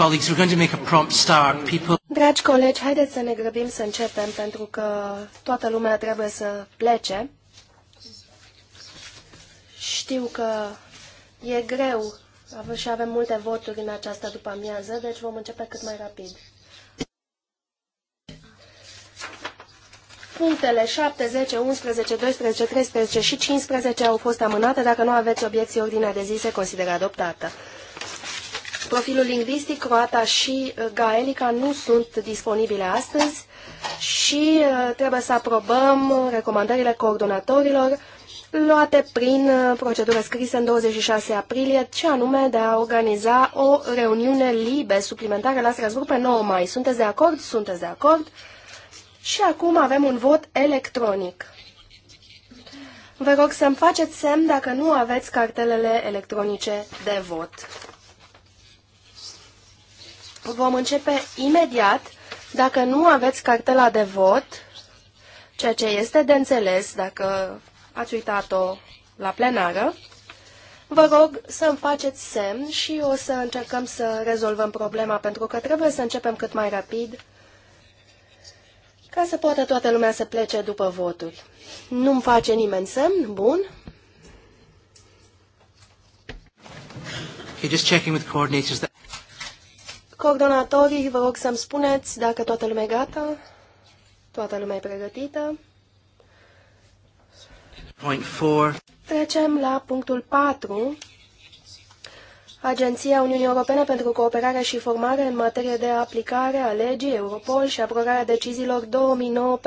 colleagues, we're going to make a prompt start. People... Dragi colegi, haideți să ne grăbim să începem, pentru că toată lumea trebuie să plece. Știu că e greu și avem multe voturi în această după-amiază, deci vom începe cât mai rapid. Punctele 7, 10, 11, 12, 13 și 15 au fost amânate. Dacă nu aveți obiecții, ordinea de zi se consideră adoptată. Profilul lingvistic, croata și uh, gaelica nu sunt disponibile astăzi și uh, trebuie să aprobăm recomandările coordonatorilor luate prin uh, procedură scrisă în 26 aprilie, ce anume de a organiza o reuniune libe suplimentară la Strasburg pe 9 mai. Sunteți de acord? Sunteți de acord? Și acum avem un vot electronic. Vă rog să-mi faceți semn dacă nu aveți cartelele electronice de vot vom începe imediat dacă nu aveți cartela de vot, ceea ce este de înțeles dacă ați uitat-o la plenară. Vă rog să mi faceți semn și o să încercăm să rezolvăm problema, pentru că trebuie să începem cât mai rapid ca să poată toată lumea să plece după voturi. Nu-mi face nimeni semn? Bun. Okay, just checking with coordinators Coordonatorii, vă rog să-mi spuneți dacă toată lumea e gata, toată lumea e pregătită. Point four. Trecem la punctul 4. Agenția Uniunii Europene pentru Cooperare și Formare în materie de aplicare a legii Europol și aprobarea deciziilor 2009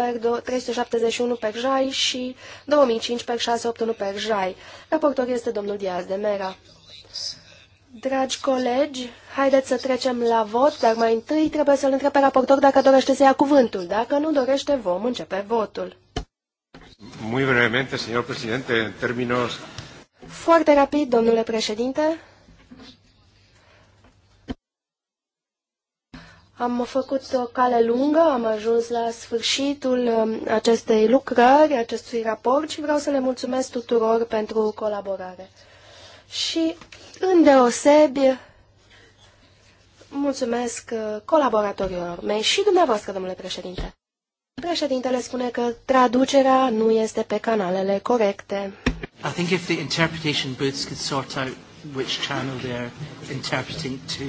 371 per JAI și 2005 681 per JAI. Raportor este domnul Diaz de Mera. Dragi colegi, haideți să trecem la vot, dar mai întâi trebuie să-l întreb pe raportor dacă dorește să ia cuvântul. Dacă nu dorește, vom începe votul. Muy brevemente, señor presidente, en términos... Foarte rapid, domnule președinte. Am făcut o cale lungă, am ajuns la sfârșitul um, acestei lucrări, acestui raport și vreau să le mulțumesc tuturor pentru colaborare. Și îndeosebi mulțumesc uh, colaboratorilor mei și dumneavoastră, domnule președinte. Președintele spune că traducerea nu este pe canalele corecte. I think if the interpretation booths could sort out which channel they're interpreting to,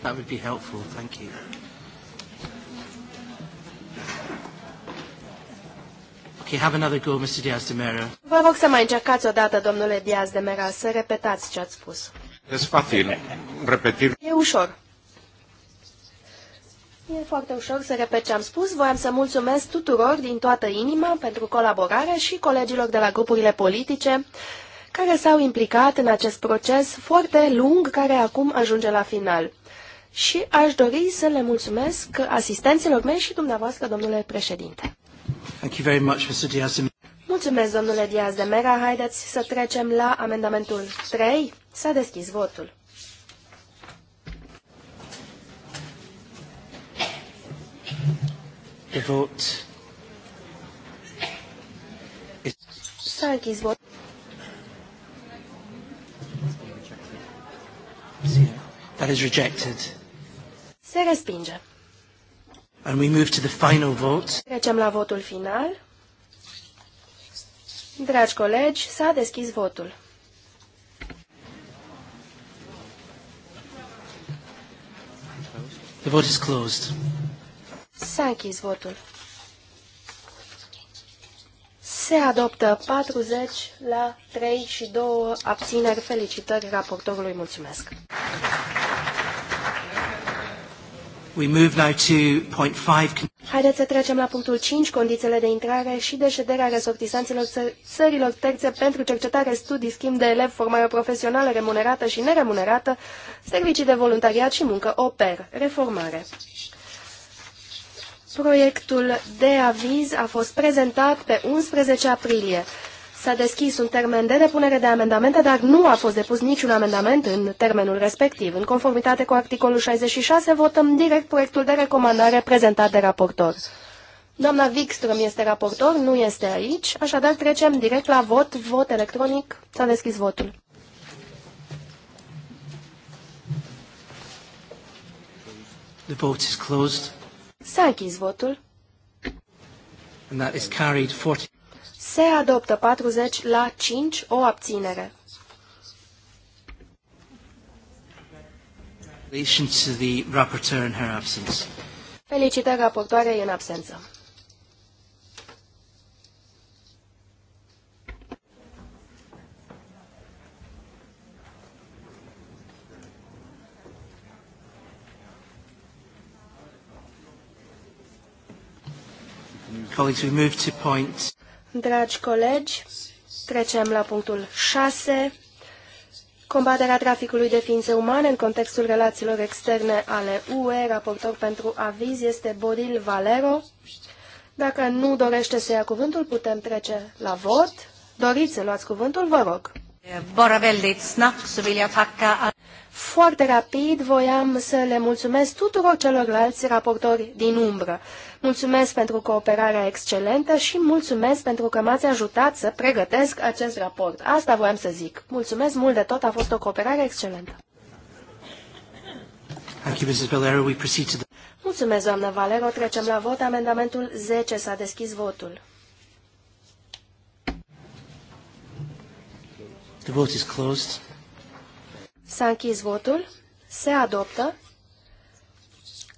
that would be helpful. Thank you. Okay, have another go, Mr. Diaz de Mera. Vă rog să mai încercați o dată, domnule Diaz de Mera, să repetați ce ați spus. Es facil. Repetir. E ușor. E foarte ușor să repet ce am spus. Voiam să mulțumesc tuturor din toată inima pentru colaborare și colegilor de la grupurile politice care s-au implicat în acest proces foarte lung care acum ajunge la final. Și aș dori să le mulțumesc asistenților mei și dumneavoastră, domnule președinte. Thank you very much, Mr. Diaz. Mulțumesc, domnule Diaz de Mera. Haideți să trecem la amendamentul 3. S-a deschis votul. The vote S-a închis votul. That is rejected. Se respinge. And we move to the final vote. Trecem la votul final. Dragi colegi, s-a deschis votul. The vote is closed. S-a închis votul. Se adoptă 40 la 3 și 2 abțineri. Felicitări raportorului. Mulțumesc. We move now to point five. Haideți să trecem la punctul 5, condițiile de intrare și de a resortisanților țărilor terțe pentru cercetare, studii, schimb de elevi, formare profesională remunerată și neremunerată, servicii de voluntariat și muncă oper, reformare. Proiectul de aviz a fost prezentat pe 11 aprilie. S-a deschis un termen de depunere de amendamente, dar nu a fost depus niciun amendament în termenul respectiv. În conformitate cu articolul 66, votăm direct proiectul de recomandare prezentat de raportor. Doamna Wikström este raportor, nu este aici, așadar trecem direct la vot, vot electronic. S-a deschis votul. The vote is closed. S-a închis votul. And that is carried 40... Se adoptă 40 la 5, o abținere. Felicitări raportoarei în absență. Colleagues, we move to point Dragi colegi, trecem la punctul 6, combaterea traficului de ființe umane în contextul relațiilor externe ale UE. Raportor pentru aviz este Boril Valero. Dacă nu dorește să ia cuvântul, putem trece la vot. Doriți să luați cuvântul, vă rog. Bara väldigt snabbt så vill jag tacka foarte rapid voiam să le mulțumesc tuturor celorlalți raportori din umbră. Mulțumesc pentru cooperarea excelentă și mulțumesc pentru că m-ați ajutat să pregătesc acest raport. Asta voiam să zic. Mulțumesc mult de tot, a fost o cooperare excelentă. Mulțumesc, doamnă Valero. Trecem la vot. Amendamentul 10 s-a deschis votul. The vote is closed. S-a închis votul. Se adoptă.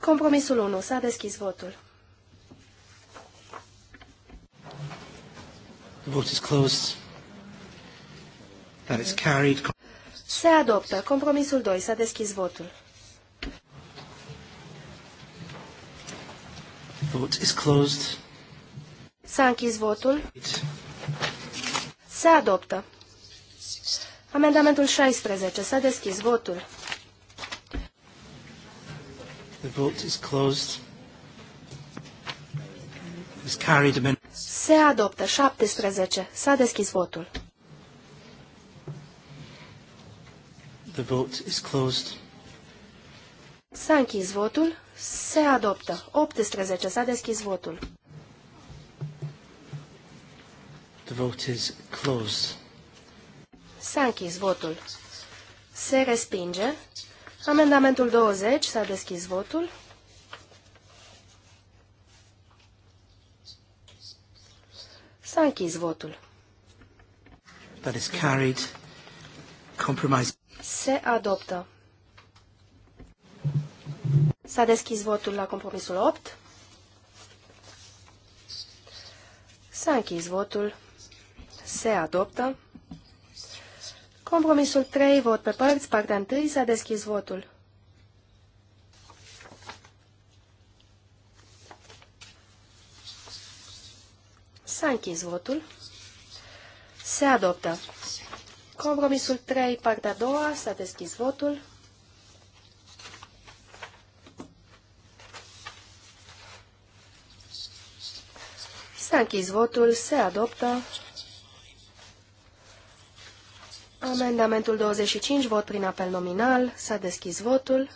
Compromisul 1. S-a deschis votul. The vote is closed. That is carried. Se adoptă. Compromisul 2. S-a deschis votul. The vote is closed. S-a închis votul. Se adoptă. Amendamentul 16. S-a deschis votul. The vote is closed. Is carried Se adoptă 17. S-a deschis votul. The vote is closed. S-a închis votul. Se adoptă. 18. S-a deschis votul. The vote is closed. S-a închis votul. Se respinge. Amendamentul 20. S-a deschis votul. S-a închis votul. That is carried. Compromise. Se adoptă. S-a deschis votul la compromisul 8. S-a închis votul. Se adoptă. Compromisul 3, vot pe părți, partea 1, s-a deschis votul. S-a închis votul. Se adoptă. Compromisul 3, partea 2, s-a deschis votul. S-a închis votul, se adoptă. Amendamentul 25, vot prin apel nominal. S-a deschis votul.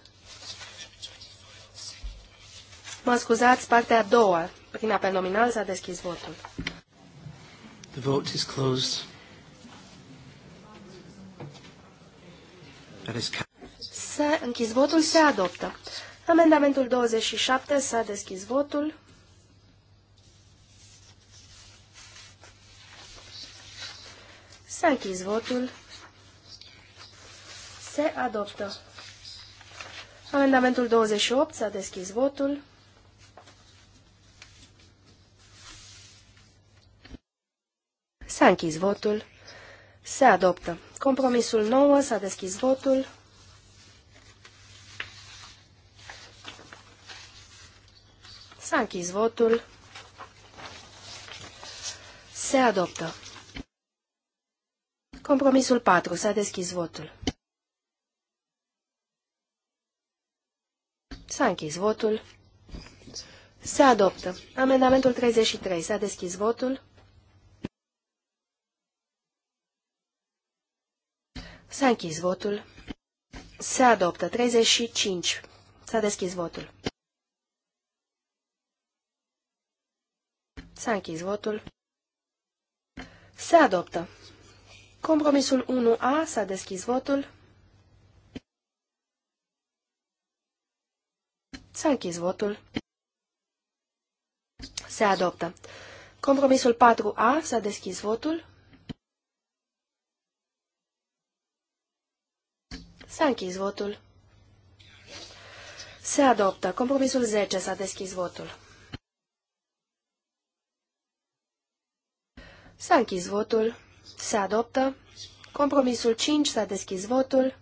Mă scuzați, partea a doua. Prin apel nominal s-a deschis votul. The vote is closed. S-a închis votul, se adoptă. Amendamentul 27 s-a deschis votul. S-a închis votul. Se adoptă. Amendamentul 28. S-a deschis votul. S-a închis votul. Se adoptă. Compromisul 9. S-a deschis votul. S-a închis votul. Se adoptă. Compromisul 4. S-a deschis votul. S-a închis votul. Se adoptă. Amendamentul 33. S-a deschis votul. S-a închis votul. Se adoptă. 35. S-a deschis votul. S-a închis votul. Se adoptă. Compromisul 1A. S-a deschis votul. S-a închis votul. Se adoptă. Compromisul 4A s-a deschis votul. S-a închis votul. Se adoptă. Compromisul 10 s-a deschis votul. S-a închis votul. Se adoptă. Compromisul 5 s-a deschis votul.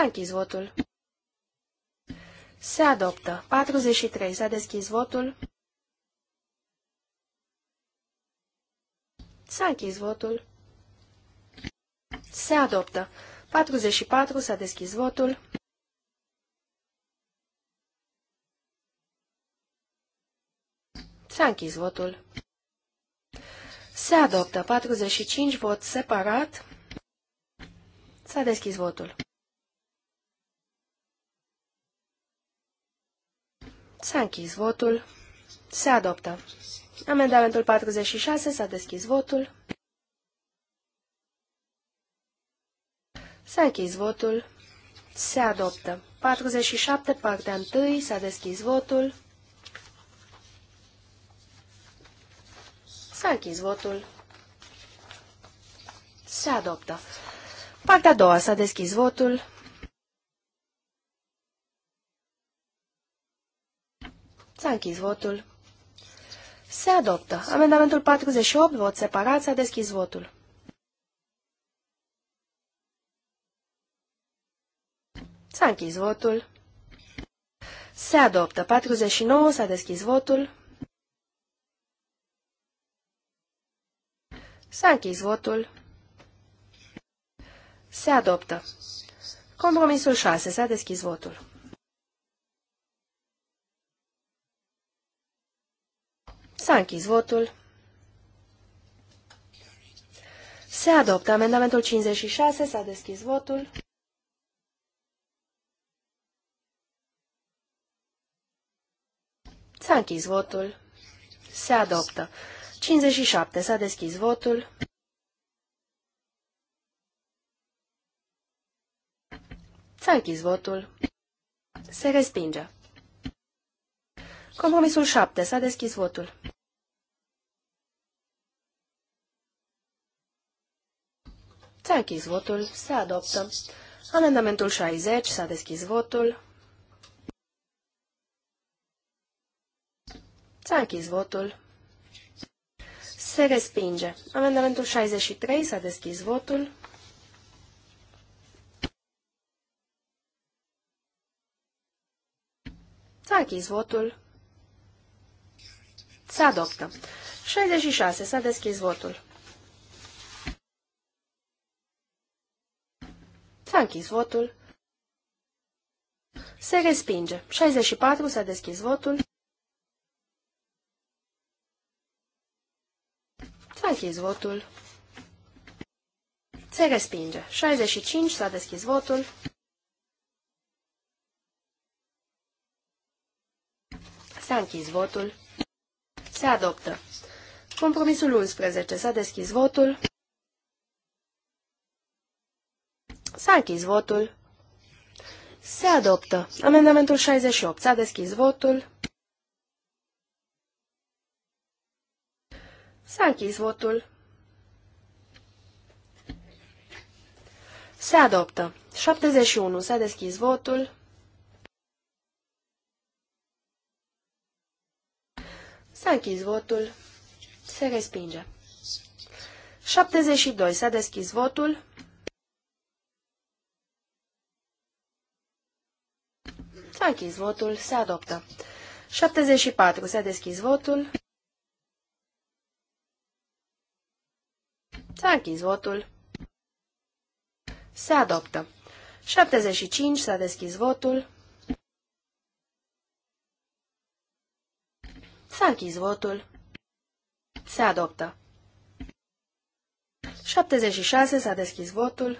S-a închis votul. Se adoptă. 43. S-a deschis votul. S-a închis votul. Se adoptă. 44. S-a deschis votul. S-a închis votul. Se adoptă. 45. Vot separat. S-a deschis votul. S-a închis votul. Se adoptă. Amendamentul 46 s-a deschis votul. S-a închis votul. Se adoptă. 47, partea 1, s-a deschis votul. S-a închis votul. Se adoptă. Partea a doua s-a deschis votul. S-a închis votul. Se adoptă. Amendamentul 48, vot separat, s-a deschis votul. S-a închis votul. Se adoptă. 49, s-a deschis votul. S-a închis votul. Se adoptă. Compromisul 6, s-a deschis votul. S-a închis votul. Se adoptă amendamentul 56, s-a deschis votul. S-a închis votul. Se adoptă. 57, s-a deschis votul. S-a închis votul. Se respinge. Compromisul 7. S-a deschis votul. S-a închis votul. Se adoptă. Amendamentul 60. S-a deschis votul. S-a închis votul. Se respinge. Amendamentul 63. S-a deschis votul. S-a închis votul. Se adoptă. 66. S-a deschis votul. S-a închis votul. Se respinge. 64. S-a deschis votul. S-a închis votul. Se respinge. 65. S-a deschis votul. S-a închis votul. Se adoptă. Compromisul 11. S-a deschis votul. S-a închis votul. Se adoptă. Amendamentul 68. S-a deschis votul. S-a închis votul. Se adoptă. 71. S-a deschis votul. S-a închis votul. Se respinge. 72. S-a deschis votul. S-a închis votul. Se adoptă. 74. S-a deschis votul. S-a închis votul. Se adoptă. 75. S-a deschis votul. Să achizi votul. Se adoptă. 76. S-a deschis votul.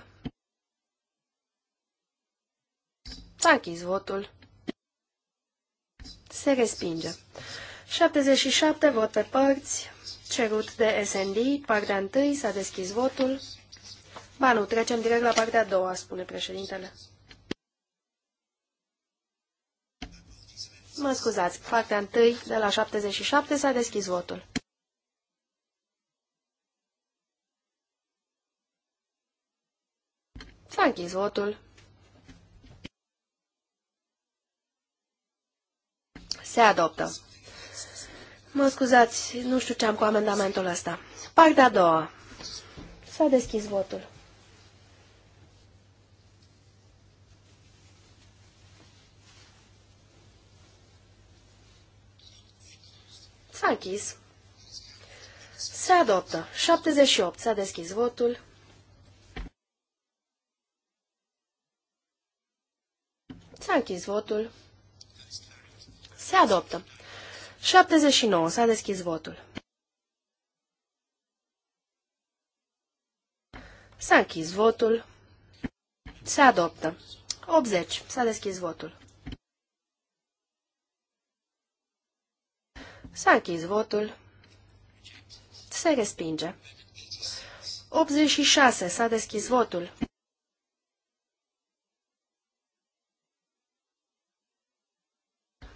S-a achis votul. Se respinge. 77. Vot pe părți. Cerut de SND. Partea 1. S-a deschis votul. Ba nu, trecem direct la partea a doua, spune președintele. Mă scuzați, partea întâi de la 77 s-a deschis votul. S-a închis votul. Se adoptă. Mă scuzați, nu știu ce am cu amendamentul ăsta. Partea a doua. S-a deschis votul. închis. Se adoptă. 78. S-a deschis votul. S-a închis votul. Se adoptă. 79. S-a deschis votul. S-a închis votul. Se adoptă. 80. S-a deschis votul. S-a închis votul. Se respinge. 86. S-a deschis votul.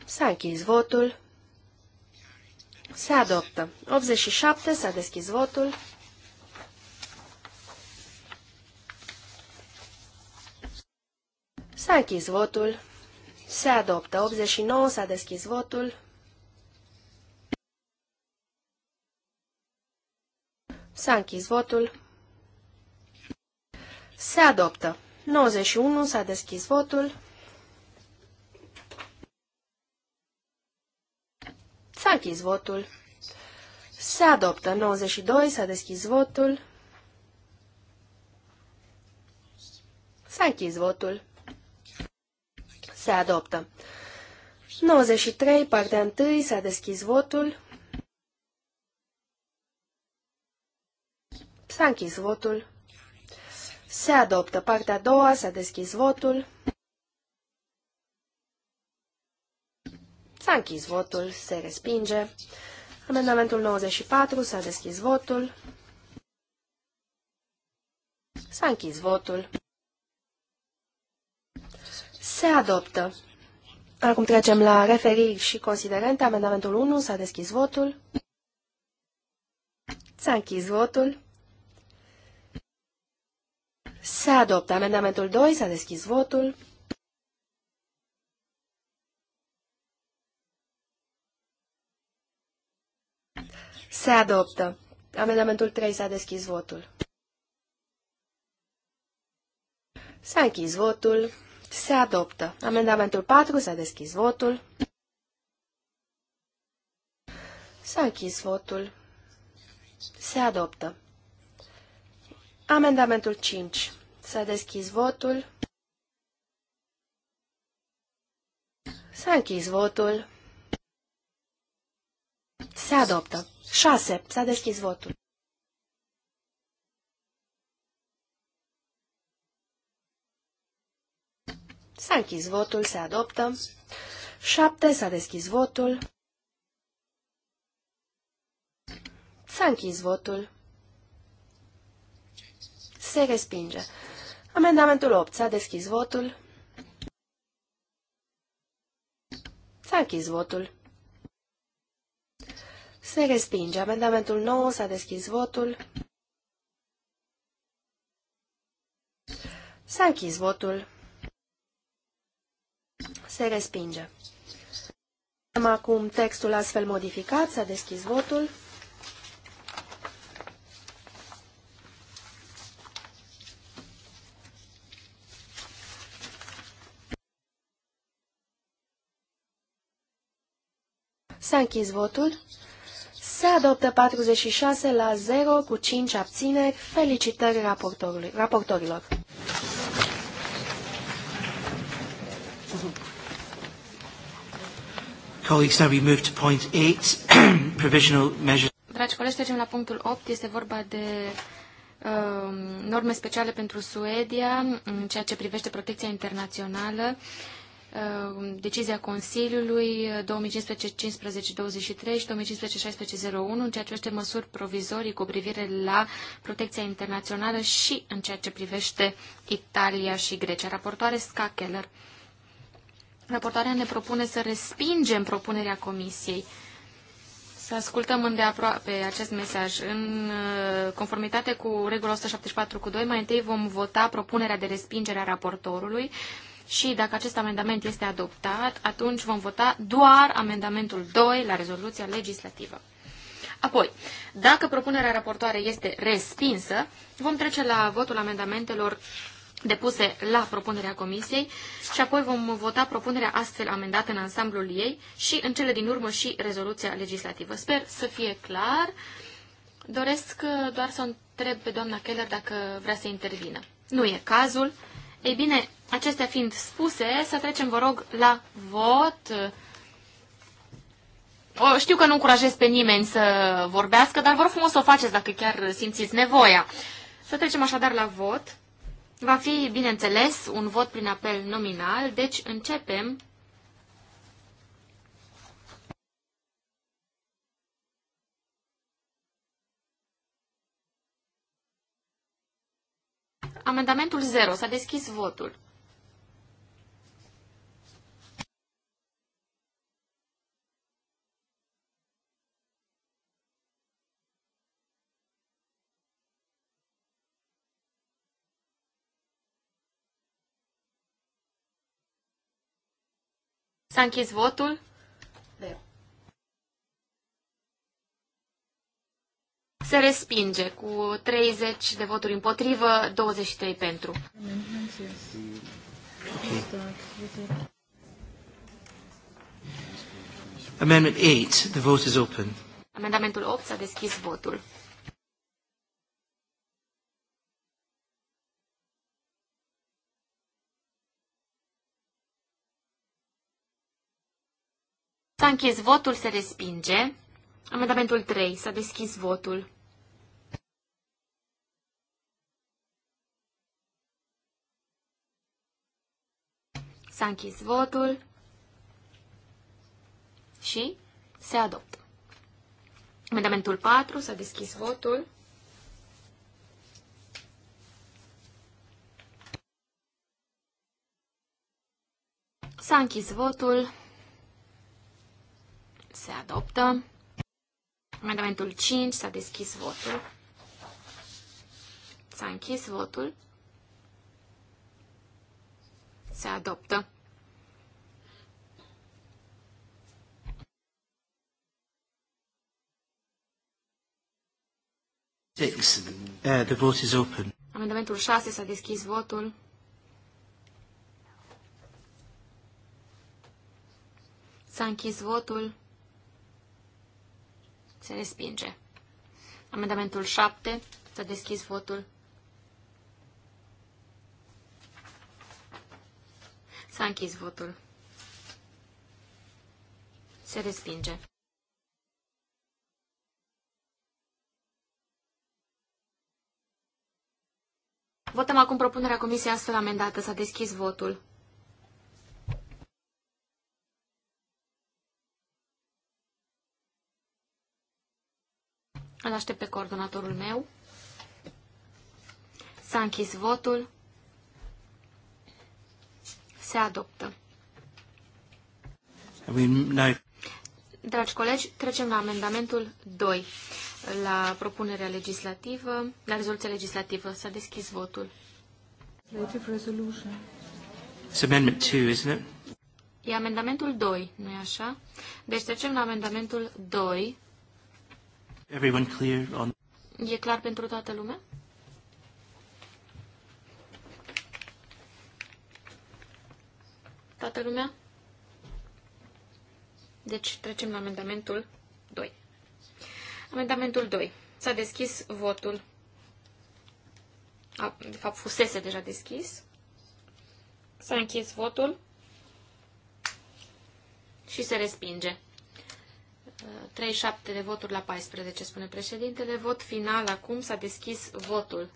S-a închis votul. Se adoptă. 87. S-a deschis votul. S-a închis votul. Se adoptă. 89. S-a deschis votul. S-a închis votul. Se adoptă. 91. S-a deschis votul. S-a închis votul. Se adoptă. 92. S-a deschis votul. S-a închis votul. Se adoptă. 93. Partea 1. S-a deschis votul. S-a închis votul. Se adoptă partea a doua, s-a deschis votul. S-a închis votul, se respinge. Amendamentul 94, s-a deschis votul. S-a închis votul. Se adoptă. Acum trecem la referiri și considerente. Amendamentul 1, s-a deschis votul. S-a închis votul. Se adoptă amendamentul 2, s-a deschis votul. Se adoptă. Amendamentul 3 s-a deschis votul. S-a închis votul. Se adoptă. Amendamentul 4 s-a deschis votul. S-a închis votul. Se adoptă. Amendamentul 5. S-a deschis votul. S-a închis votul. Se adoptă. 6. S-a deschis votul. S-a închis votul, se adoptă. 7. S-a deschis votul. S-a închis votul se respinge. Amendamentul 8. S-a deschis votul. S-a închis votul. Se respinge. Amendamentul 9. S-a deschis votul. S-a închis votul. Se respinge. Acum textul astfel modificat. S-a deschis votul. S-a închis votul. Se adoptă 46 la 0 cu 5 abțineri. Felicitări raportorilor. Colleagues, now we move to point 8, provisional measures. Dragi colegi, trecem la punctul 8. Este vorba de um, norme speciale pentru Suedia în ceea ce privește protecția internațională Ehm, decizia Consiliului 2015-1523 eh, și 2015-1601 în ceea ce privește măsuri provizorii cu privire la protecția internațională și în ceea ce privește Italia și Grecia. Raportoare Ska Keller. Raportoarea ne propune să respingem propunerea Comisiei. Să ascultăm îndeaproape acest mesaj. În eh, conformitate cu regula 174 cu 2, mai întâi vom vota propunerea de respingere a raportorului și dacă acest amendament este adoptat, atunci vom vota doar amendamentul 2 la rezoluția legislativă. Apoi, dacă propunerea raportoare este respinsă, vom trece la votul amendamentelor depuse la propunerea comisiei și apoi vom vota propunerea astfel amendată în ansamblul ei și în cele din urmă și rezoluția legislativă. Sper să fie clar. Doresc uh, doar să o întreb pe doamna Keller dacă vrea să intervină. Nu e cazul. Ei bine, acestea fiind spuse, să trecem, vă rog, la vot. O, știu că nu încurajez pe nimeni să vorbească, dar vă rog frumos să o faceți dacă chiar simțiți nevoia. Să trecem așadar la vot. Va fi, bineînțeles, un vot prin apel nominal, deci începem Amendamentul 0. S-a deschis votul. S-a închis votul. Se respinge cu 30 de voturi împotrivă, 23 pentru. Amendment 8. The vote is open. Amendamentul 8 s-a deschis votul. S-a închis votul, se respinge. Amendamentul 3. S-a deschis votul. S-a închis votul și se adoptă. Amendamentul 4, s-a deschis votul. S-a închis votul. Se adoptă. Amendamentul 5, s-a deschis votul. S-a închis votul. Se adoptă. Six. Uh, the vote is open. Amendamentul 6 s-a deschis votul. S-a închis votul. Se respinge. Amendamentul 7 s-a deschis votul. S-a închis votul. Se respinge. Votăm acum propunerea comisiei astfel amendată. S-a deschis votul. Îl aștept pe coordonatorul meu. S-a închis votul. Se adoptă. Dragi colegi, trecem la amendamentul 2, la propunerea legislativă, la rezoluția legislativă. S-a deschis votul. amendment 2, isn't it? E amendamentul 2, nu e așa? Deci trecem la amendamentul 2. Everyone clear on... E clar pentru toată lumea? toată lumea? Deci trecem la amendamentul 2. Amendamentul 2. S-a deschis votul. De fapt, fusese deja deschis. S-a închis votul și se respinge. 37 de voturi la 14, spune președintele. Vot final acum. S-a deschis votul.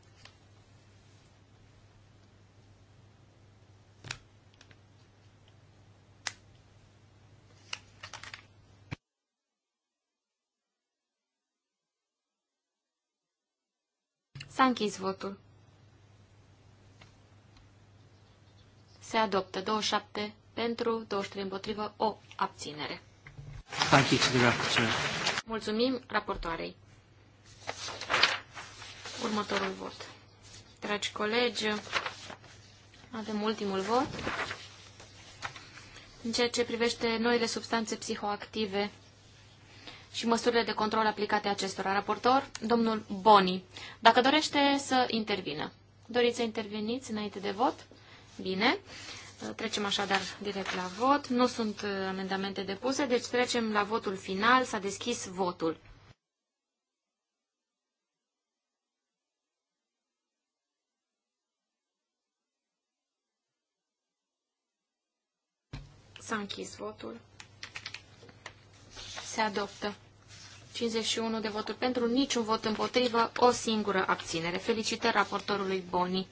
S-a închis votul. Se adoptă 27 pentru, 23 împotrivă, o abținere. Thank you to the rapporteur. Mulțumim raportoarei. Următorul vot. Dragi colegi, avem ultimul vot. În ceea ce privește noile substanțe psihoactive, și măsurile de control aplicate acestora. Raportor, domnul Boni, dacă dorește să intervină. Doriți să interveniți înainte de vot? Bine. Trecem așadar direct la vot. Nu sunt uh, amendamente depuse, deci trecem la votul final. S-a deschis votul. S-a închis votul. Se adoptă. 51 de voturi pentru, niciun vot împotrivă, o singură abținere. Felicitări raportorului Boni.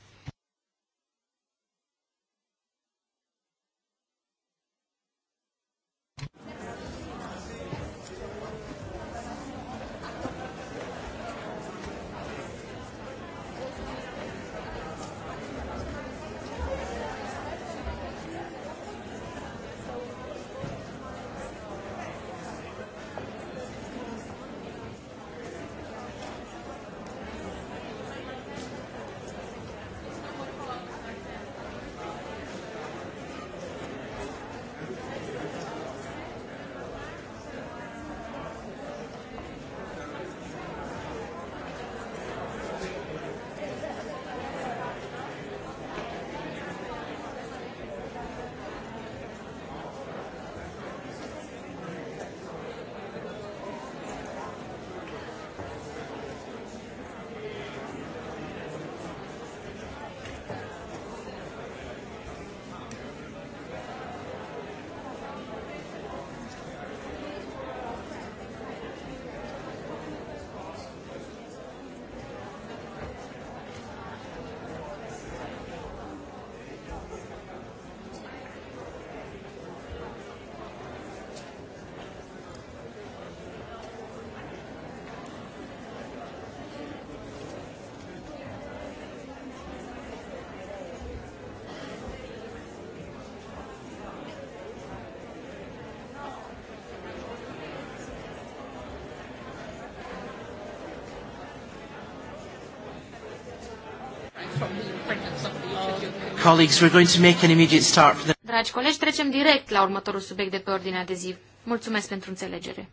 colleagues, we're going to make an immediate start for the... Dragi colegi, trecem direct la următorul subiect de pe ordinea de zi. Mulțumesc pentru înțelegere.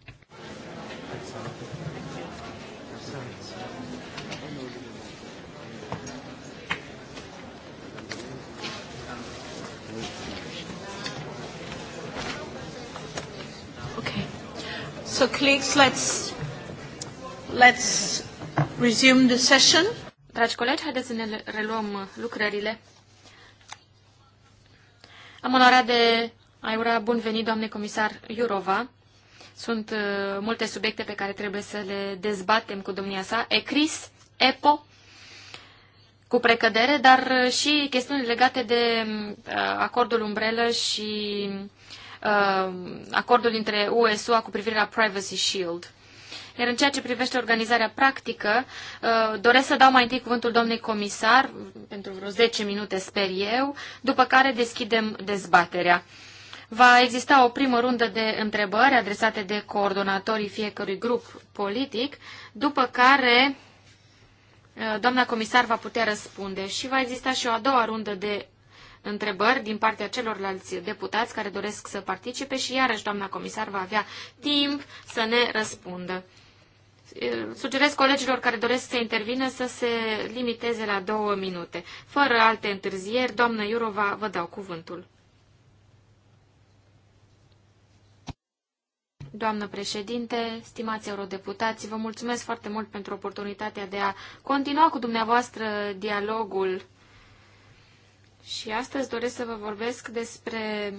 So colleagues, let's let's resume the session. Dragi colegi, haideți să ne reluăm lucrările. Am onoarea de a ura bun venit, doamne comisar Iurova. Sunt uh, multe subiecte pe care trebuie să le dezbatem cu domnia sa. ECRIS, EPO, cu precădere, dar uh, și chestiuni legate de uh, acordul umbrelă și uh, acordul dintre UE-SUA cu privire la Privacy Shield. Iar în ceea ce privește organizarea practică, uh, doresc să dau mai întâi cuvântul domnului comisar, pentru vreo 10 minute, sper eu, după care deschidem dezbaterea. Va exista o primă rundă de întrebări adresate de coordonatorii fiecărui grup politic, după care uh, doamna comisar va putea răspunde și va exista și o a doua rundă de întrebări din partea celorlalți deputați care doresc să participe și iarăși doamna comisar va avea timp să ne răspundă sugerez colegilor care doresc să intervină să se limiteze la două minute. Fără alte întârzieri, doamnă Iurova, vă dau cuvântul. Doamnă președinte, stimați eurodeputați, vă mulțumesc foarte mult pentru oportunitatea de a continua cu dumneavoastră dialogul. Și astăzi doresc să vă vorbesc despre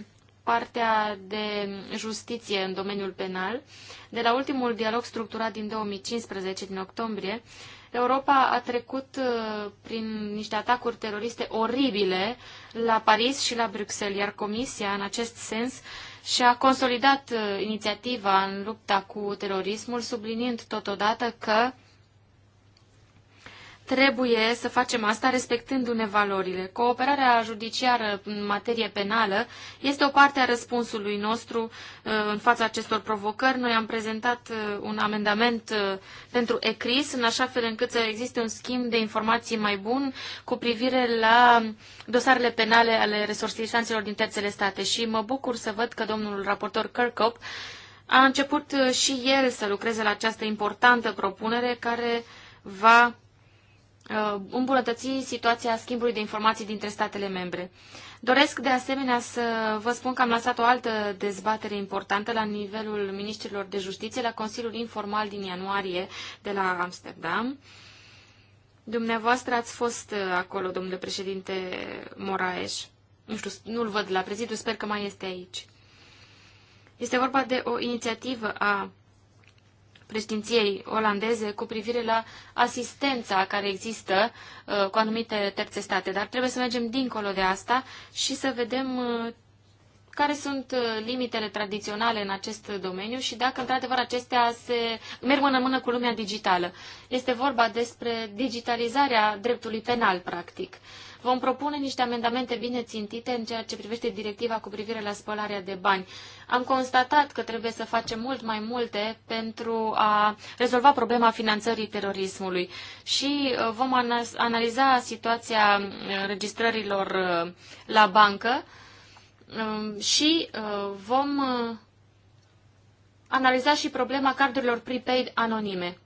partea de justiție în domeniul penal. De la ultimul dialog structurat din 2015, din octombrie, Europa a trecut uh, prin niște atacuri teroriste oribile la Paris și la Bruxelles, iar Comisia, în acest sens, și-a consolidat uh, inițiativa în lupta cu terorismul, subliniind totodată că trebuie să facem asta respectându-ne valorile. Cooperarea judiciară în materie penală este o parte a răspunsului nostru uh, în fața acestor provocări. Noi am prezentat uh, un amendament uh, pentru ECRIS, în așa fel încât să existe un schimb de informații mai bun cu privire la dosarele penale ale resortisanților din terțele state. Și mă bucur să văd că domnul raportor Kirkop a început și el să lucreze la această importantă propunere care va Uh, îmbunătăți situația schimbului de informații dintre statele membre. Doresc de asemenea să vă spun că am lansat o altă dezbatere importantă la nivelul ministrilor de justiție la Consiliul Informal din ianuarie de la Amsterdam. Dumneavoastră ați fost uh, acolo, domnule președinte Moraes. Nu știu, nu-l văd la prezidiu, sper că mai este aici. Este vorba de o inițiativă a președinției olandeze cu privire la asistența care există uh, cu anumite terțe state, dar trebuie să mergem dincolo de asta și să vedem uh, care sunt uh, limitele tradiționale în acest domeniu și dacă, într-adevăr, acestea se merg mână în mână cu lumea digitală. Este vorba despre digitalizarea dreptului penal, practic. Vom propune niște amendamente bine țintite în ceea ce privește directiva cu privire la spălarea de bani. Am constatat că trebuie să facem mult mai multe pentru a rezolva problema finanțării terorismului și uh, vom analiza situația uh, registrărilor la bancă, Um, și uh, vom uh, analiza și problema cardurilor prepaid anonime.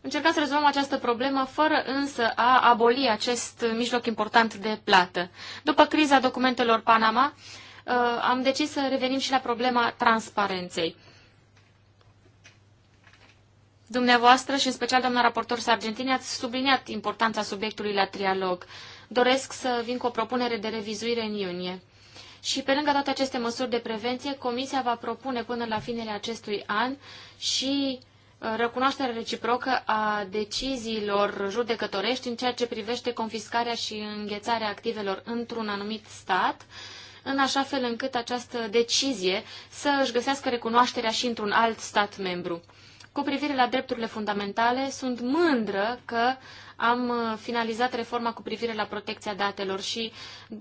Încercăm să rezolvăm această problemă fără însă a aboli acest mijloc important de plată. După criza documentelor Panama, uh, am decis să revenim și la problema transparenței. Dumneavoastră și în special doamna raportor Sargentini ați subliniat importanța subiectului la trialog. Uh, doresc să vin cu o propunere de revizuire în iunie. Și pe lângă toate aceste măsuri de prevenție, Comisia va propune până la finele acestui an și uh, recunoașterea reciprocă a deciziilor judecătorești în ceea ce privește confiscarea și înghețarea activelor într-un anumit stat, în așa fel încât această decizie să își găsească recunoașterea și într-un alt stat membru. Cu privire la drepturile fundamentale, sunt mândră că am uh, finalizat reforma cu privire la protecția datelor și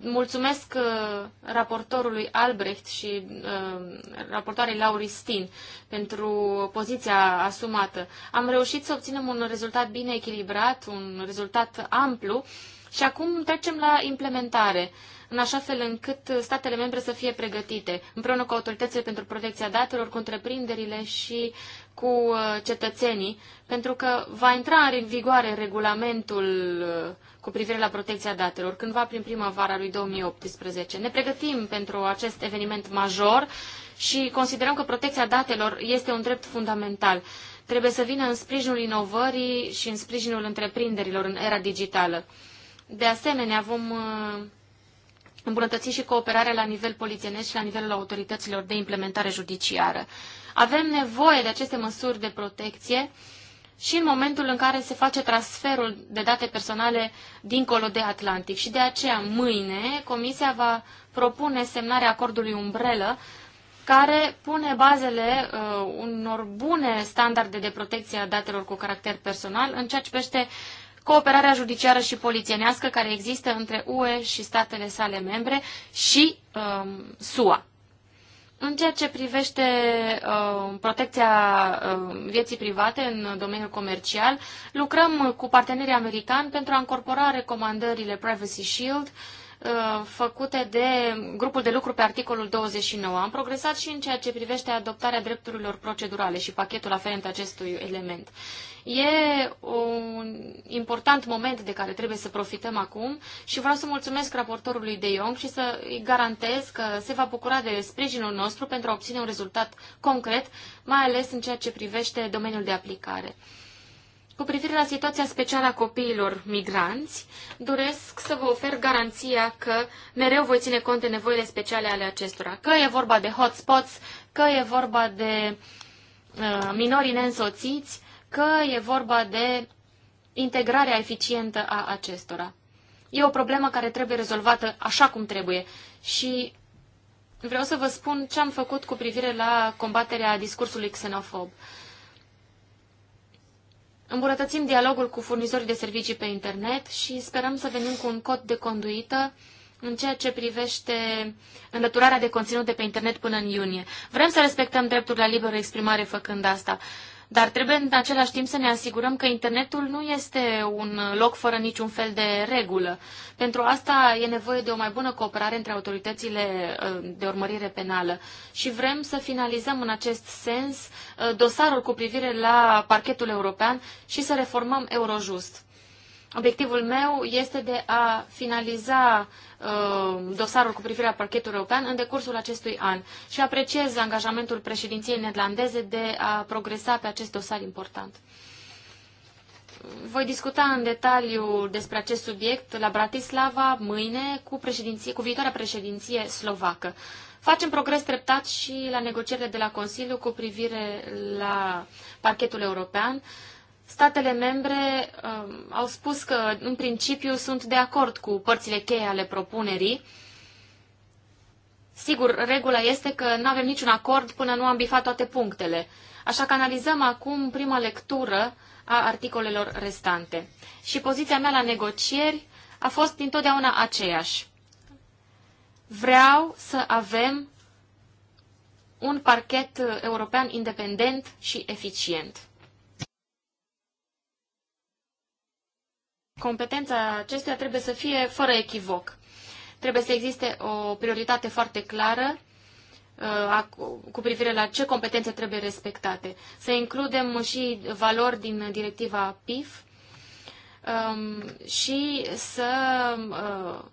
mulțumesc uh, raportorului Albrecht și uh, raportoarei Lauristin pentru poziția asumată. Am reușit să obținem un rezultat bine echilibrat, un rezultat amplu și acum trecem la implementare în așa fel încât statele membre să fie pregătite, împreună cu autoritățile pentru protecția datelor, cu întreprinderile și cu uh, cetățenii, pentru că va intra în vigoare regulamentul uh, cu privire la protecția datelor, cândva prin primăvara lui 2018. Ne pregătim pentru acest eveniment major și considerăm că protecția datelor este un drept fundamental. Trebuie să vină în sprijinul inovării și în sprijinul întreprinderilor în era digitală. De asemenea, vom uh, îmbunătăți și cooperarea la nivel polițienesc și la nivelul autorităților de implementare judiciară. Avem nevoie de aceste măsuri de protecție și în momentul în care se face transferul de date personale dincolo de Atlantic. Și de aceea, mâine, Comisia va propune semnarea acordului umbrelă care pune bazele uh, unor bune standarde de protecție a datelor cu caracter personal în ceea ce privește uh, cooperarea judiciară și polițienească care există între UE și statele sale membre și um, SUA. În ceea ce privește uh, protecția uh, vieții private în domeniul comercial, lucrăm cu partenerii americani pentru a încorpora recomandările Privacy Shield uh, făcute de grupul de lucru pe articolul 29. Am progresat și în ceea ce privește adoptarea drepturilor procedurale și pachetul aferent acestui element. E un important moment de care trebuie să profităm acum și vreau să mulțumesc raportorului De Jong și să îi garantez că se va bucura de sprijinul nostru pentru a obține un rezultat concret, mai ales în ceea ce privește domeniul de aplicare. Cu privire la situația specială a copiilor migranți, doresc să vă ofer garanția că mereu voi ține cont de nevoile speciale ale acestora, că e vorba de hotspots, că e vorba de uh, minorii neînsoțiți, că e vorba de integrarea eficientă a acestora. E o problemă care trebuie rezolvată așa cum trebuie și vreau să vă spun ce am făcut cu privire la combaterea discursului xenofob. Îmbunătățim dialogul cu furnizorii de servicii pe internet și sperăm să venim cu un cod de conduită în ceea ce privește înlăturarea de conținut de pe internet până în iunie. Vrem să respectăm dreptul la liberă exprimare făcând asta dar trebuie în același timp să ne asigurăm că internetul nu este un loc fără niciun fel de regulă. Pentru asta e nevoie de o mai bună cooperare între autoritățile ă, de urmărire penală și vrem să finalizăm în acest sens ă, dosarul cu privire la parchetul european și să reformăm Eurojust. Obiectivul meu este de a finaliza uh, dosarul cu privire la parchetul european în decursul acestui an și apreciez angajamentul președinției neerlandeze de a progresa pe acest dosar important. Voi discuta în detaliu despre acest subiect la Bratislava mâine cu, președinție, cu viitoarea președinție slovacă. Facem progres treptat și la negocierile de la Consiliu cu privire la parchetul european statele membre uh, au spus că, în principiu, sunt de acord cu părțile cheie ale propunerii. Sigur, regula este că nu avem niciun acord până nu am bifat toate punctele. Așa că analizăm acum prima lectură a articolelor restante. Și poziția mea la negocieri a fost întotdeauna aceeași. Vreau să avem un parchet european independent și eficient. competența acestea trebuie să fie fără echivoc. Trebuie să existe o prioritate foarte clară uh, cu privire la ce competențe trebuie respectate. Să includem și valori din directiva PIF um, și să uh,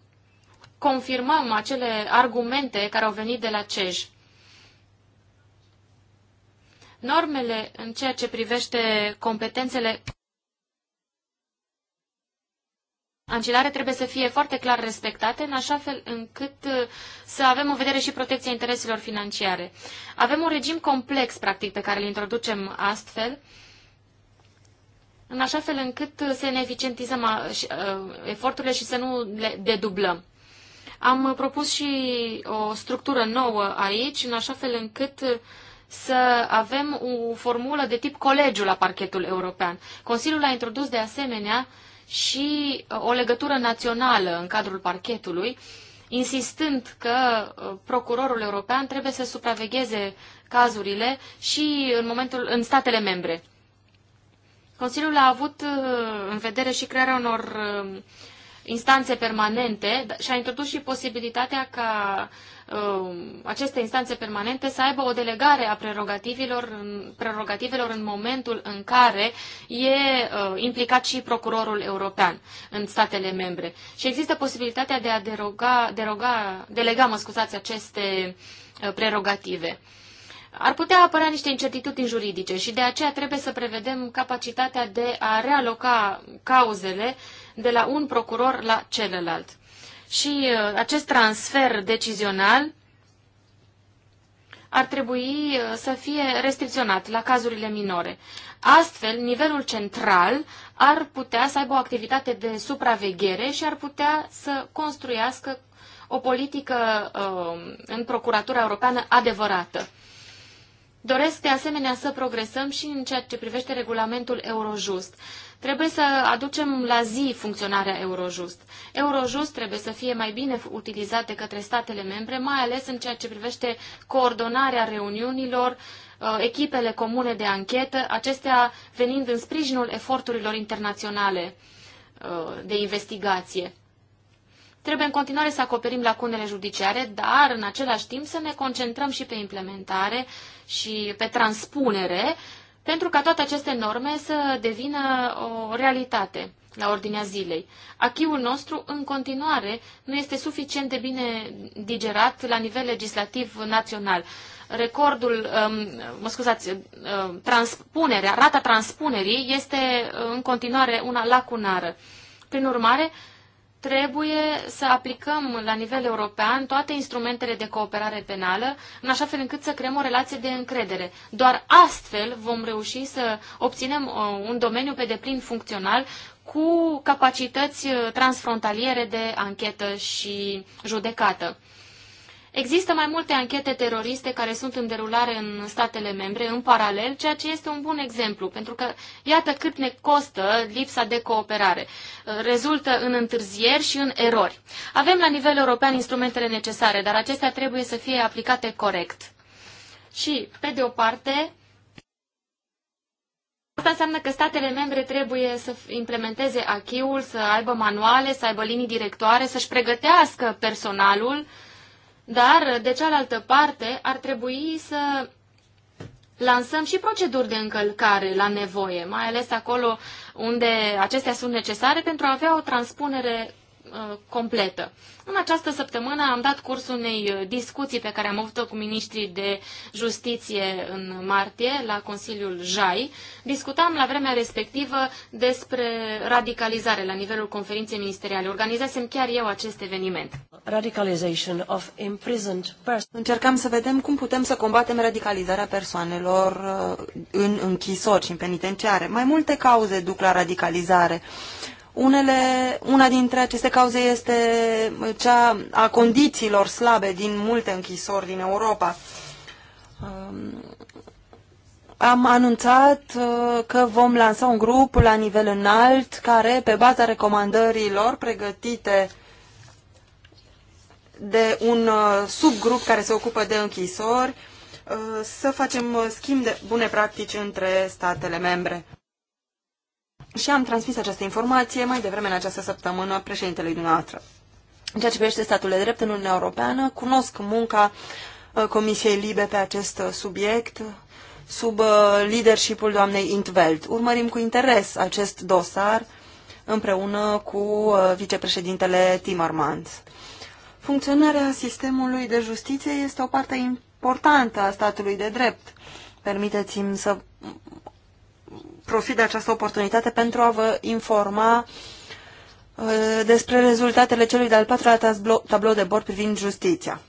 confirmăm acele argumente care au venit de la CEJ. Normele în ceea ce privește competențele ancilare trebuie să fie foarte clar respectate, în așa fel încât uh, să avem în vedere și protecția intereselor financiare. Avem un regim complex, practic, pe care îl introducem astfel, în așa fel încât uh, să ne eficientizăm uh, eforturile și să nu le dedublăm. Am propus și o structură nouă aici, în așa fel încât să avem o formulă de tip colegiu la parchetul european. Consiliul a introdus de asemenea și uh, o legătură națională în cadrul parchetului, insistând că uh, procurorul european trebuie să supravegheze cazurile și în, momentul, în statele membre. Consiliul a avut uh, în vedere și crearea unor instanțe permanente și a introdus și posibilitatea ca Um, aceste instanțe permanente să aibă o delegare a prerogativelor prerogativelor în momentul în care e uh, implicat și procurorul european în statele membre. Și există posibilitatea de a deroga, deroga, delega mă scuzați, aceste uh, prerogative. Ar putea apărea niște incertitudini juridice și de aceea trebuie să prevedem capacitatea de a realoca cauzele de la un procuror la celălalt. Și uh, acest transfer decizional ar trebui uh, să fie restricționat la cazurile minore. Astfel, nivelul central ar putea să aibă o activitate de supraveghere și ar putea să construiască o politică uh, în Procuratura Europeană adevărată. Doresc de asemenea să progresăm și în ceea ce privește regulamentul Eurojust. Uh, Trebuie să aducem la zi funcționarea Eurojust. Eurojust trebuie să fie mai bine utilizat de către statele membre, mai ales în ceea ce privește coordonarea reuniunilor, uh, echipele comune de anchetă, acestea venind în sprijinul eforturilor internaționale uh, de investigație. Trebuie în continuare să acoperim lacunele judiciare, dar în același timp să ne concentrăm și pe implementare și pe transpunere, pentru ca toate aceste norme să devină o realitate la ordinea zilei. Achiul nostru, în continuare, nu este suficient de bine digerat la nivel legislativ național. Recordul, um, mă scuzați, um, transpunerea, rata transpunerii este în continuare una lacunară. Prin urmare, trebuie să aplicăm la nivel european toate instrumentele de cooperare penală, în așa fel încât să creăm o relație de încredere. Doar astfel vom reuși să obținem uh, un domeniu pe deplin funcțional cu capacități uh, transfrontaliere de anchetă și judecată. Există mai multe anchete teroriste care sunt în derulare în statele membre, în paralel, ceea ce este un bun exemplu, pentru că iată cât ne costă lipsa de cooperare. Rezultă în întârzieri și în erori. Avem la nivel european instrumentele necesare, dar acestea trebuie să fie aplicate corect. Și, pe de o parte, Asta înseamnă că statele membre trebuie să implementeze achiul, să aibă manuale, să aibă linii directoare, să-și pregătească personalul uh, dar, de cealaltă parte, ar trebui să lansăm și proceduri de încălcare la nevoie, mai ales acolo unde acestea sunt necesare pentru a avea o transpunere Uh, completă. În această săptămână am dat curs unei uh, discuții pe care am avut-o cu ministrii de justiție în martie la Consiliul JAI. Discutam la vremea respectivă despre radicalizare la nivelul conferinței ministeriale. Organizasem chiar eu acest eveniment. Radicalization of imprisoned Încercam să vedem cum putem să combatem radicalizarea persoanelor uh, în închisori și în penitenciare. Mai multe cauze duc la radicalizare unele, una dintre aceste cauze este cea a condițiilor slabe din multe închisori din Europa. Um, am anunțat uh, că vom lansa un grup la nivel înalt care, pe baza recomandărilor pregătite de un uh, subgrup care se ocupă de închisori, uh, să facem schimb de bune practici între statele membre și am transmis această informație mai devreme în această săptămână președintelui dumneavoastră. În ceea ce privește statul de drept în Uniunea Europeană, cunosc munca uh, Comisiei Libe pe acest uh, subiect sub uh, leadership-ul doamnei Intveld. Urmărim cu interes acest dosar împreună cu vicepreședintele Timmermans. Funcționarea sistemului de justiție este o parte importantă a statului de drept. Permiteți-mi să profit de această oportunitate pentru a vă informa uh, despre rezultatele celui de-al patrulea tablou de bord privind justiția.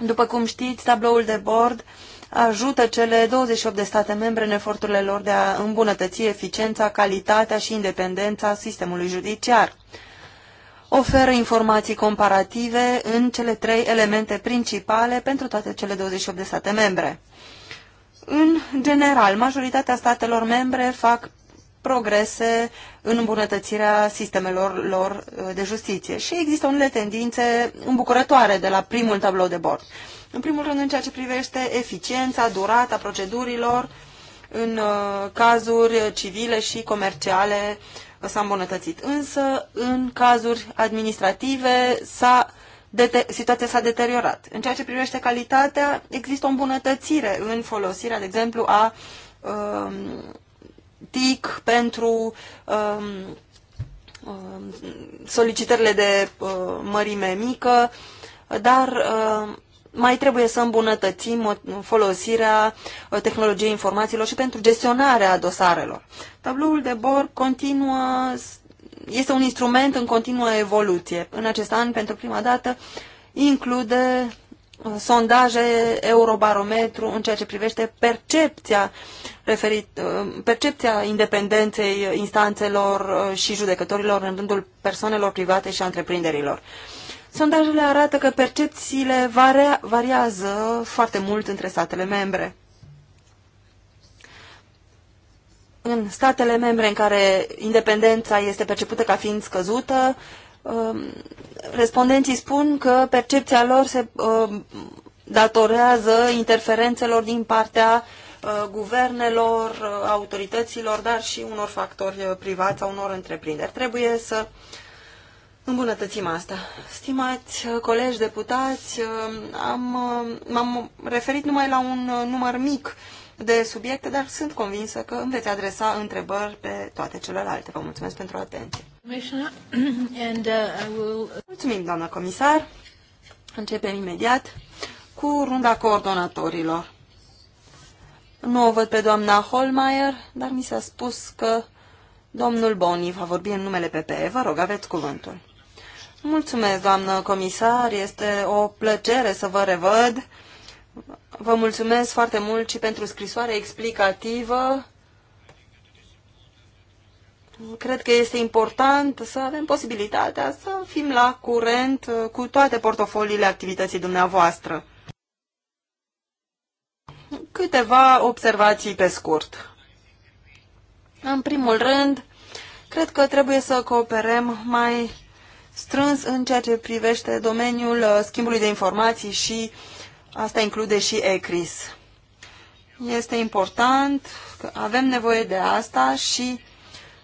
După cum știți, tabloul de bord ajută cele 28 de state membre în eforturile lor de a îmbunătăți eficiența, calitatea și independența sistemului judiciar. Oferă informații comparative în cele trei elemente principale pentru toate cele 28 de state membre. În general, majoritatea statelor membre fac progrese în îmbunătățirea sistemelor lor uh, de justiție și există unele tendințe îmbucurătoare de la primul tablou de bord. În primul rând, în ceea ce privește eficiența, durata procedurilor, în uh, cazuri civile și comerciale uh, s-a îmbunătățit. Însă, în cazuri administrative s-a situația s-a deteriorat. În ceea ce privește calitatea, există o îmbunătățire în folosirea, de exemplu, a um, TIC pentru um, um, solicitările de uh, mărime mică, dar uh, mai trebuie să îmbunătățim folosirea uh, tehnologiei informațiilor și pentru gestionarea dosarelor. Tabloul de bord continuă este un instrument în continuă evoluție. În acest an, pentru prima dată, include uh, sondaje eurobarometru în ceea ce privește percepția, referit, uh, percepția independenței instanțelor uh, și judecătorilor în rândul persoanelor private și întreprinderilor. Sondajele arată că percepțiile varia, variază foarte mult între statele membre. în statele membre în care independența este percepută ca fiind scăzută, um, respondenții spun că percepția lor se um, datorează interferențelor din partea uh, guvernelor, uh, autorităților, dar și unor factori uh, privați sau unor întreprinderi. Trebuie să îmbunătățim asta. Stimați colegi deputați, um, am, m-am referit numai la un număr mic de subiecte, dar sunt convinsă că îmi veți adresa întrebări pe toate celelalte. Vă mulțumesc pentru atenție. Uh, Mulțumim, doamna comisar. Începem imediat cu runda coordonatorilor. Nu o văd pe doamna Holmeier, dar mi s-a spus că domnul Boni va vorbi în numele PPE. Vă rog, aveți cuvântul. Mulțumesc, doamnă comisar. Este o plăcere să vă revăd Vă mulțumesc foarte mult și pentru scrisoarea explicativă. Cred că este important să avem posibilitatea să fim la curent uh, cu toate portofoliile activității dumneavoastră. Câteva observații pe scurt. În primul rând, cred că trebuie să cooperăm mai strâns în ceea ce privește domeniul uh, schimbului de informații și uh, Asta include și ECRIS. Este important, că avem nevoie de asta și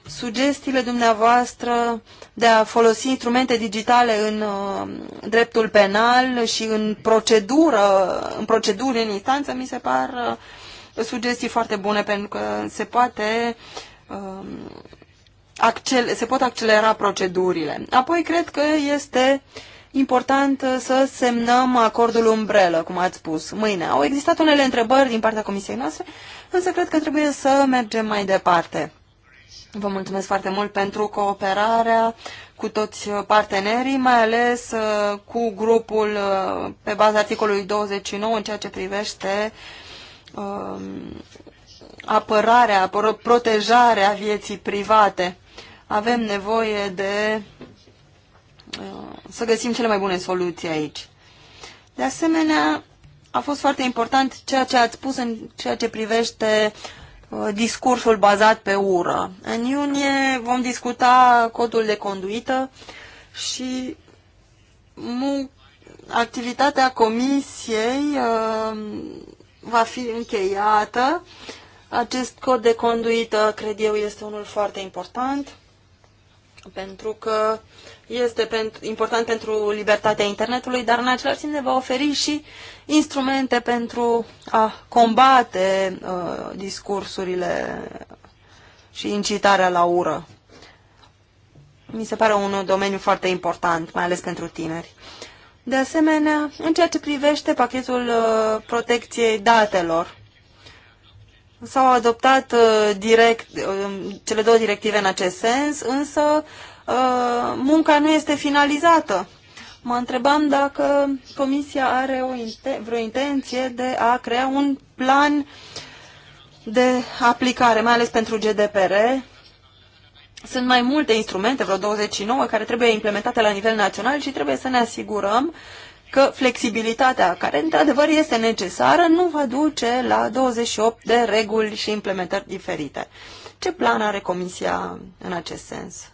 sugestiile dumneavoastră de a folosi instrumente digitale în uh, dreptul penal și în procedură, în proceduri în instanță, mi se par uh, sugestii foarte bune pentru că se poate um, se pot accelera procedurile. Apoi cred că este uh, important uh, să semnăm acordul umbrelă, cum ați spus, mâine. Au existat unele întrebări din partea comisiei noastre, însă cred că trebuie să mergem mai departe. Vă mulțumesc foarte mult pentru cooperarea cu toți uh, partenerii, mai ales uh, cu grupul pe baza articolului 29 în ceea ce privește um, apărarea, protejarea vieții private. Avem nevoie de Uh, să găsim cele mai bune soluții aici. De asemenea, a fost foarte important ceea ce ați spus în ceea ce privește uh, discursul bazat pe ură. În iunie vom discuta codul de conduită și activitatea comisiei uh, va fi încheiată. Acest cod de conduită, cred eu, este unul foarte important pentru că este pentru, important pentru libertatea internetului, dar în același timp ne va oferi și instrumente pentru a combate uh, discursurile și incitarea la ură. Mi se pare un domeniu foarte important, mai ales pentru tineri. De asemenea, în ceea ce privește pachetul uh, protecției datelor, S-au adoptat uh, direct, uh, cele două directive în acest sens, însă Uh, munca nu este finalizată. Mă întrebam dacă Comisia are o vreo intenție de a crea un plan de aplicare, mai ales pentru GDPR. Sunt mai multe instrumente, vreo 29, care trebuie implementate la nivel național și trebuie să ne asigurăm că flexibilitatea, care într-adevăr este necesară, nu va duce la 28 de reguli și implementări diferite. Ce plan are Comisia în acest sens?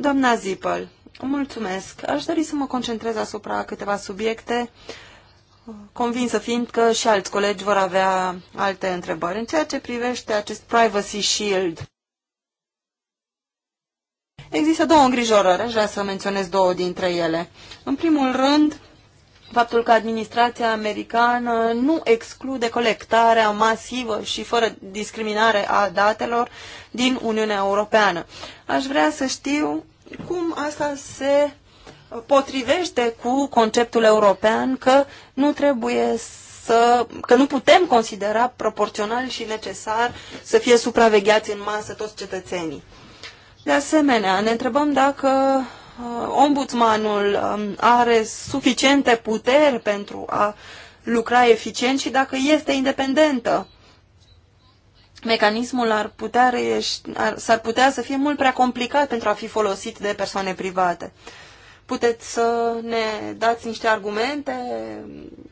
Doamna Zipăl, mulțumesc. Aș dori să mă concentrez asupra câteva subiecte, convinsă fiind că și alți colegi vor avea alte întrebări. În ceea ce privește acest Privacy Shield, există două îngrijorări, aș vrea să menționez două dintre ele. În primul rând, faptul că administrația americană nu exclude colectarea masivă și fără discriminare a datelor din Uniunea Europeană. Aș vrea să știu cum asta se potrivește cu conceptul european că nu trebuie să, că nu putem considera proporțional și necesar să fie supravegheați în masă toți cetățenii. De asemenea, ne întrebăm dacă uh, ombudsmanul um, are suficiente puteri pentru a lucra eficient și dacă este independentă mecanismul ar putea, ar, s-ar putea să fie mult prea complicat pentru a fi folosit de persoane private. Puteți să ne dați niște argumente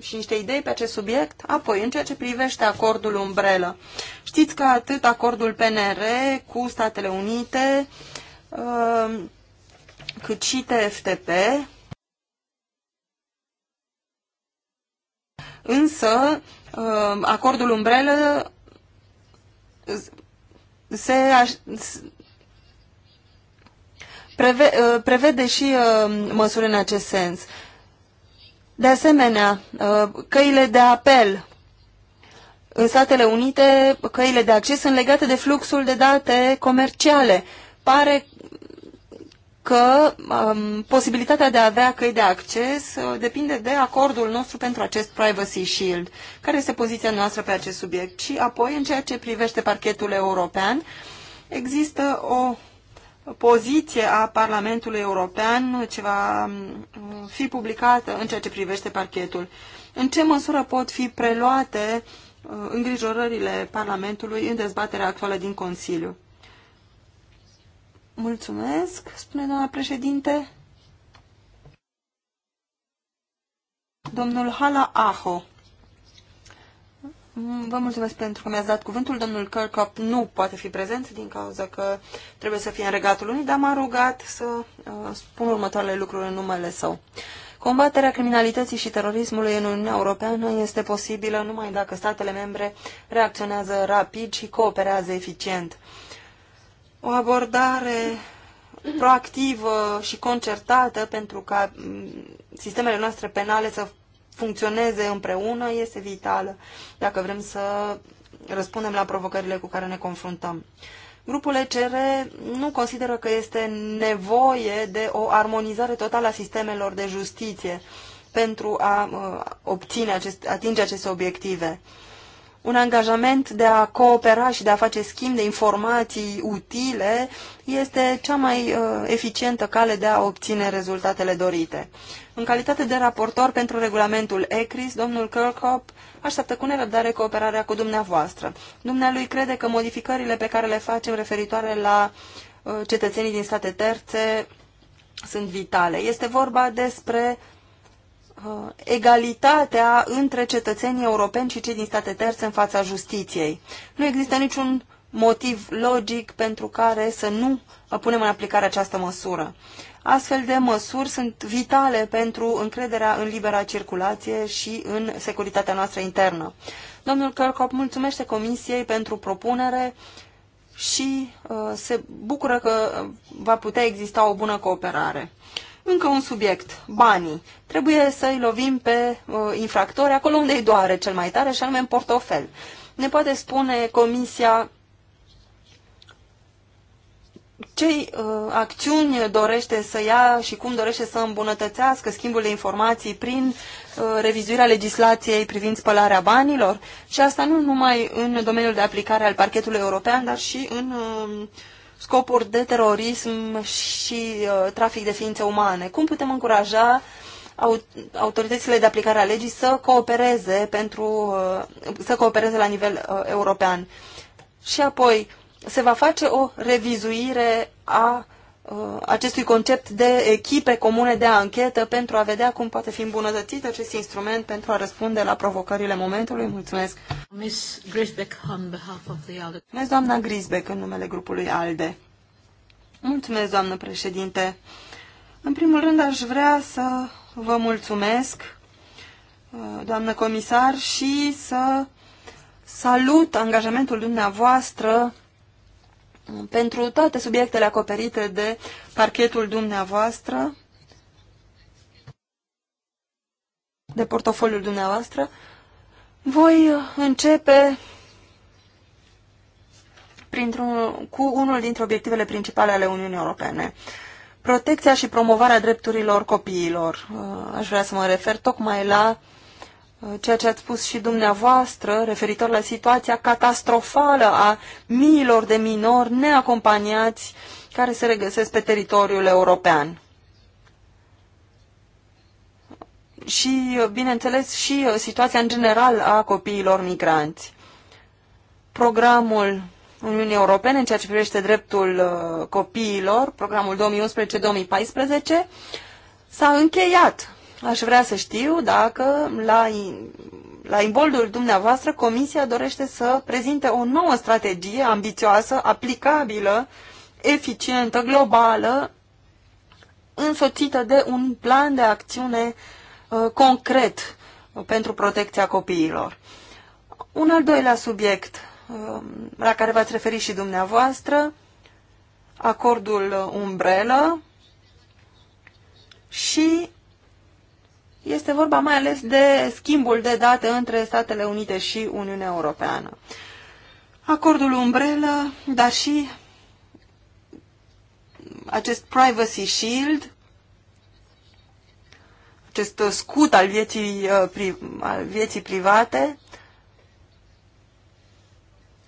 și niște idei pe acest subiect? Apoi, în ceea ce privește acordul umbrelă, știți că atât acordul PNR cu Statele Unite, uh, cât și TFTP, însă uh, acordul umbrelă se aș, preve, uh, prevede și uh, măsuri în acest sens. De asemenea, uh, căile de apel în Statele Unite, căile de acces sunt legate de fluxul de date comerciale. Pare că um, posibilitatea de a avea căi de acces uh, depinde de acordul nostru pentru acest Privacy Shield. Care este poziția noastră pe acest subiect? Și apoi, în ceea ce privește parchetul european, există o poziție a Parlamentului European ce va um, fi publicată în ceea ce privește parchetul. În ce măsură pot fi preluate uh, îngrijorările Parlamentului în dezbaterea actuală din Consiliu? Mulțumesc, spune doamna președinte. Domnul Hala Aho. Vă mulțumesc pentru că mi-ați dat cuvântul. Domnul Kirkup nu poate fi prezent din cauza că trebuie să fie în regatul unii, dar m-a rugat să uh, spun următoarele lucruri în numele său. Combaterea criminalității și terorismului în Uniunea Europeană este posibilă numai dacă statele membre reacționează rapid și cooperează eficient o abordare proactivă și concertată pentru ca mm, sistemele noastre penale să funcționeze împreună este vitală dacă vrem să răspundem la provocările cu care ne confruntăm. Grupul ECR nu consideră că este nevoie de o armonizare totală a sistemelor de justiție pentru a uh, obține acest, atinge aceste obiective un angajament de a coopera și de a face schimb de informații utile este cea mai uh, eficientă cale de a obține rezultatele dorite. În calitate de raportor pentru regulamentul ECRIS, domnul Kirkhope așteaptă cu nerăbdare cooperarea cu dumneavoastră. Dumnealui crede că modificările pe care le facem referitoare la uh, cetățenii din state terțe sunt vitale. Este vorba despre uh, egalitatea între cetățenii europeni și cei din state terțe în fața justiției. Nu există niciun motiv logic pentru care să nu punem în aplicare această măsură. Astfel de măsuri sunt vitale pentru încrederea în libera circulație și în securitatea noastră internă. Domnul Kirchhoff mulțumește Comisiei pentru propunere și uh, se bucură că va putea exista o bună cooperare. Încă un subiect, banii. Trebuie să-i lovim pe uh, infractori acolo unde îi doare cel mai tare, și anume în portofel. Ne poate spune Comisia ce uh, acțiuni dorește să ia și cum dorește să îmbunătățească schimbul de informații prin uh, revizuirea legislației privind spălarea banilor și asta nu numai în domeniul de aplicare al parchetului european, dar și în uh, scopuri de terorism și uh, trafic de ființe umane. Cum putem încuraja autoritățile de aplicare a legii să coopereze pentru uh, să coopereze la nivel uh, european? Și apoi se va face o revizuire a Uh, acestui concept de echipe comune de anchetă pentru a vedea cum poate fi îmbunătățit acest instrument pentru a răspunde la provocările momentului. Mulțumesc! Grisbeck, Mulțumesc, doamna Grisbeck, în numele grupului ALDE. Mulțumesc, doamnă președinte. În primul rând, aș vrea să vă mulțumesc, uh, doamnă comisar, și să salut angajamentul dumneavoastră pentru toate subiectele acoperite de parchetul dumneavoastră, de portofoliul dumneavoastră, voi începe printr-un, cu unul dintre obiectivele principale ale Uniunii Europene. Protecția și promovarea drepturilor copiilor. Uh, aș vrea să mă refer tocmai la uh, Uh, ceea ce ați spus și dumneavoastră referitor la situația catastrofală a miilor de minori neacompaniați care se regăsesc pe teritoriul european. Și, uh, bineînțeles, și uh, situația în general a copiilor migranți. Programul Uniunii Europene în ceea ce privește dreptul copiilor, programul 2011-2014, s-a încheiat Aș vrea să știu dacă la, la imboldul dumneavoastră Comisia dorește să prezinte o nouă strategie ambițioasă, aplicabilă, eficientă, globală, însoțită de un plan de acțiune uh, concret uh, pentru protecția copiilor. Un al doilea subiect uh, la care v-ați referit și dumneavoastră, acordul umbrelă și este vorba mai ales de schimbul de date între Statele Unite și Uniunea Europeană. Acordul umbrelă, dar și acest privacy shield, acest scut al vieții, uh, al vieții private,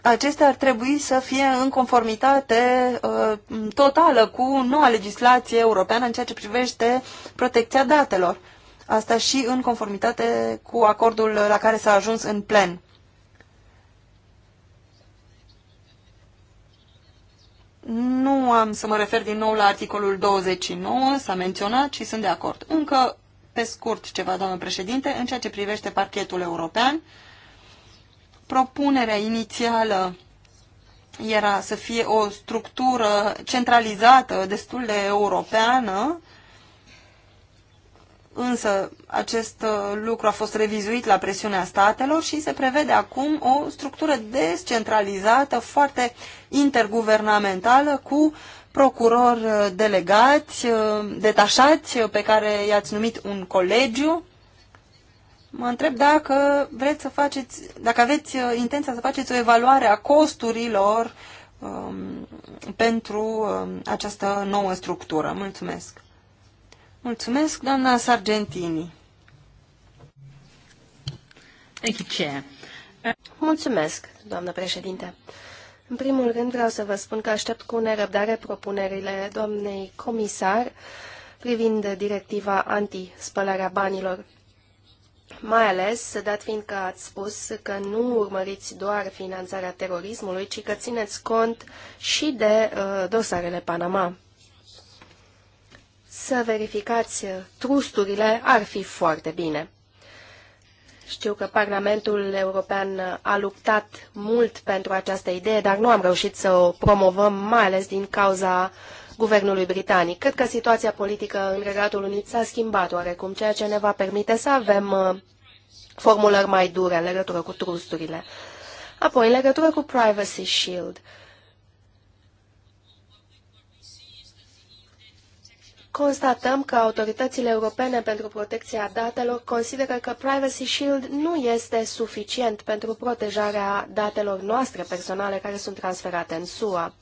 acestea ar trebui să fie în conformitate uh, totală cu noua legislație europeană în ceea ce privește protecția datelor asta și în conformitate cu acordul la care s-a ajuns în plen. Nu am să mă refer din nou la articolul 29, s-a menționat și sunt de acord. Încă pe scurt ceva, doamnă președinte, în ceea ce privește parchetul european, propunerea inițială era să fie o structură centralizată, destul de europeană, Însă acest uh, lucru a fost revizuit la presiunea statelor și se prevede acum o structură descentralizată, foarte interguvernamentală, cu procurori uh, delegați, uh, detașați, pe care i-ați numit un colegiu. Mă întreb dacă vreți să faceți, dacă aveți intenția să faceți o evaluare a costurilor um, pentru um, această nouă structură. Mulțumesc! Mulțumesc, doamna Sargentini. Thank you, Chair. Mulțumesc, doamnă președinte. În primul rând vreau să vă spun că aștept cu nerăbdare propunerile doamnei comisar privind directiva anti-spălarea banilor. Mai ales, dat fiind că ați spus că nu urmăriți doar finanțarea terorismului, ci că țineți cont și de uh, dosarele Panama să verificați uh, trusturile ar fi foarte bine. Știu că Parlamentul European uh, a luptat mult pentru această idee, dar nu am reușit să o promovăm, mai ales din cauza guvernului britanic. Cred că situația politică în Regatul Unit s-a schimbat oarecum, ceea ce ne va permite să avem uh, formulări mai dure în legătură cu trusturile. Apoi, în legătură cu Privacy Shield, uh, constatăm că autoritățile europene pentru protecția datelor consideră că Privacy Shield nu este suficient pentru protejarea datelor noastre personale care sunt transferate în SUA.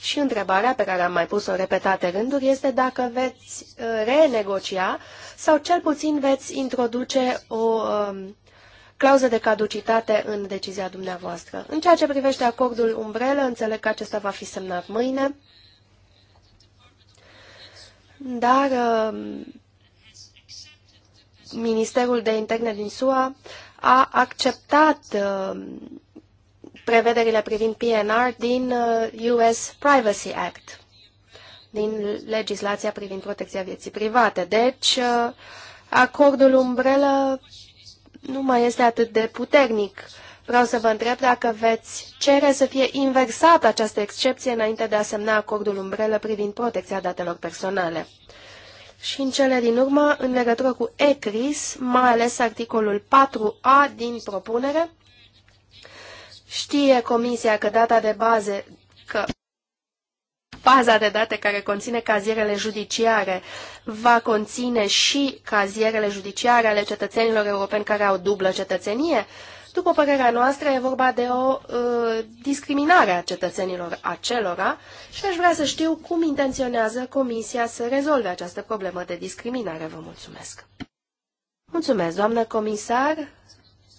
Și întrebarea pe care am mai pus-o în repetate rânduri este dacă veți uh, renegocia sau cel puțin veți introduce o um, clauză de caducitate în decizia dumneavoastră. În ceea ce privește acordul umbrelă, înțeleg că acesta va fi semnat mâine dar um, Ministerul de Interne din SUA a acceptat um, prevederile privind PNR din US uh, Privacy Act, din legislația privind protecția vieții private. Deci, uh, acordul umbrelă nu mai este atât de puternic Vreau să vă întreb dacă veți cere să fie inversată această excepție înainte de a semna acordul umbrelă privind protecția datelor personale. Și în cele din urmă, în legătură cu ECRIS, mai ales articolul 4A din propunere, știe Comisia că data de bază, că baza de date care conține cazierele judiciare va conține și cazierele judiciare ale cetățenilor europeni care au dublă cetățenie, uh, după părerea noastră, e vorba de o uh, discriminare a cetățenilor acelora și aș vrea să știu cum intenționează Comisia să rezolve această problemă de discriminare. Vă mulțumesc! Mulțumesc, doamnă comisar!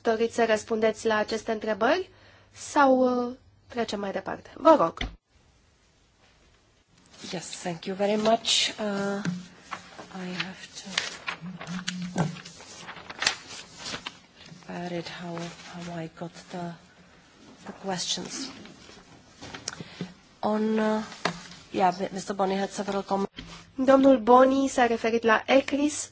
Doriți să răspundeți la aceste întrebări sau uh, trecem mai departe? Vă rog! Yes, thank you very much. Uh, I have to... I read how, how I got the, the questions. On, uh, yeah, Mr. Boni had several comments. Domnul Boni s-a referit la ECRIS.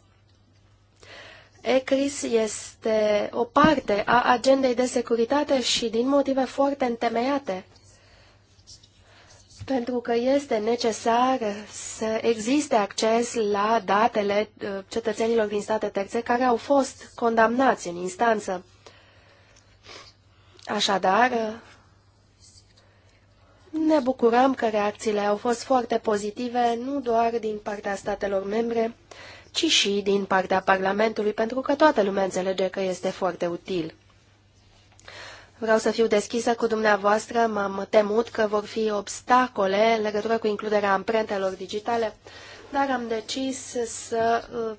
ECRIS este o parte a agendei de securitate și din motive foarte întemeiate pentru că este necesar să existe acces la datele uh, cetățenilor din state terțe care au fost condamnați în instanță. Așadar, uh, ne bucurăm că reacțiile au fost foarte pozitive, nu doar din partea statelor membre, ci și din partea Parlamentului, pentru că toată lumea înțelege că este foarte util. Vreau să fiu deschisă cu dumneavoastră, m-am temut că vor fi obstacole în legătură cu includerea amprentelor digitale, dar am decis să uh,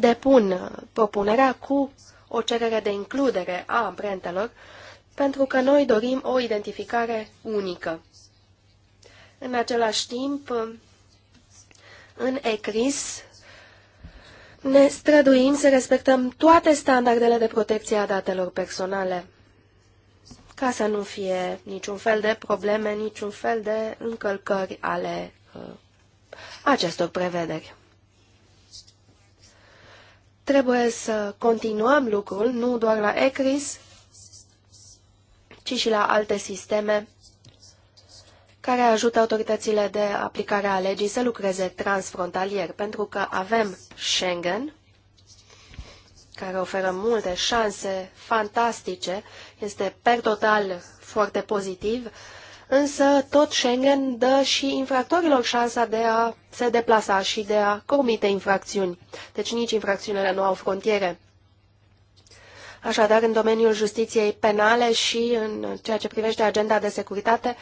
depun propunerea cu o cerere de includere a amprentelor, pentru că noi dorim o identificare unică. În același timp, în ECRIS ne străduim să respectăm toate standardele de protecție a datelor personale ca să nu fie niciun fel de probleme, niciun fel de încălcări ale uh, acestor prevederi. Trebuie să continuăm lucrul nu doar la ECRIS, ci și la alte sisteme care ajută autoritățile de aplicare a legii să lucreze transfrontalier, pentru că avem Schengen, care oferă multe șanse fantastice este per total foarte pozitiv, însă tot Schengen dă și infractorilor șansa de a se deplasa și de a comite infracțiuni. Deci nici infracțiunile nu au frontiere. Așadar, în domeniul justiției penale și în ceea ce privește agenda de securitate,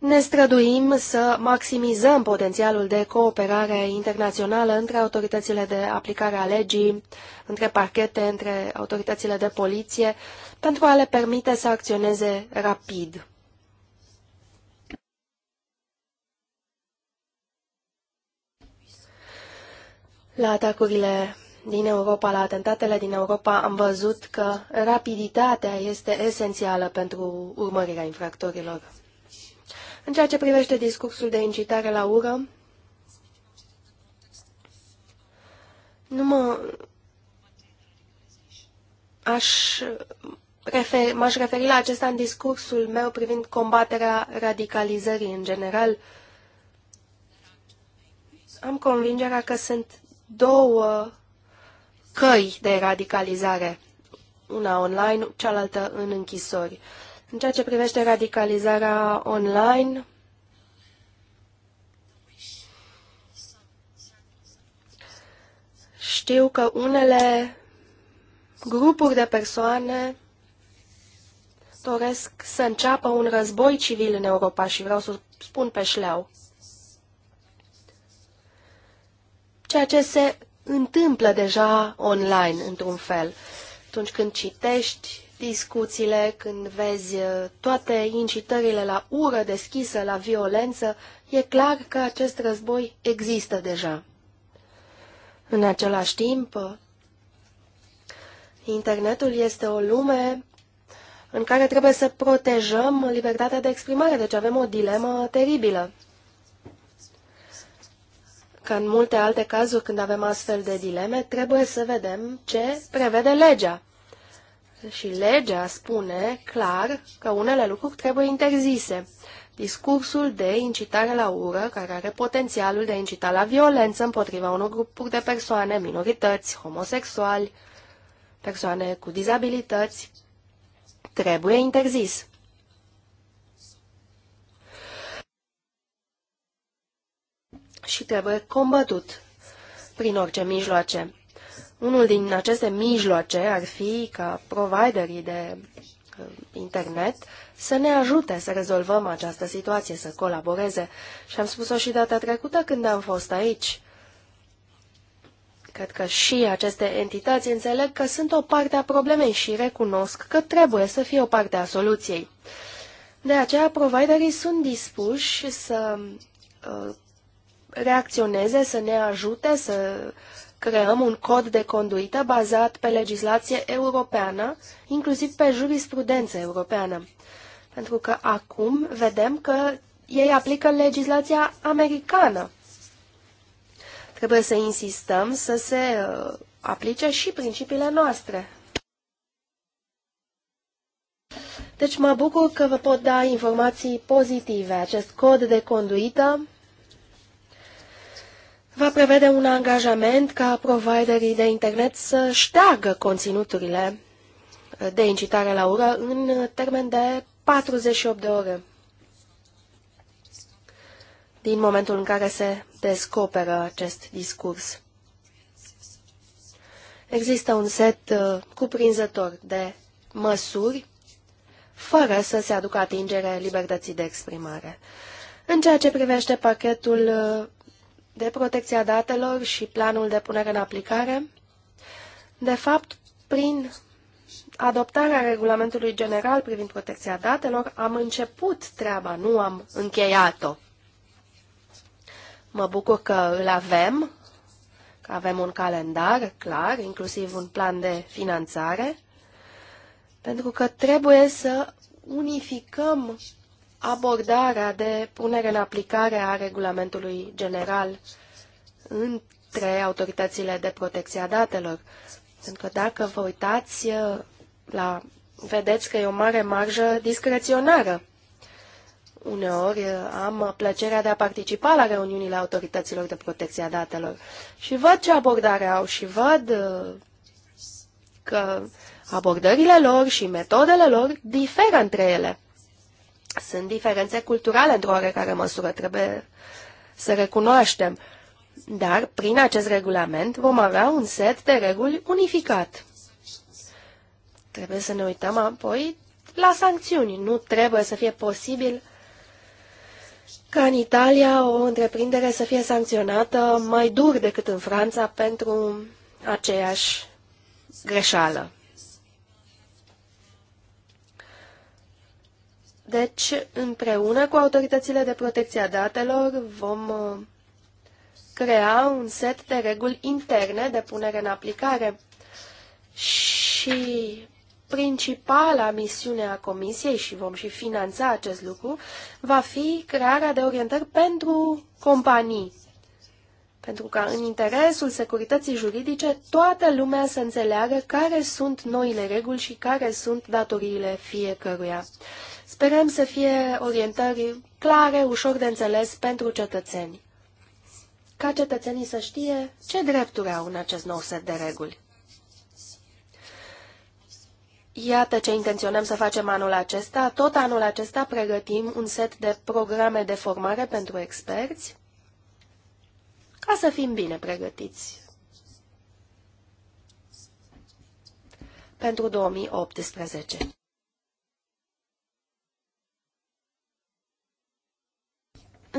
ne străduim să maximizăm potențialul de cooperare internațională între autoritățile de aplicare a legii, între parchete, între autoritățile de poliție, pentru a le permite să acționeze rapid. La atacurile din Europa, la atentatele din Europa, am văzut că rapiditatea este esențială pentru urmărirea infractorilor. În ceea ce privește discursul de incitare la ură, nu mă aș refer, m-aș referi la acesta în discursul meu privind combaterea radicalizării în general. Am convingerea că sunt două căi de radicalizare, una online, cealaltă în închisori. În ceea ce privește radicalizarea online, știu că unele grupuri de persoane doresc să înceapă un război civil în Europa și vreau să spun pe șleau. Ceea ce se întâmplă deja online, într-un fel. Atunci când citești discuțiile, când vezi uh, toate incitările la ură deschisă, la violență, e clar că acest război există deja. În același timp, internetul este o lume în care trebuie să protejăm libertatea de exprimare, deci avem o dilemă teribilă. Ca în multe alte cazuri când avem astfel de dileme, trebuie să vedem ce prevede legea și legea spune clar că unele lucruri trebuie interzise. Discursul de incitare la ură, care are potențialul de a incita la violență împotriva unor grupuri de persoane, minorități, homosexuali, persoane cu dizabilități, trebuie interzis. Și trebuie combătut prin orice mijloace. Unul din aceste mijloace ar fi ca providerii de uh, internet să ne ajute să rezolvăm această situație, să colaboreze. Și am spus-o și data trecută când am fost aici. Cred că și aceste entități înțeleg că sunt o parte a problemei și recunosc că trebuie să fie o parte a soluției. De aceea, providerii sunt dispuși să uh, reacționeze, să ne ajute, să creăm un cod de conduită bazat pe legislație europeană, inclusiv pe jurisprudență europeană. Pentru că acum vedem că ei aplică legislația americană. Trebuie să insistăm să se uh, aplice și principiile noastre. Deci mă bucur că vă pot da informații pozitive. Acest cod de conduită va prevede un angajament ca providerii de internet să șteargă conținuturile de incitare la ură în termen de 48 de ore din momentul în care se descoperă acest discurs. Există un set uh, cuprinzător de măsuri fără să se aducă atingere libertății de exprimare. În ceea ce privește pachetul uh, de protecția datelor și planul de punere în aplicare. De fapt, prin adoptarea regulamentului general privind protecția datelor, am început treaba, nu am încheiat-o. Mă bucur că îl avem, că avem un calendar clar, inclusiv un plan de finanțare, pentru că trebuie să unificăm abordarea de punere în aplicare a regulamentului general între autoritățile de protecție a datelor. Pentru că dacă vă uitați la... vedeți că e o mare marjă discreționară. Uneori am plăcerea de a participa la reuniunile autorităților de protecție a datelor și văd ce abordare au și văd că abordările lor și metodele lor diferă între ele. Sunt diferențe culturale într-o oarecare măsură, trebuie să recunoaștem. Dar, prin acest regulament, vom avea un set de reguli unificat. Trebuie să ne uităm apoi la sancțiuni. Nu trebuie să fie posibil ca în Italia o întreprindere să fie sancționată mai dur decât în Franța pentru aceeași greșeală. Deci, împreună cu autoritățile de protecție a datelor, vom uh, crea un set de reguli interne de punere în aplicare. Și principala misiune a Comisiei, și vom și finanța acest lucru, va fi crearea de orientări pentru companii. Pentru ca în interesul securității juridice toată lumea să înțeleagă care sunt noile reguli și care sunt datoriile fiecăruia. Sperăm să fie orientări clare, ușor de înțeles pentru cetățeni, ca cetățenii să știe ce drepturi au în acest nou set de reguli. Iată ce intenționăm să facem anul acesta. Tot anul acesta pregătim un set de programe de formare pentru experți ca să fim bine pregătiți pentru 2018.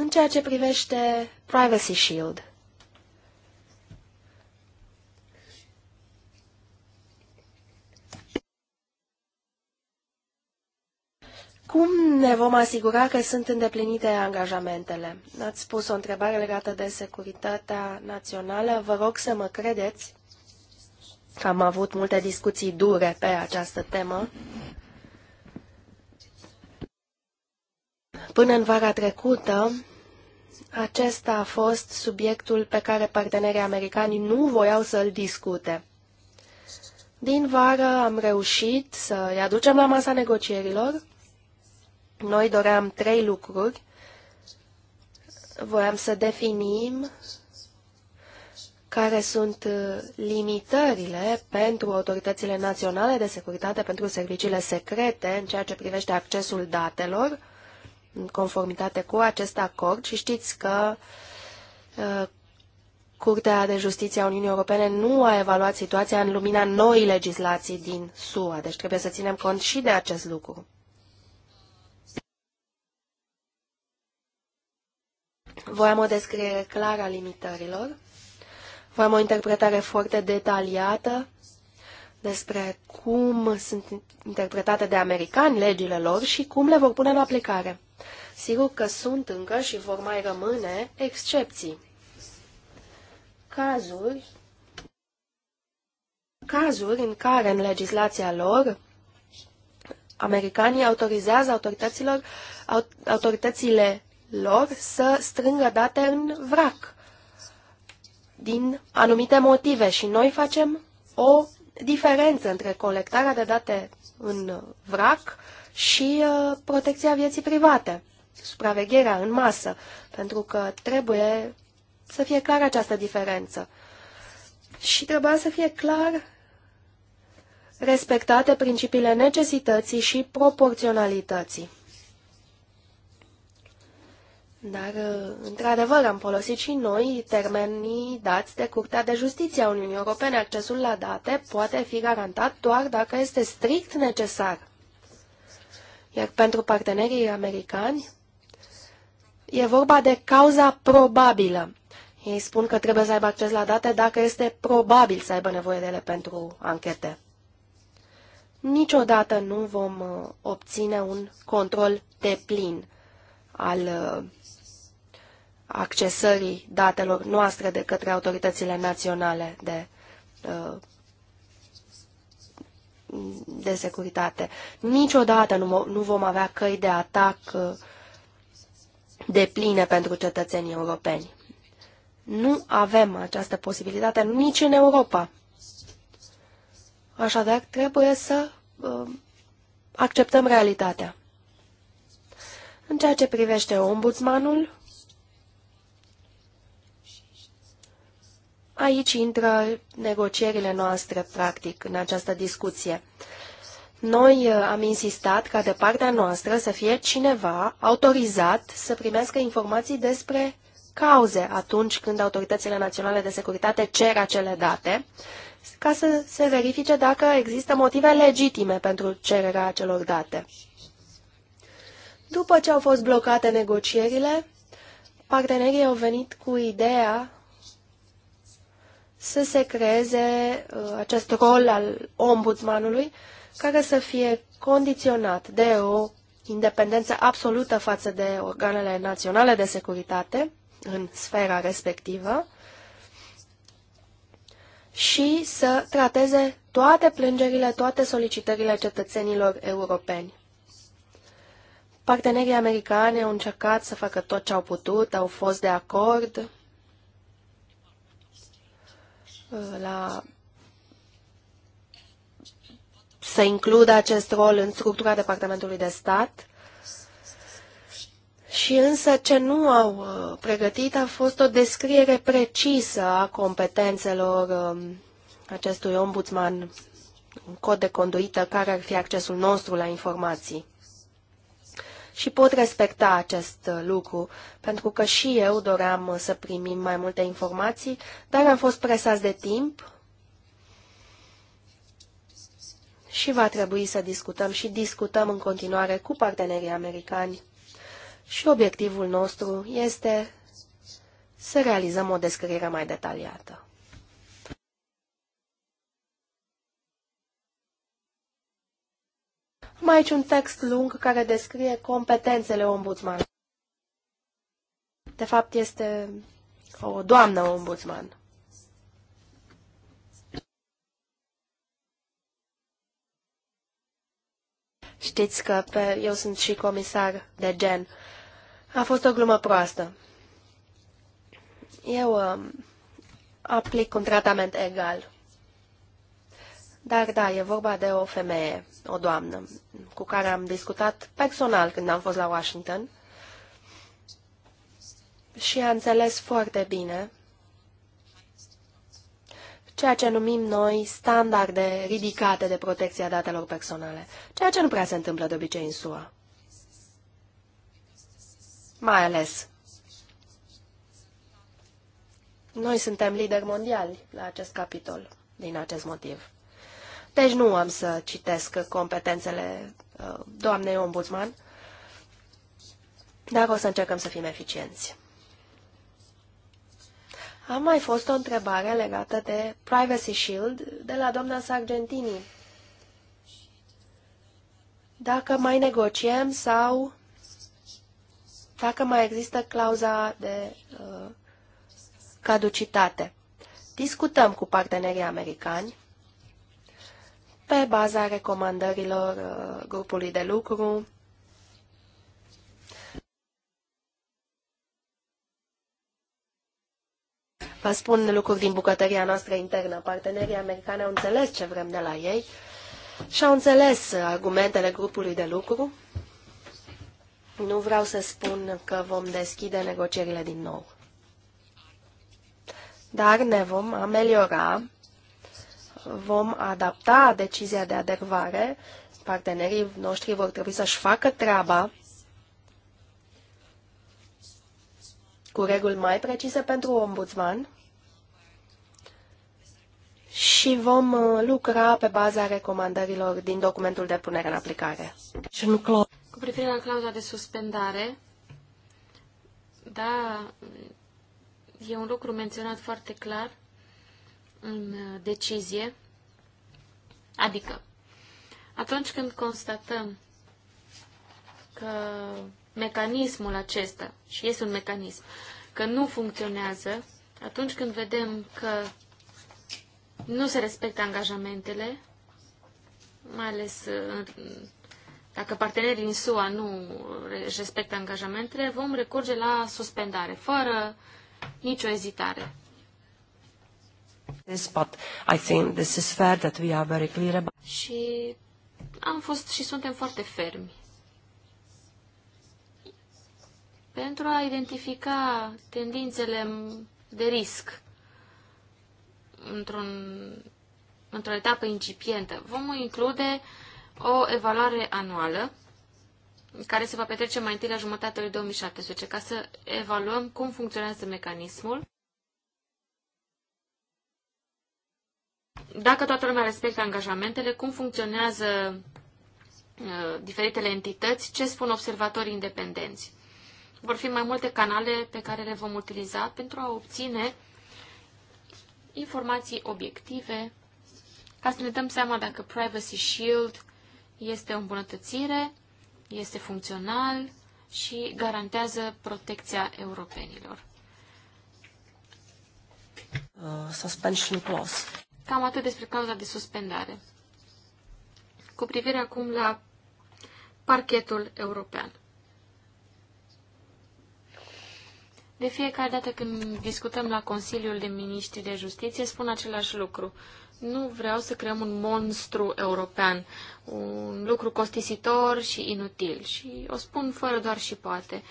În ceea ce privește Privacy Shield, Cum ne vom asigura că sunt îndeplinite angajamentele? Ați spus o întrebare legată de securitatea națională. Vă rog să mă credeți că am avut multe discuții dure pe această temă. Până în vara trecută acesta a fost subiectul pe care partenerii americani nu voiau să-l discute. Din vară am reușit să-i aducem la masa negocierilor. Noi doream trei lucruri. Voiam să definim care sunt uh, limitările pentru autoritățile naționale de securitate, pentru serviciile secrete în ceea ce privește accesul datelor, în conformitate cu acest acord și știți că uh, Curtea de Justiție a Uniunii Europene nu a evaluat situația în lumina noii legislații din SUA, deci trebuie să ținem cont și de acest lucru. Voiam o descriere clară a limitărilor, voiam o interpretare foarte detaliată despre cum sunt interpretate de americani legile lor și cum le vor pune în aplicare. Sigur că sunt încă și vor mai rămâne excepții. Cazuri cazuri în care în legislația lor americanii autorizează autorităților, autoritățile lor să strângă date în vrac din anumite motive și noi facem o diferență între colectarea de date în vrac și uh, protecția vieții private supravegherea în masă, pentru că trebuie să fie clară această diferență. Și trebuia să fie clar respectate principiile necesității și proporționalității. Dar, într-adevăr, am folosit și noi termenii dați de Curtea de Justiție a Uniunii Europene. Accesul la date poate fi garantat doar dacă este strict necesar. Iar pentru partenerii americani, E vorba de cauza probabilă. Ei spun că trebuie să aibă acces la date dacă este probabil să aibă nevoie de ele pentru anchete. Niciodată nu vom uh, obține un control deplin al uh, accesării datelor noastre de către autoritățile naționale de, uh, de securitate. Niciodată nu vom avea căi de atac de pline pentru cetățenii europeni. Nu avem această posibilitate nici în Europa. Așadar, trebuie să uh, acceptăm realitatea. În ceea ce privește ombudsmanul, aici intră negocierile noastre, practic, în această discuție. Uh, noi uh, am insistat ca de partea noastră să fie cineva autorizat să primească informații despre cauze atunci când autoritățile naționale de securitate cer acele date, ca să se verifice dacă există motive legitime pentru cererea acelor date. După ce au fost blocate negocierile, partenerii au venit cu ideea să se creeze uh, acest rol al ombudsmanului, care să fie condiționat de o independență absolută față de organele naționale de securitate în sfera respectivă și să trateze toate plângerile, toate solicitările cetățenilor europeni. Partenerii americani au încercat să facă tot ce au putut, au fost de acord uh, la să includă acest rol în structura Departamentului de Stat. Și însă ce nu au uh, pregătit a fost o descriere precisă a competențelor um, acestui ombudsman, un cod de conduită care ar fi accesul nostru la informații. Și pot respecta acest uh, lucru, pentru că și eu doream uh, să primim mai multe informații, dar am fost presați de timp și va trebui să discutăm și discutăm în continuare cu partenerii americani. Și obiectivul nostru este să realizăm o descriere mai detaliată. Am aici un text lung care descrie competențele ombudsman. De fapt, este o doamnă ombudsman. Știți că pe, eu sunt și comisar de gen. A fost o glumă proastă. Eu uh, aplic un tratament egal. Dar da, e vorba de o femeie, o doamnă, cu care am discutat personal când am fost la Washington și a înțeles foarte bine ceea ce numim noi standarde ridicate de protecția datelor personale, ceea ce nu prea se întâmplă de obicei în SUA. Mai ales. Noi suntem lideri mondiali la acest capitol, din acest motiv. Deci nu am să citesc competențele uh, doamnei ombudsman, dar o să încercăm să fim eficienți. A mai fost o întrebare legată de Privacy Shield de la doamna Sargentini. Dacă mai negociem sau dacă mai există clauza de uh, caducitate. Discutăm cu partenerii americani pe baza recomandărilor uh, grupului de lucru Vă spun lucruri din bucătăria noastră internă. Partenerii americani au înțeles ce vrem de la ei și au înțeles argumentele grupului de lucru. Nu vreau să spun că vom deschide negocierile din nou. Dar ne vom ameliora, vom adapta decizia de adervare, partenerii noștri vor trebui să-și facă treaba cu reguli mai precise pentru ombudsman și vom uh, lucra pe baza recomandărilor din documentul de punere în aplicare. Cu privire la clauza de suspendare, da, e un lucru menționat foarte clar în uh, decizie, adică atunci când constatăm că mecanismul acesta, și este un mecanism, că nu funcționează, atunci când vedem că nu se respectă angajamentele, mai ales uh, dacă partenerii din SUA nu respectă angajamentele, vom recurge la suspendare, fără nicio ezitare. but I think this is fair that we are very clear about... Și am fost și suntem foarte fermi pentru a identifica tendințele de risc într-un, într-o etapă incipientă. Vom include o evaluare anuală care se va petrece mai întâi la jumătatea lui 2017 ca să evaluăm cum funcționează mecanismul. Dacă toată lumea respectă angajamentele, cum funcționează uh, diferitele entități, ce spun observatorii independenți vor fi mai multe canale pe care le vom utiliza pentru a obține informații obiective, ca să ne dăm seama dacă Privacy Shield este o îmbunătățire, este funcțional și garantează protecția europenilor. Uh, suspension clause. Cam atât despre cauza de suspendare. Cu privire acum la parchetul european. De fiecare dată când discutăm la Consiliul de Miniștri de Justiție, spun același lucru. Nu vreau să creăm un monstru european, un lucru costisitor și inutil. Și o spun fără doar și poate.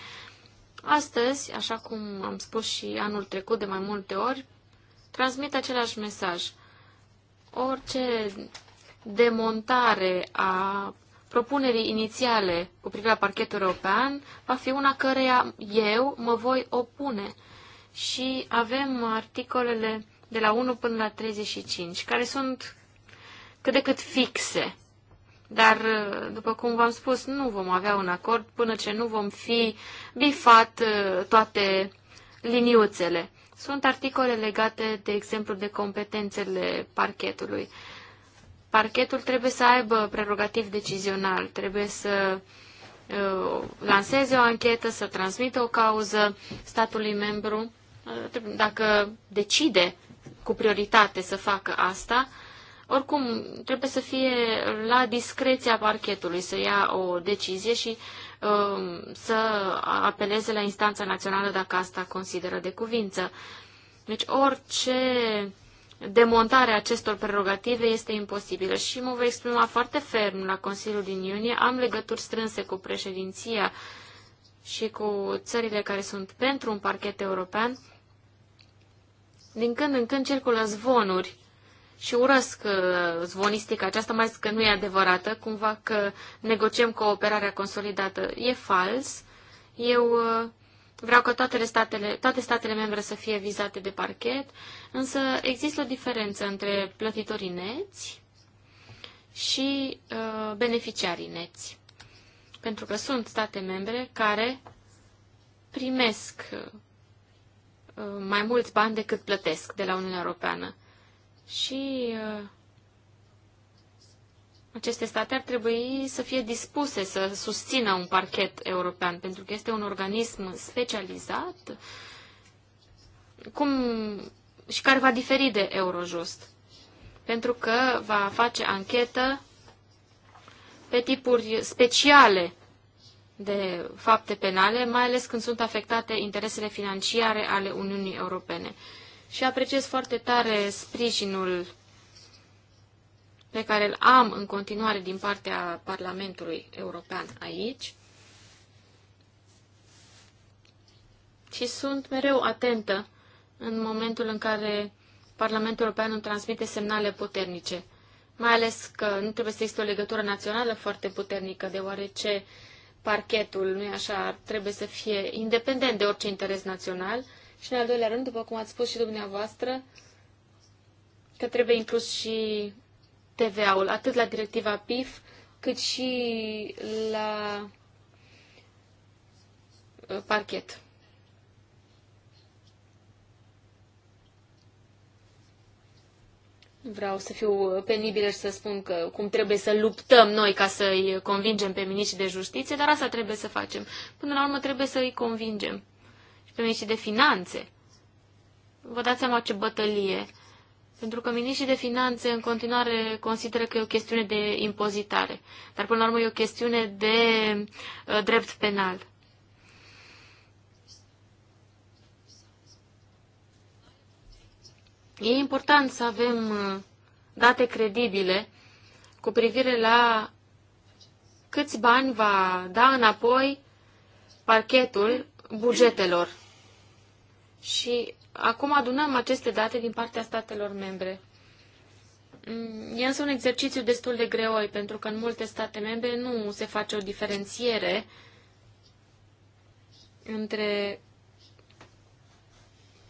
Astăzi, așa cum am spus și anul trecut de mai multe ori, transmit același mesaj. Orice demontare a propunerii inițiale cu privire la parchetul european va fi una căreia eu mă voi opune. Și avem articolele de la 1 până la 35, care sunt cât de cât fixe. Dar, după cum v-am spus, nu vom avea un acord până ce nu vom fi bifat uh, toate liniuțele. Sunt articole legate, de exemplu, de competențele parchetului. Parchetul trebuie să aibă prerogativ decizional, trebuie să uh, lanseze o anchetă, să transmită o cauză statului membru. Uh, dacă decide cu prioritate să facă asta, oricum trebuie să fie la discreția parchetului să ia o decizie și uh, să apeleze la instanța națională dacă asta consideră de cuvință. Deci orice demontarea acestor prerogative este imposibilă și mă voi exprima foarte ferm la Consiliul din iunie. Am legături strânse cu președinția și cu țările care sunt pentru un parchet european. Din când în când circulă zvonuri și urăsc uh, zvonistica aceasta, mai zic că nu e adevărată, cumva că negociem cooperarea consolidată. E fals. Eu uh, Vreau ca toate statele, toate statele membre să fie vizate de parchet, însă există o diferență între plătitorii neți și uh, beneficiarii neți. Pentru că sunt state membre care primesc uh, mai mulți bani decât plătesc de la Uniunea Europeană. Și uh, aceste state ar trebui să fie dispuse să susțină un parchet european, pentru că este un organism specializat cum, și care va diferi de Eurojust, pentru că va face anchetă pe tipuri speciale de fapte penale, mai ales când sunt afectate interesele financiare ale Uniunii Europene. Și apreciez foarte tare sprijinul pe care îl am în continuare din partea Parlamentului European aici și sunt mereu atentă în momentul în care Parlamentul European îmi transmite semnale puternice, mai ales că nu trebuie să existe o legătură națională foarte puternică, deoarece parchetul, nu e așa, trebuie să fie independent de orice interes național și, în al doilea rând, după cum ați spus și dumneavoastră, că trebuie inclus și TVA-ul, atât la directiva PIF, cât și la uh, parchet. Vreau să fiu penibilă și să spun că cum trebuie să luptăm noi ca să-i convingem pe miniștri de justiție, dar asta trebuie să facem. Până la urmă trebuie să-i convingem. Și pe miniștri de finanțe. Vă dați seama ce bătălie pentru că miniștrii de finanțe în continuare consideră că e o chestiune de impozitare, dar până la urmă e o chestiune de uh, drept penal. E important să avem uh, date credibile cu privire la câți bani va da înapoi parchetul bugetelor. Și acum adunăm aceste date din partea statelor membre. Mm, e însă un exercițiu destul de greoi, pentru că în multe state membre nu se face o diferențiere între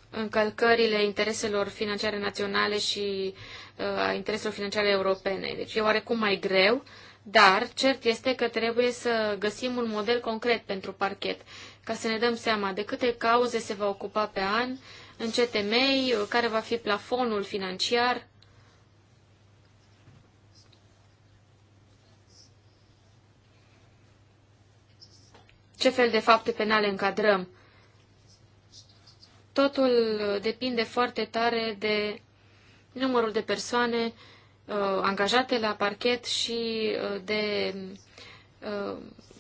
încălcările intereselor financiare naționale și uh, a intereselor financiare europene. Deci e oarecum mai greu, dar cert este că trebuie să găsim un model concret pentru parchet, ca să ne dăm seama de câte cauze se va ocupa pe an, în CTM, care va fi plafonul financiar. Ce fel de fapte penale încadrăm? Totul depinde foarte tare de numărul de persoane uh, angajate la parchet și uh, de uh,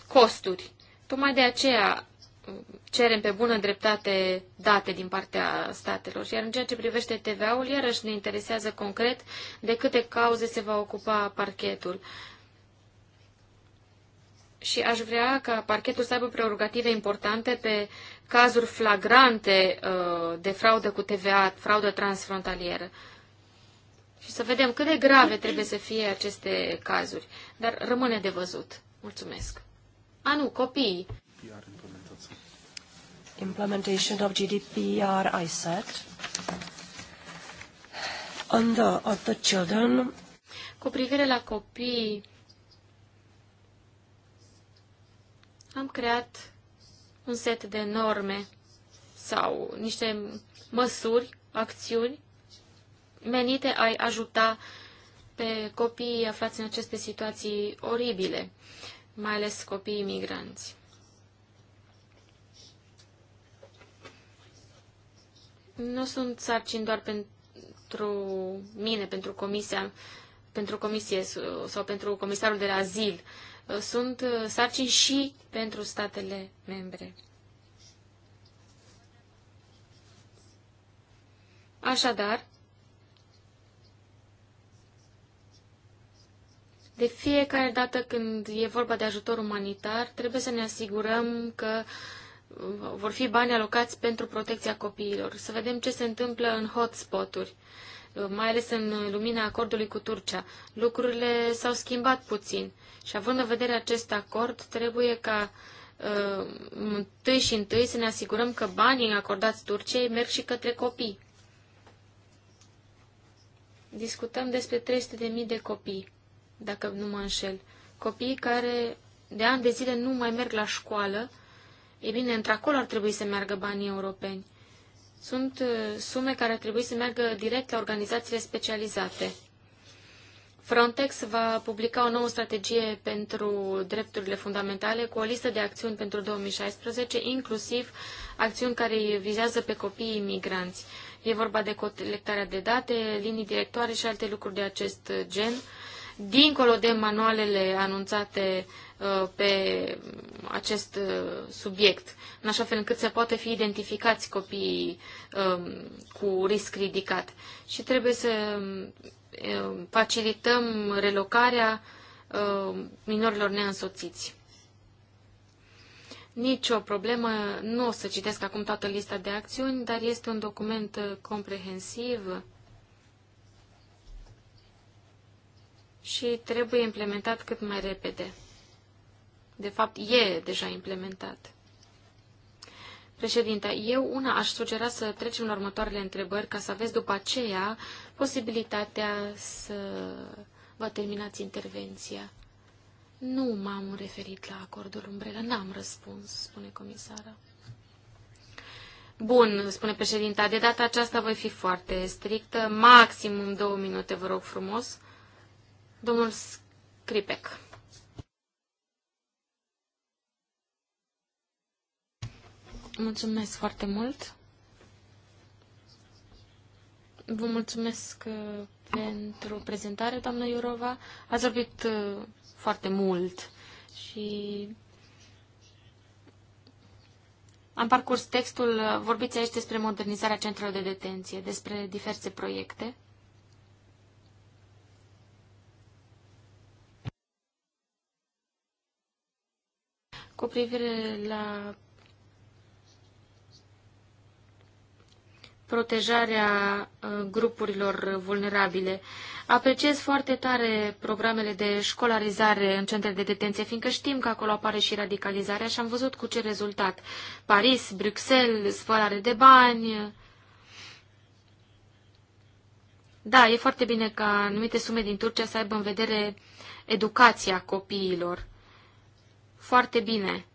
costuri. Tocmai de aceea cerem pe bună dreptate date din partea statelor. Iar în ceea ce privește TVA-ul, iarăși ne interesează concret de câte cauze se va ocupa parchetul. Și aș vrea ca parchetul să aibă prerogative importante pe cazuri flagrante uh, de fraudă cu TVA, fraudă transfrontalieră. Și să vedem cât de grave trebuie să fie aceste cazuri. Dar rămâne de văzut. Mulțumesc. A, nu, copiii implementation of GDPR, I said. On the, on the children, cu privire la copii, am creat un set de norme sau niște măsuri, acțiuni menite a ajuta pe copiii aflați în aceste situații oribile, mai ales copiii migranți. Nu sunt sarcini doar pentru mine, pentru comisia, pentru comisie sau pentru comisarul de la azil. Sunt uh, sarcini și pentru statele membre. Așadar, De fiecare dată când e vorba de ajutor umanitar, trebuie să ne asigurăm că uh, vor fi bani alocați pentru protecția copiilor. Să vedem ce se întâmplă în hotspot-uri, mai ales în lumina acordului cu Turcia. Lucrurile s-au schimbat puțin și având în vedere acest acord, trebuie ca uh, întâi și întâi să ne asigurăm că banii acordați Turciei merg și către copii. Discutăm despre 300.000 de copii, dacă nu mă înșel. Copii care de ani de zile nu mai merg la școală, E bine, într-acolo ar trebui să meargă banii europeni. Sunt uh, sume care ar trebui să meargă direct la organizațiile specializate. Frontex va publica o nouă strategie pentru drepturile fundamentale cu o listă de acțiuni pentru 2016, inclusiv acțiuni care vizează pe copiii imigranți. E vorba de colectarea de date, linii directoare și alte lucruri de acest gen, dincolo de manualele anunțate Uh, pe acest uh, subiect, în așa fel încât să poată fi identificați copiii um, cu risc ridicat. Și trebuie să um, facilităm relocarea um, minorilor neînsoțiți. Nici o problemă, nu o să citesc acum toată lista de acțiuni, dar este un document uh, comprehensiv și trebuie implementat cât mai repede de fapt, e deja implementat. Președinte, eu una aș sugera să trecem la următoarele întrebări ca să aveți după aceea posibilitatea să vă terminați intervenția. Nu m-am referit la acordul umbrelă, n-am răspuns, spune comisara. Bun, spune președinta, de data aceasta voi fi foarte strictă, maximum două minute, vă rog frumos. Domnul Scripec. Mulțumesc foarte mult. Vă mulțumesc uh, pentru prezentare, doamnă Iurova. Ați vorbit uh, foarte mult și am parcurs textul. Vorbiți aici despre modernizarea centrelor de detenție, despre diverse proiecte. Cu privire la protejarea uh, grupurilor vulnerabile. Apreciez foarte tare programele de școlarizare în centre de detenție, fiindcă știm că acolo apare și radicalizarea și am văzut cu ce rezultat. Paris, Bruxelles, spălare de bani. Da, e foarte bine ca anumite sume din Turcia să aibă în vedere educația copiilor. Foarte bine.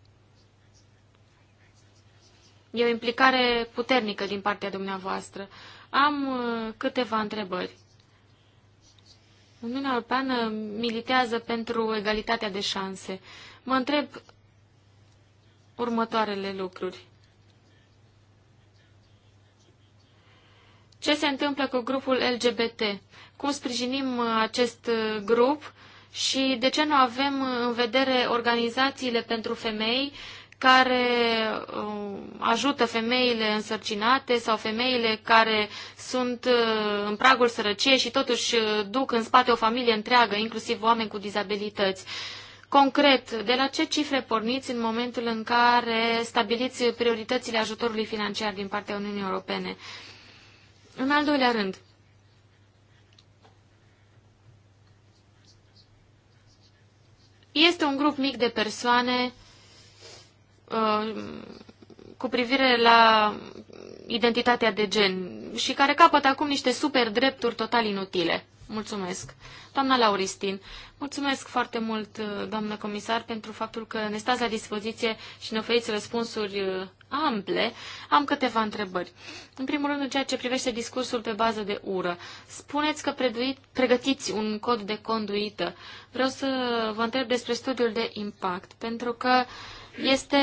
E o implicare puternică din partea dumneavoastră. Am uh, câteva întrebări. Uniunea Europeană militează pentru egalitatea de șanse. Mă întreb următoarele lucruri. Ce se întâmplă cu grupul LGBT? Cum sprijinim uh, acest uh, grup și de ce nu avem în vedere organizațiile pentru femei care um, ajută femeile însărcinate sau femeile care sunt uh, în pragul sărăciei și totuși uh, duc în spate o familie întreagă, inclusiv oameni cu dizabilități. Concret, de la ce cifre porniți în momentul în care stabiliți prioritățile ajutorului financiar din partea Uniunii Europene? În al doilea rând, este un grup mic de persoane Uh, cu privire la identitatea de gen și care capătă acum niște super drepturi total inutile. Mulțumesc. Doamna Lauristin, mulțumesc foarte mult, uh, doamnă comisar, pentru faptul că ne stați la dispoziție și ne oferiți răspunsuri uh, ample. Am câteva întrebări. În primul rând, în ceea ce privește discursul pe bază de ură, spuneți că preduit, pregătiți un cod de conduită. Vreau să vă întreb despre studiul de impact, pentru că uh, este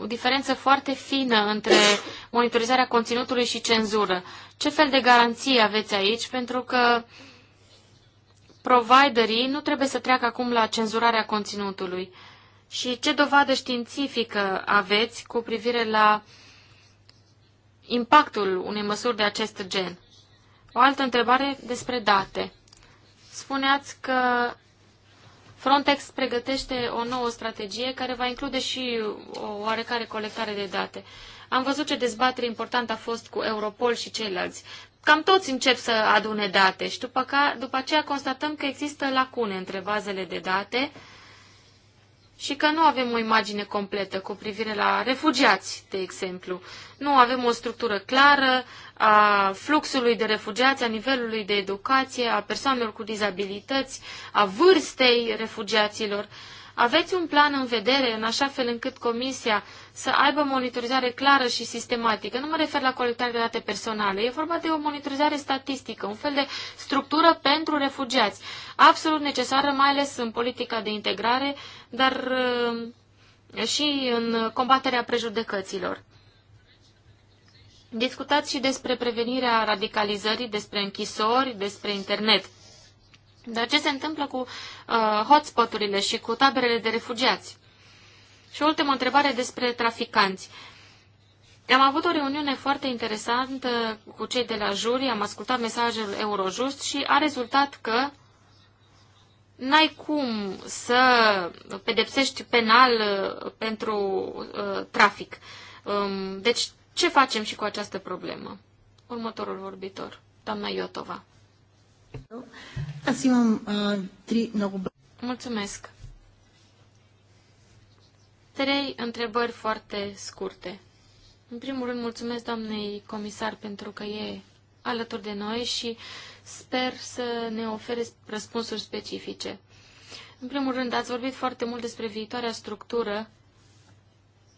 o diferență foarte fină între monitorizarea conținutului și cenzură. Ce fel de garanții aveți aici? Pentru că providerii nu trebuie să treacă acum la cenzurarea conținutului. Și ce dovadă științifică aveți cu privire la impactul unei măsuri de acest gen? O altă întrebare despre date. Spuneați că Frontex pregătește o nouă strategie care va include și o oarecare colectare de date. Am văzut ce dezbatere importantă a fost cu Europol și ceilalți. Cam toți încep să adune date și după, ca, după aceea constatăm că există lacune între bazele de date uh, și că nu avem o imagine completă cu privire la refugiați, de exemplu. Nu avem o structură clară a fluxului de refugiați, a nivelului de educație, a persoanelor cu dizabilități, a vârstei refugiaților. Uh, aveți un plan în vedere în așa fel încât comisia să aibă monitorizare clară și sistematică? Nu mă refer la colectarea de date personale, e vorba de o monitorizare statistică, un fel de structură pentru refugiați, absolut necesară, mai ales în politica de integrare, dar uh, și în combaterea prejudecăților. Discutați și despre prevenirea radicalizării, despre închisori, despre internet. Dar ce se întâmplă cu uh, hotspoturile și cu taberele de refugiați? Și o ultimă întrebare despre traficanți. Am avut o reuniune foarte interesantă cu cei de la juri, am ascultat mesajul Eurojust și a rezultat că n-ai cum să pedepsești penal uh, pentru uh, trafic. Um, deci, ce facem și cu această problemă? Următorul vorbitor, doamna Iotova. Uh, mulțumesc! Trei întrebări foarte scurte. În primul rând, mulțumesc doamnei comisar pentru că e alături de noi și sper să ne ofere răspunsuri specifice. În primul rând, ați vorbit foarte mult despre viitoarea structură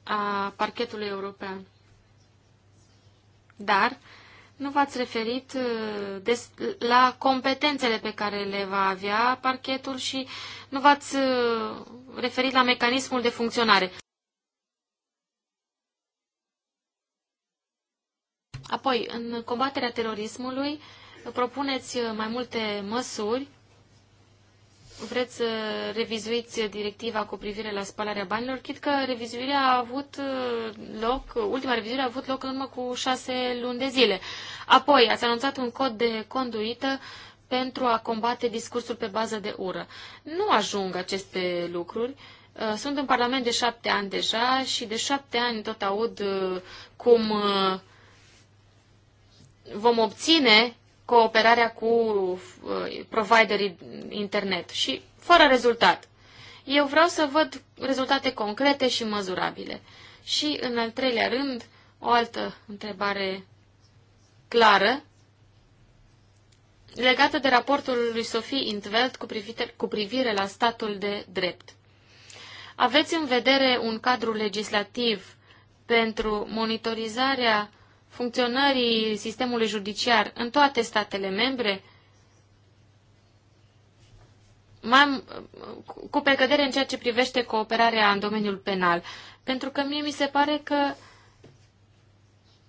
a parchetului european. Dar nu v-ați referit uh, des, la competențele pe care le va avea parchetul și nu v-ați uh, referit la mecanismul de funcționare. Apoi, în combaterea terorismului, uh, propuneți mai multe măsuri vreți să revizuiți directiva cu privire la spalarea banilor, chit că revizuirea a avut uh, loc, ultima revizuire a avut loc în urmă cu șase luni de zile. Apoi ați anunțat un cod de conduită pentru a combate discursul pe bază de ură. Nu ajung aceste lucruri. Uh, sunt în Parlament de șapte ani deja și de șapte ani tot aud uh, cum vom obține cooperarea cu uh, providerii internet și fără rezultat. Eu vreau să văd rezultate concrete și măzurabile. Și, în al treilea rând, o altă întrebare clară legată de raportul lui Sophie Intveld cu privire, cu privire la statul de drept. Aveți în vedere un cadru legislativ pentru monitorizarea funcționării sistemului judiciar în toate statele membre, mai, cu precădere în ceea ce privește cooperarea în domeniul penal. Pentru că mie mi se pare că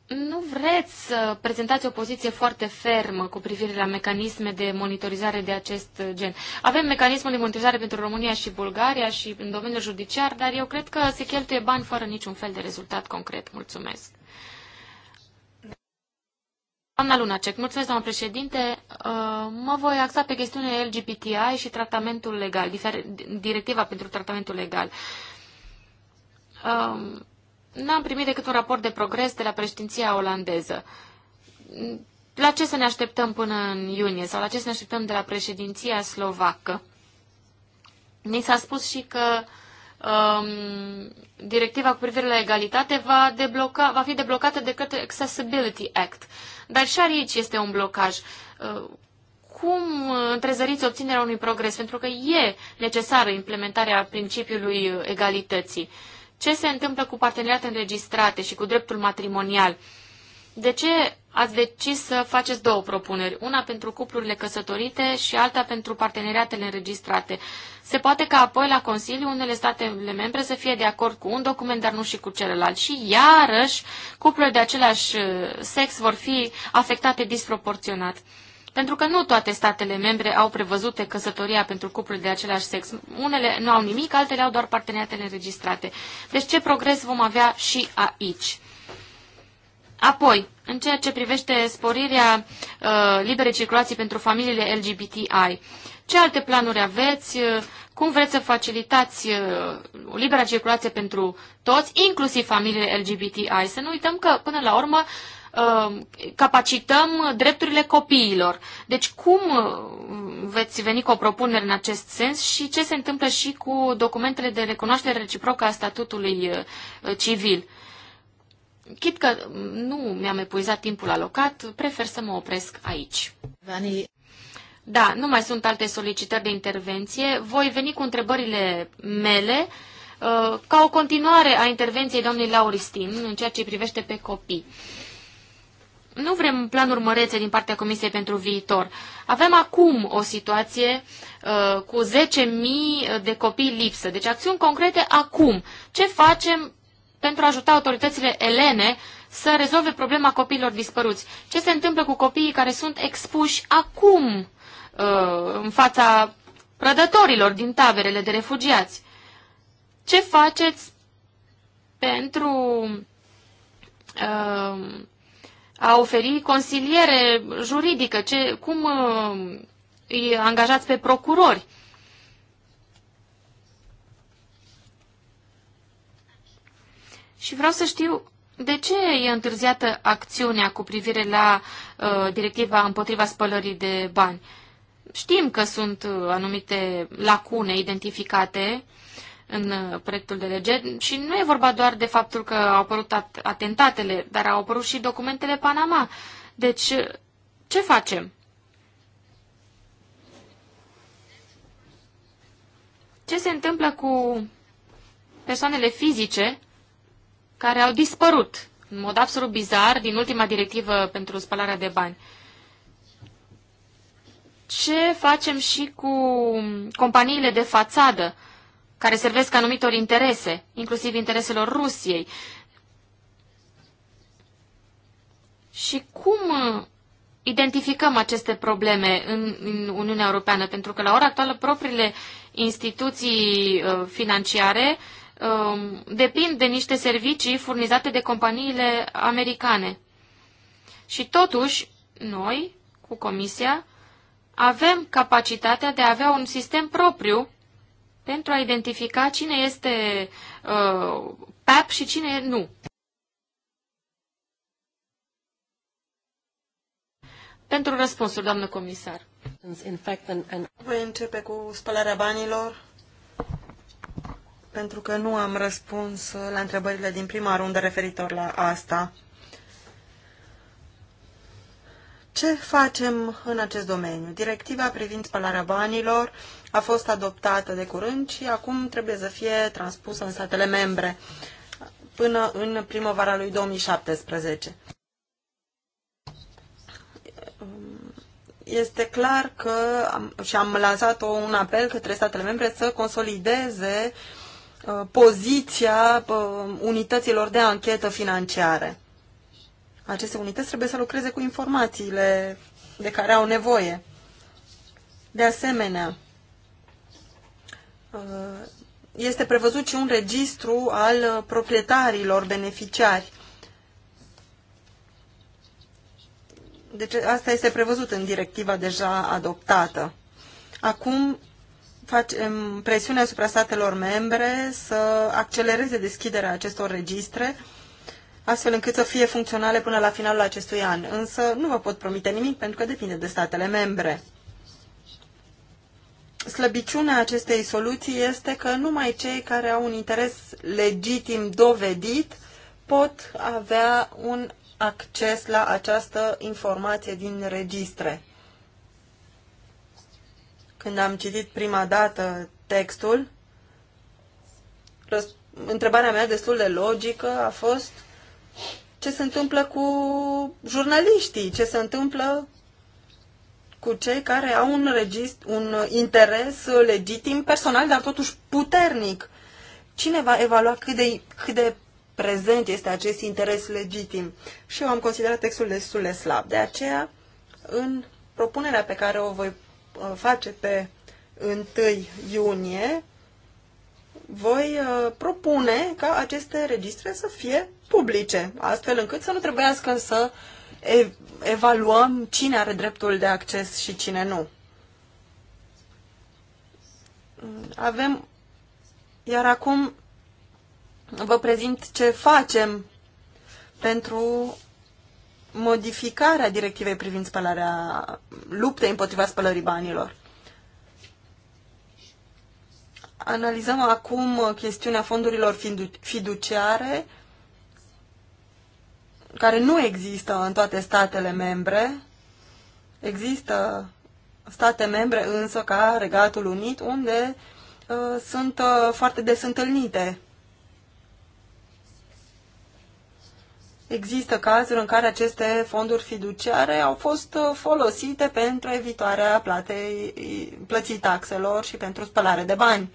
nu vreți să prezentați o poziție foarte fermă cu privire la mecanisme de monitorizare de acest gen. Avem mecanismul de monitorizare pentru România și Bulgaria și în domeniul judiciar, dar eu cred că se cheltuie bani fără niciun fel de rezultat concret. Mulțumesc. Doamna Lunacek, mulțumesc, doamna președinte. Uh, mă voi axa pe chestiunea LGBTI și tratamentul legal, directiva pentru tratamentul legal. Uh, n-am primit decât un raport de progres de la președinția olandeză. La ce să ne așteptăm până în iunie sau la ce să ne așteptăm de la președinția slovacă? Ni s-a spus și că um, directiva cu privire la egalitate va, debloca, va fi deblocată de către Accessibility Act. Uh, dar și aici este un blocaj. Uh, cum uh, întrezăriți obținerea unui progres? Pentru că e necesară implementarea principiului uh, egalității. Ce se întâmplă cu parteneriate înregistrate și cu dreptul matrimonial? De ce ați decis să faceți două propuneri, una pentru cuplurile căsătorite și alta pentru parteneriatele înregistrate? Se poate ca apoi la Consiliu unele statele membre să fie de acord cu un document, dar nu și cu celălalt. Și iarăși, cuplurile de același uh, sex vor fi afectate disproporționat. Pentru că nu toate statele membre au prevăzute căsătoria pentru cupluri de același sex. Unele nu au nimic, altele au doar parteneriatele înregistrate. Deci ce progres vom avea și aici? Apoi, în ceea ce privește sporirea uh, liberei circulații pentru familiile LGBTI, ce alte planuri aveți? Uh, cum vreți să facilitați uh, libera circulație pentru toți, inclusiv familiile LGBTI? Să nu uităm că, până la urmă, uh, capacităm drepturile copiilor. Deci cum uh, veți veni cu o propunere în acest sens și ce se întâmplă și cu documentele de recunoaștere reciprocă a statutului civil? Chit că nu mi-am epuizat timpul alocat, prefer să mă opresc aici. Vani. Da, nu mai sunt alte solicitări de intervenție. Voi veni cu întrebările mele uh, ca o continuare a intervenției doamnei Lauristin în ceea ce privește pe copii. Nu vrem planuri mărețe din partea Comisiei pentru viitor. Avem acum o situație uh, cu 10.000 de copii lipsă. Deci acțiuni concrete acum. Ce facem pentru a ajuta autoritățile elene să rezolve problema copiilor dispăruți. Ce se întâmplă cu copiii care sunt expuși acum uh, în fața prădătorilor din taberele de refugiați? Ce faceți pentru uh, a oferi consiliere juridică? Ce, cum uh, îi angajați pe procurori? Și vreau să știu de ce e întârziată acțiunea cu privire la uh, directiva împotriva spălării de bani. Știm că sunt uh, anumite lacune identificate în uh, proiectul de lege și nu e vorba doar de faptul că au apărut atentatele, dar au apărut și documentele Panama. Deci, uh, ce facem? Ce se întâmplă cu persoanele fizice care au dispărut în mod absolut bizar din ultima directivă pentru spălarea de bani. Ce facem și cu companiile de fațadă care servesc anumitor interese, inclusiv intereselor Rusiei? Și cum identificăm aceste probleme în, în Uniunea Europeană? Pentru că la ora actuală propriile instituții uh, financiare uh, Um, depind de niște servicii furnizate de companiile americane. Și totuși, noi, cu Comisia, avem capacitatea de a avea un sistem propriu pentru a identifica cine este uh, PAP și cine nu. Pentru răspunsul, doamnă comisar. Voi începe cu spălarea banilor pentru că nu am răspuns uh, la întrebările din prima rundă referitor la asta. Ce facem în acest domeniu? Directiva privind spălarea banilor a fost adoptată de curând și acum trebuie să fie transpusă în statele membre până în primăvara lui 2017. Este clar că și am lansat un apel către statele membre să consolideze uh, Uh, poziția uh, unităților de anchetă financiare. Aceste unități trebuie să lucreze cu informațiile de care au nevoie. De asemenea, uh, este prevăzut și un registru al proprietarilor beneficiari. Deci asta este prevăzut în directiva deja adoptată. Acum facem presiune asupra statelor membre să accelereze deschiderea acestor registre, astfel încât să fie funcționale până la finalul acestui an. Însă nu vă pot promite nimic pentru că depinde de statele membre. Slăbiciunea acestei soluții este că numai cei care au un interes legitim dovedit pot avea un acces la această informație din registre. Când am citit prima dată textul, întrebarea mea destul de logică a fost ce se întâmplă cu jurnaliștii, ce se întâmplă cu cei care au un, regist, un interes legitim, personal, dar totuși puternic. Cine va evalua cât de, cât de prezent este acest interes legitim? Și eu am considerat textul destul de slab. De aceea, în propunerea pe care o voi Uh, face pe 1 iunie, voi uh, propune ca aceste registre să fie publice, astfel încât să nu trebuiască să evaluăm cine are dreptul de acces și cine nu. Avem, iar acum vă prezint ce facem pentru modificarea directivei privind spălarea luptei împotriva spălării banilor. Analizăm acum chestiunea fondurilor fiduciare care nu există în toate statele membre. Există state membre însă ca Regatul Unit unde uh, sunt uh, foarte des întâlnite Există cazuri în care aceste fonduri fiduciare au fost uh, folosite pentru evitarea platei, plății taxelor și pentru spălare de bani.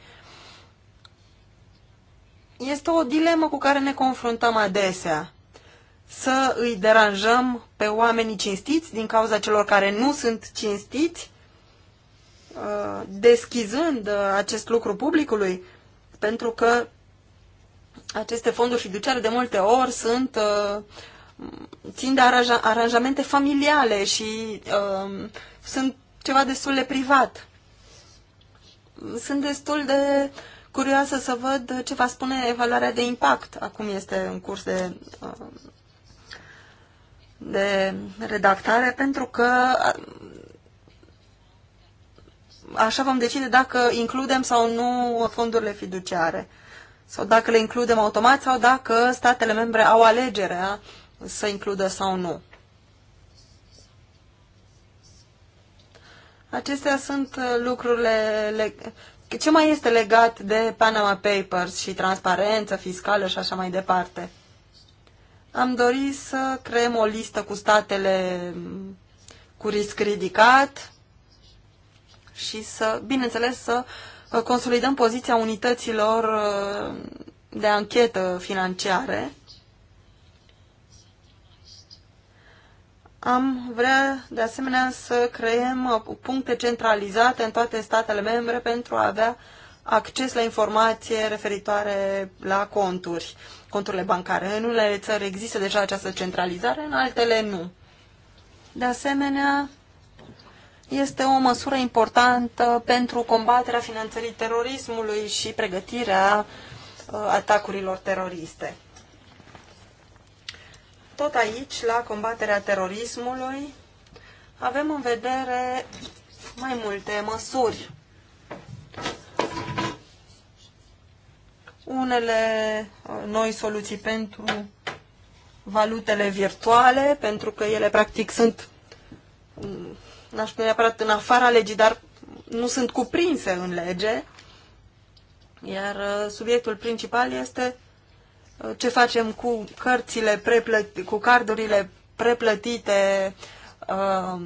Este o dilemă cu care ne confruntăm adesea. Să îi deranjăm pe oamenii cinstiți din cauza celor care nu sunt cinstiți, uh, deschizând uh, acest lucru publicului, pentru că aceste fonduri fiduciare de multe ori sunt uh, țin de aranja, aranjamente familiale și uh, sunt ceva destul de privat. Sunt destul de curioasă să văd ce va spune evaluarea de impact. Acum este în curs de, uh, de redactare, pentru că uh, așa vom decide dacă includem sau nu fondurile fiduciare sau dacă le includem automat sau dacă statele membre au alegerea să includă sau nu. Acestea sunt uh, lucrurile... Ce mai este legat de Panama Papers și transparență fiscală și așa mai departe? Am dorit să creăm o listă cu statele mm, cu risc ridicat și să, bineînțeles, să uh, Uh, consolidăm poziția unităților uh, de anchetă financiare. Am vrea, de asemenea, să creăm uh, puncte centralizate în toate statele membre pentru a avea acces la informație referitoare la conturi, conturile bancare. În unele țări există deja această centralizare, în altele nu. De asemenea, este o măsură importantă pentru combaterea finanțării terorismului și pregătirea uh, atacurilor teroriste. Tot aici, la combaterea terorismului, avem în vedere mai multe măsuri. Unele uh, noi soluții pentru valutele virtuale, pentru că ele practic sunt mm, n-aș spune neapărat în afara legii, dar nu sunt cuprinse în lege. Iar uh, subiectul principal este uh, ce facem cu cărțile preplăti, cu cardurile preplătite uh,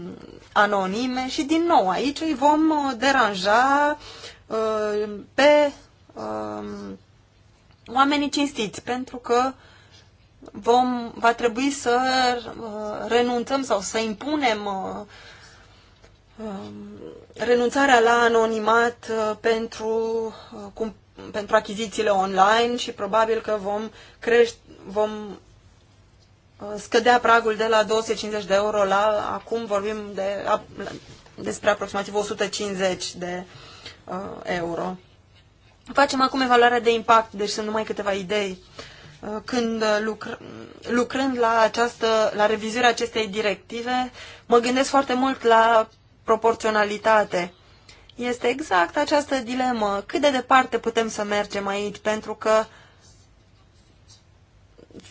anonime și din nou aici îi vom deranja pe oamenii cinstiți pentru că vom, va trebui să renunțăm sau să impunem uh, Um, renunțarea la anonimat uh, pentru, uh, cum, pentru achizițiile online și probabil că vom, crește, vom uh, scădea pragul de la 250 de euro la acum vorbim de, despre aproximativ 150 de uh, euro. Facem acum evaluarea de impact, deci sunt numai câteva idei. Când lucr- lucrând la, această, la revizuirea acestei directive, mă gândesc foarte mult la proporționalitate. Este exact această dilemă. Cât de departe putem să mergem aici? Pentru că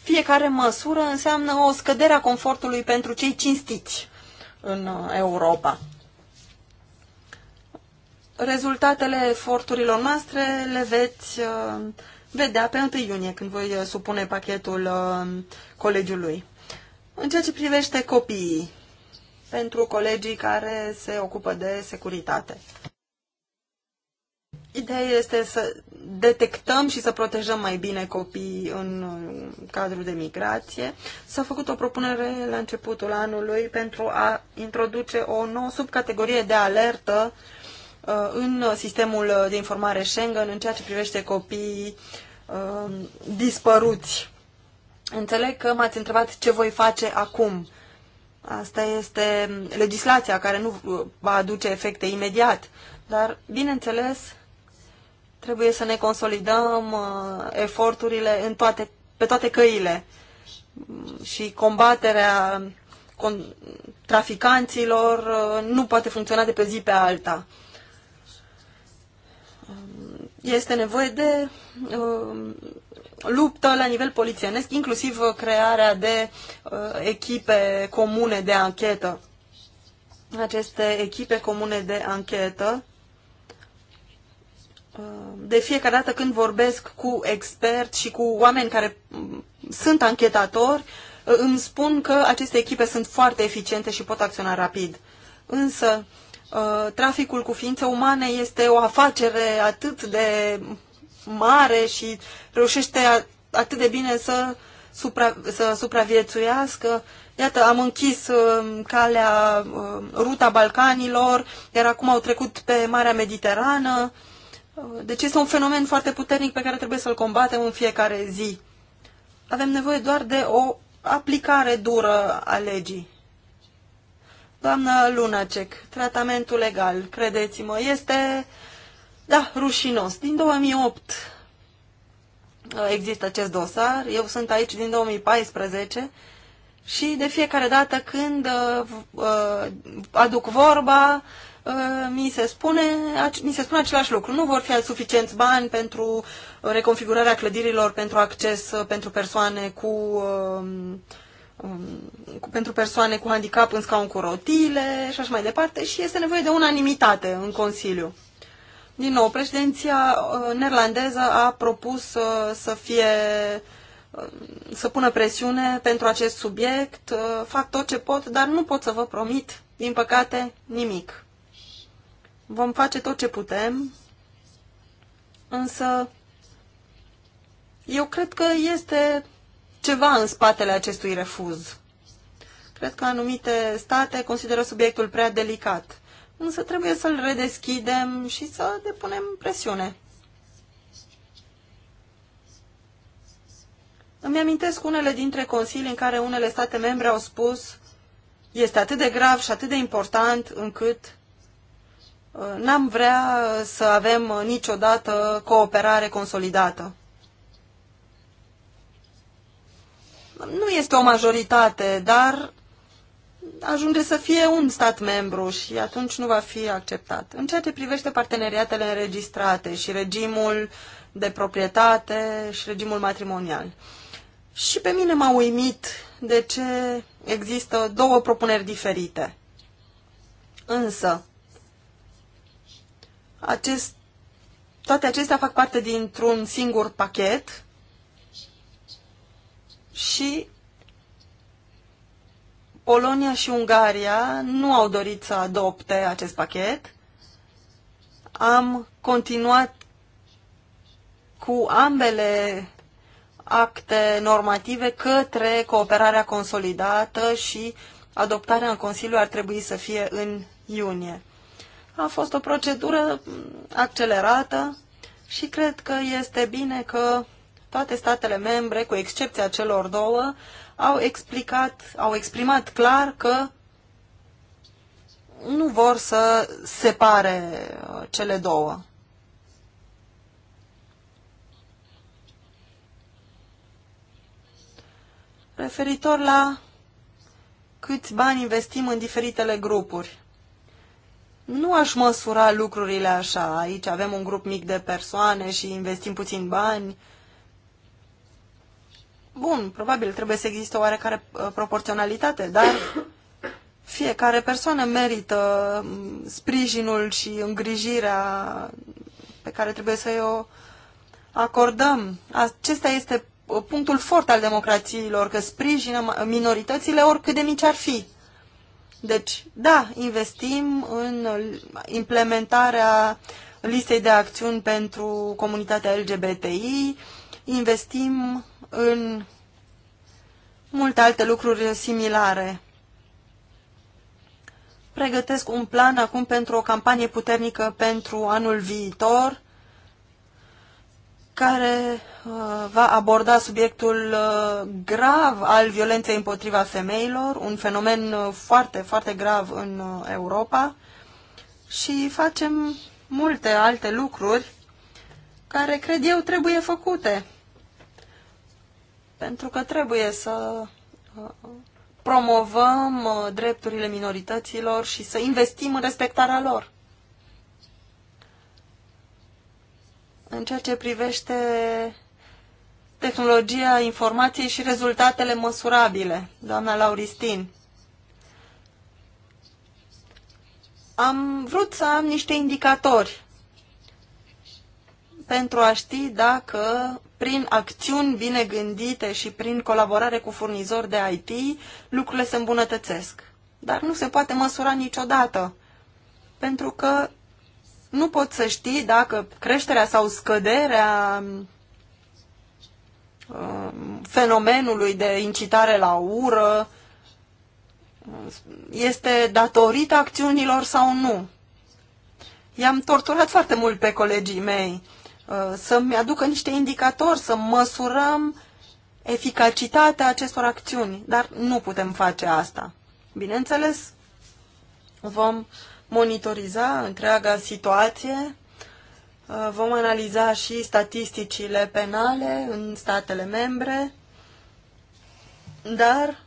fiecare măsură înseamnă o scădere a confortului pentru cei cinstiți în uh, Europa. Rezultatele eforturilor noastre le veți uh, vedea pe 1 iunie, când voi uh, supune pachetul colegiului. În ceea ce privește copiii, pentru colegii care se ocupă de securitate. Ideea este să detectăm și să protejăm mai bine copiii în cadrul de migrație. S-a făcut o propunere la începutul anului pentru a introduce o nouă subcategorie de alertă uh, în sistemul de informare Schengen în ceea ce privește copiii uh, dispăruți. Înțeleg că m-ați întrebat ce voi face acum. Asta este legislația care nu uh, va aduce efecte imediat, dar, bineînțeles, trebuie să ne consolidăm uh, eforturile în toate, pe toate căile și combaterea traficanților uh, nu poate funcționa de pe zi pe alta. Um, este nevoie de um, luptă la nivel polițienesc, inclusiv uh, crearea de uh, echipe comune de anchetă. Aceste echipe comune de anchetă uh, de fiecare dată când vorbesc cu experți și cu oameni care mm, sunt anchetatori, îmi spun că aceste echipe sunt foarte eficiente și pot acționa rapid. Însă, traficul cu ființe umane este o afacere atât de mare și reușește atât de bine să, supra, să supraviețuiască. Iată, am închis uh, calea, uh, ruta Balcanilor, iar acum au trecut pe Marea Mediterană. Uh, deci este un fenomen foarte puternic pe care trebuie să-l combatem în fiecare zi. Avem nevoie doar de o aplicare dură a legii. Doamnă Lunacek, tratamentul legal, credeți-mă, este uh, da, rușinos. Din 2008 uh, există acest dosar. Eu sunt aici din 2014 și de fiecare dată când uh, uh, aduc vorba, mi se, spune, mi se spune același lucru. Nu vor fi suficienți bani pentru reconfigurarea clădirilor, pentru acces pentru persoane um, cu, pentru persoane cu handicap în scaun cu rotile și așa mai departe și este nevoie de unanimitate în Consiliu. Din nou, președinția uh, neerlandeză a propus uh, să fie uh, să pună presiune pentru acest subiect, fac tot ce pot, dar nu pot să vă promit, din păcate, nimic. Vom face tot ce putem, însă eu cred că este ceva în spatele acestui refuz. Cred că anumite state consideră subiectul prea delicat însă trebuie să-l redeschidem și să depunem presiune. Îmi amintesc unele dintre consilii în care unele state membre au spus este atât de grav și atât de important încât uh, n-am vrea să avem niciodată cooperare consolidată. Nu este o majoritate, dar ajunge să fie un stat membru și atunci nu va fi acceptat. În ceea ce privește parteneriatele înregistrate și regimul de proprietate și regimul matrimonial. Și pe mine m-a uimit de ce există două propuneri diferite. Însă, acest, toate acestea fac parte dintr-un singur pachet și Polonia și Ungaria nu au dorit să adopte acest pachet. Am continuat cu ambele acte normative către cooperarea consolidată și adoptarea în Consiliu ar trebui să fie în iunie. A fost o procedură accelerată și cred că este bine că toate statele membre, cu excepția celor două, au explicat, au exprimat clar că nu vor să separe uh, cele două. Referitor la câți bani investim în diferitele grupuri. Nu aș măsura lucrurile așa. Aici avem un grup mic de persoane și investim puțin bani, Bun, probabil trebuie să existe o oarecare uh, proporționalitate, dar fiecare persoană merită mm, sprijinul și îngrijirea pe care trebuie să o acordăm. Acesta este uh, punctul fort al democrațiilor, că sprijină minoritățile oricât de mici ar fi. Deci, da, investim în implementarea listei de acțiuni pentru comunitatea LGBTI, investim în multe alte lucruri similare. Pregătesc un plan acum pentru o campanie puternică pentru anul viitor, care uh, va aborda subiectul uh, grav al violenței împotriva femeilor, un fenomen uh, foarte, foarte grav în Europa și facem multe alte lucruri care, cred eu, trebuie făcute pentru că trebuie să uh, promovăm uh, drepturile minorităților și să investim în respectarea lor. În ceea ce privește tehnologia informației și rezultatele măsurabile, doamna Lauristin. Am vrut să am niște indicatori pentru a ști dacă prin acțiuni bine gândite și prin colaborare cu furnizori de IT lucrurile se îmbunătățesc. Dar nu se poate măsura niciodată, pentru că nu poți să știi dacă creșterea sau scăderea um, fenomenului de incitare la ură este datorită acțiunilor sau nu. I-am torturat foarte mult pe colegii mei Uh, să-mi aducă niște indicatori, să măsurăm eficacitatea acestor acțiuni, dar nu putem face asta. Bineînțeles, vom monitoriza întreaga situație, uh, vom analiza și statisticile penale în statele membre, dar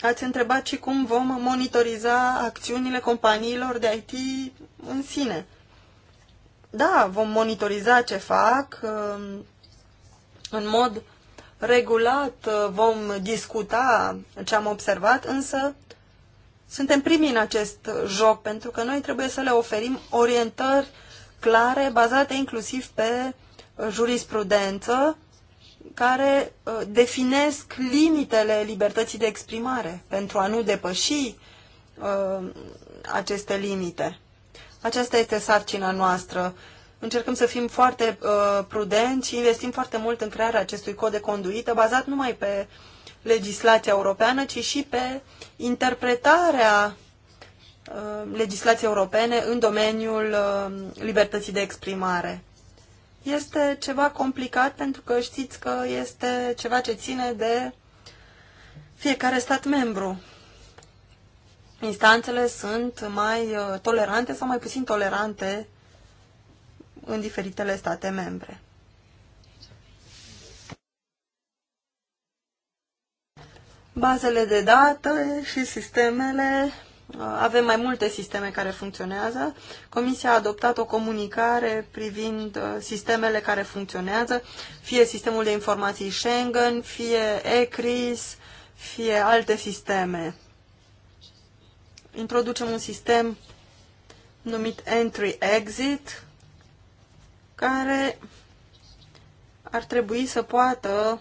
ați întrebat și cum vom monitoriza acțiunile companiilor de IT în sine da, vom monitoriza ce fac, um, în mod regulat uh, vom discuta ce am observat, însă suntem primii în acest joc, pentru că noi trebuie să le oferim orientări clare, bazate inclusiv pe uh, jurisprudență, care uh, definesc limitele libertății de exprimare pentru a nu depăși uh, aceste limite. Aceasta este sarcina noastră. Încercăm să fim foarte uh, prudenți și investim foarte mult în crearea acestui cod de conduită, bazat numai pe legislația europeană, ci și pe interpretarea uh, legislației europene în domeniul uh, libertății de exprimare. Este ceva complicat pentru că știți că este ceva ce ține de fiecare stat membru instanțele sunt mai uh, tolerante sau mai puțin tolerante în diferitele state membre. Bazele de date și sistemele. Uh, avem mai multe sisteme care funcționează. Comisia a adoptat o comunicare privind uh, sistemele care funcționează, fie sistemul de informații Schengen, fie ECRIS, fie alte sisteme introducem un sistem numit Entry-Exit, care ar trebui să poată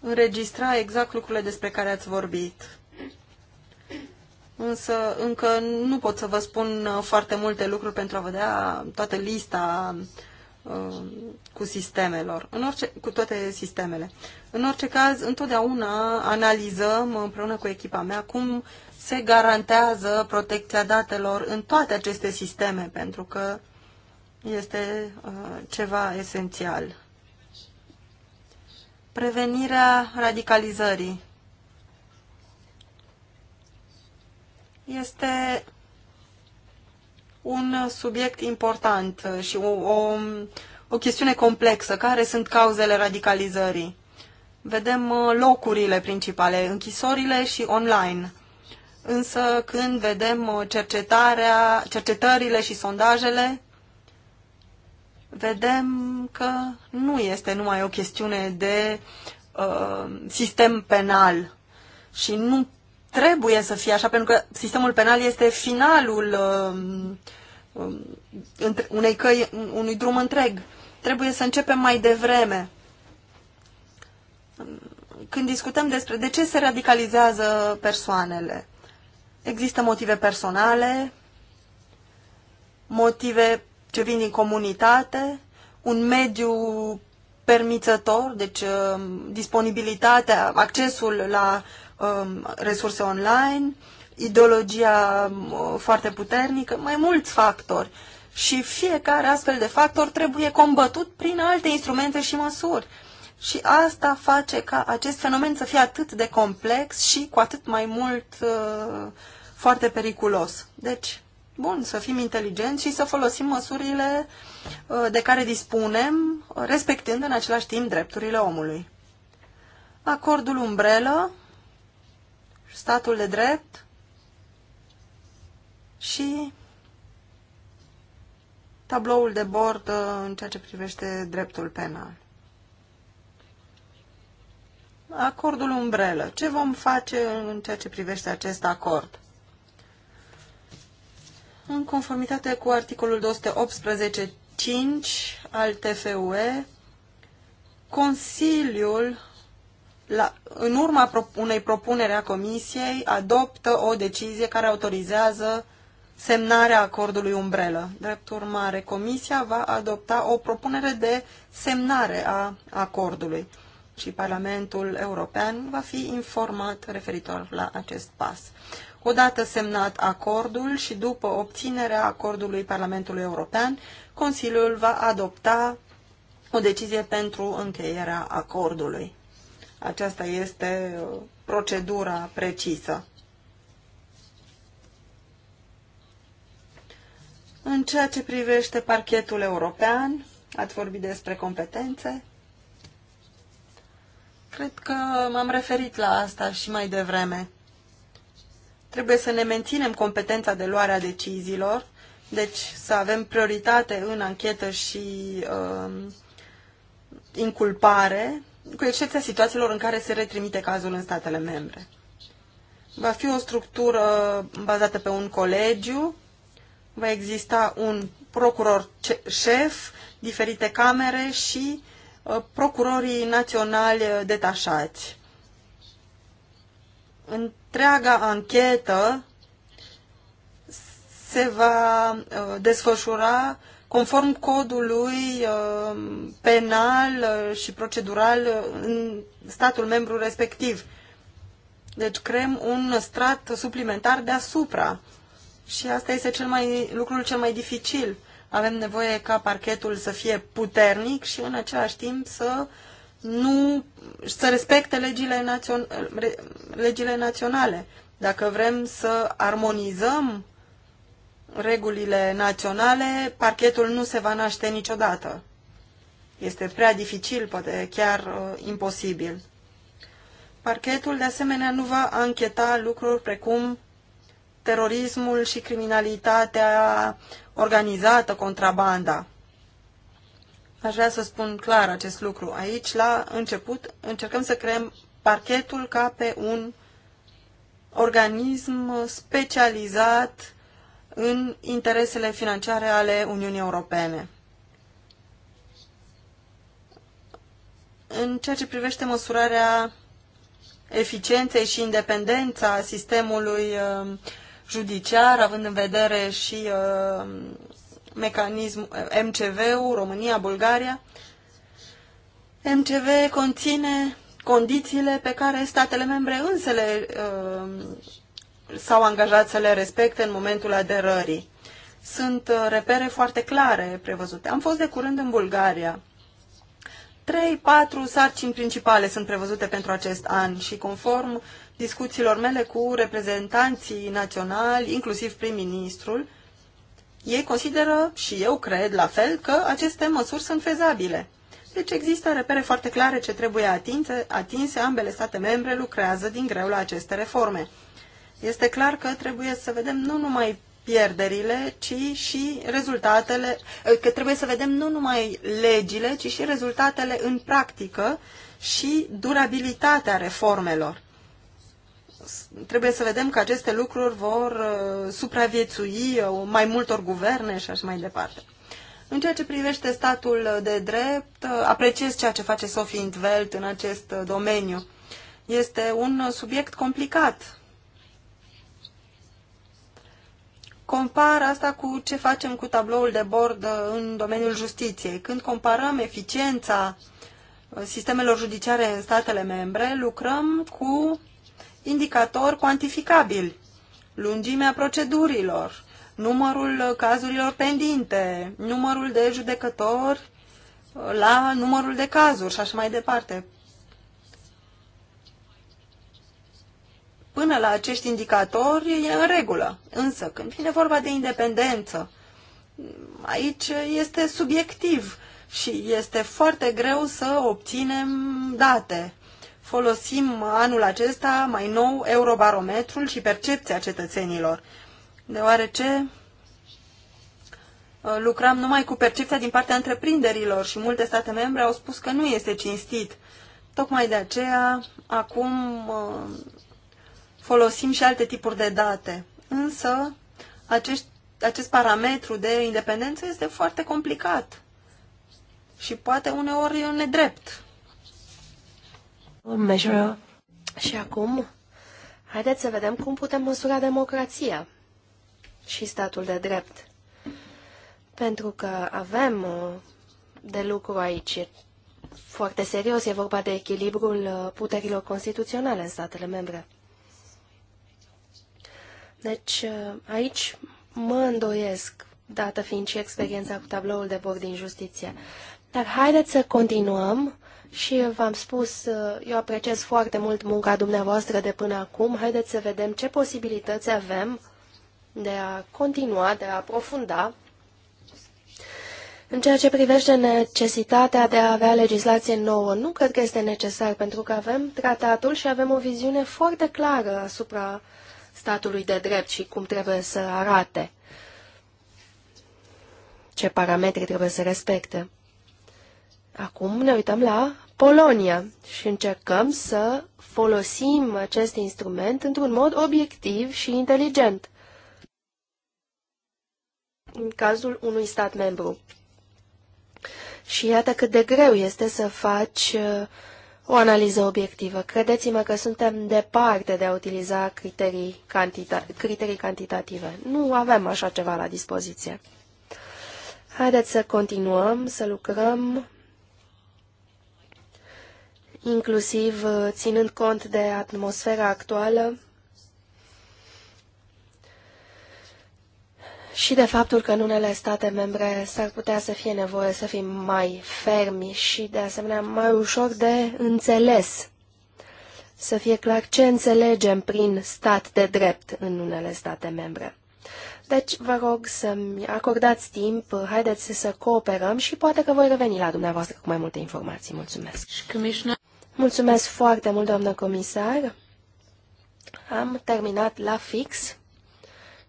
înregistra exact lucrurile despre care ați vorbit. Însă încă nu pot să vă spun uh, foarte multe lucruri pentru a vedea toată lista uh, cu sistemelor, în orice, cu toate sistemele. În orice caz, întotdeauna analizăm împreună cu echipa mea cum se garantează protecția datelor în toate aceste sisteme, pentru că este uh, ceva esențial. Prevenirea radicalizării este un subiect important și o, o, o chestiune complexă. Care sunt cauzele radicalizării? Vedem uh, locurile principale, închisorile și online însă când vedem uh, cercetarea, cercetările și sondajele, vedem că nu este numai o chestiune de uh, sistem penal și nu trebuie să fie așa, pentru că sistemul penal este finalul uh, um, unei căi, unui drum întreg. Trebuie să începem mai devreme. Când discutăm despre de ce se radicalizează persoanele, Există motive personale, motive ce vin din comunitate, un mediu permițător, deci um, disponibilitatea, accesul la um, resurse online, ideologia um, foarte puternică, mai mulți factori. Și fiecare astfel de factor trebuie combătut prin alte instrumente și măsuri. Și asta face ca acest fenomen să fie atât de complex și cu atât mai mult uh, foarte periculos. Deci, bun, să fim inteligenți și să folosim măsurile uh, de care dispunem, respectând în același timp drepturile omului. Acordul umbrelă, statul de drept și tabloul de bord uh, în ceea ce privește dreptul penal acordul umbrelă. Ce vom face în ceea ce privește acest acord? În conformitate cu articolul 218.5 al TFUE, Consiliul, la, în urma unei propunere a Comisiei, adoptă o decizie care autorizează semnarea acordului umbrelă. Drept urmare, Comisia va adopta o propunere de semnare a acordului și Parlamentul European va fi informat referitor la acest pas. Odată semnat acordul și după obținerea acordului Parlamentului European, Consiliul va adopta o decizie pentru încheierea acordului. Aceasta este uh, procedura precisă. În ceea ce privește parchetul european, ați vorbit despre competențe, Cred că m-am referit la asta și mai devreme. Trebuie să ne menținem competența de luare a deciziilor, deci să avem prioritate în anchetă și uh, inculpare, cu excepția situațiilor în care se retrimite cazul în statele membre. Va fi o structură bazată pe un colegiu, va exista un procuror șef, diferite camere și uh, Uh, procurorii naționali uh, detașați. Întreaga anchetă se va uh, desfășura conform codului penal și procedural în statul membru respectiv. Deci creăm un strat suplimentar deasupra. Și asta este cel mai, lucrul cel mai dificil. Avem nevoie ca parchetul să fie puternic și în același timp să nu să respecte legile, națion, legile naționale. Dacă vrem să armonizăm regulile naționale, parchetul nu se va naște niciodată. Este prea dificil, poate chiar uh, imposibil. Parchetul, de asemenea, nu va ancheta lucruri precum terorismul și criminalitatea organizată contrabanda. Aș vrea să spun clar acest lucru. Aici, la început, încercăm să creăm parchetul ca pe un organism specializat în interesele financiare ale Uniunii Europene. În ceea ce privește măsurarea eficienței și independența sistemului um, judiciar, având în vedere și uh, mecanismul uh, MCV-ul, România, Bulgaria. MCV conține condițiile pe care statele membre însele uh, s-au angajat să le respecte în momentul aderării. Sunt uh, repere foarte clare prevăzute. Am fost de curând în Bulgaria. Trei, patru sarcini principale sunt prevăzute pentru acest an și conform discuțiilor mele cu reprezentanții naționali, inclusiv prim-ministrul, ei consideră, și eu cred la fel, că aceste măsuri sunt fezabile. Deci există repere foarte clare ce trebuie atinse, atinse, ambele state membre lucrează din greu la aceste reforme. Este clar că trebuie să vedem nu numai pierderile, ci și rezultatele, că trebuie să vedem nu numai legile, ci și rezultatele în practică și durabilitatea reformelor trebuie să vedem că aceste lucruri vor uh, supraviețui uh, mai multor guverne și așa mai departe. În ceea ce privește statul de drept, uh, apreciez ceea ce face Sophie Intveld în acest domeniu. Este un subiect complicat. Compar asta cu ce facem cu tabloul de bord în domeniul justiției. Când comparăm eficiența sistemelor judiciare în statele membre, lucrăm cu indicatori cuantificabili, lungimea procedurilor, numărul cazurilor pendinte, numărul de judecători uh, la numărul de cazuri și așa mai departe. Până la acești indicatori e în regulă, însă când vine vorba de independență, aici este subiectiv și este foarte greu să obținem date folosim anul acesta mai nou eurobarometrul și percepția cetățenilor, deoarece uh, lucrăm numai cu percepția din partea întreprinderilor și multe state membre au spus că nu este cinstit. Tocmai de aceea, acum uh, folosim și alte tipuri de date. Însă, acești, acest parametru de independență este foarte complicat și poate uneori e nedrept. Measure. Și acum, haideți să vedem cum putem măsura democrația și statul de drept. Pentru că avem uh, de lucru aici. foarte serios, e vorba de echilibrul uh, puterilor constituționale în statele membre. Deci, uh, aici mă îndoiesc, dată fiind și experiența cu tabloul de bord din justiție. Dar haideți să continuăm și v-am spus, uh, eu apreciez foarte mult munca dumneavoastră de până acum. Haideți să vedem ce posibilități avem de a continua, de a aprofunda în ceea ce privește necesitatea de a avea legislație nouă, nu cred că este necesar, pentru că avem tratatul și avem o viziune foarte clară asupra statului de drept și cum trebuie să arate, ce parametri trebuie să respecte. Acum ne uităm la Polonia și încercăm să folosim acest instrument într-un mod obiectiv și inteligent în cazul unui stat membru. Și iată cât de greu este să faci uh, o analiză obiectivă. Credeți-mă că suntem departe de a utiliza criterii, cantita criterii cantitative. Nu avem așa ceva la dispoziție. Haideți să continuăm, să lucrăm inclusiv uh, ținând cont de atmosfera actuală și de faptul că în unele state membre s-ar putea să fie nevoie să fim mai fermi și, de asemenea, mai ușor de înțeles. Să fie clar ce înțelegem prin stat de drept în unele state membre. Deci, vă rog să-mi acordați timp, haideți să cooperăm și poate că voi reveni la dumneavoastră cu mai multe informații. Mulțumesc. Mulțumesc foarte mult, doamnă comisar. Am terminat la fix.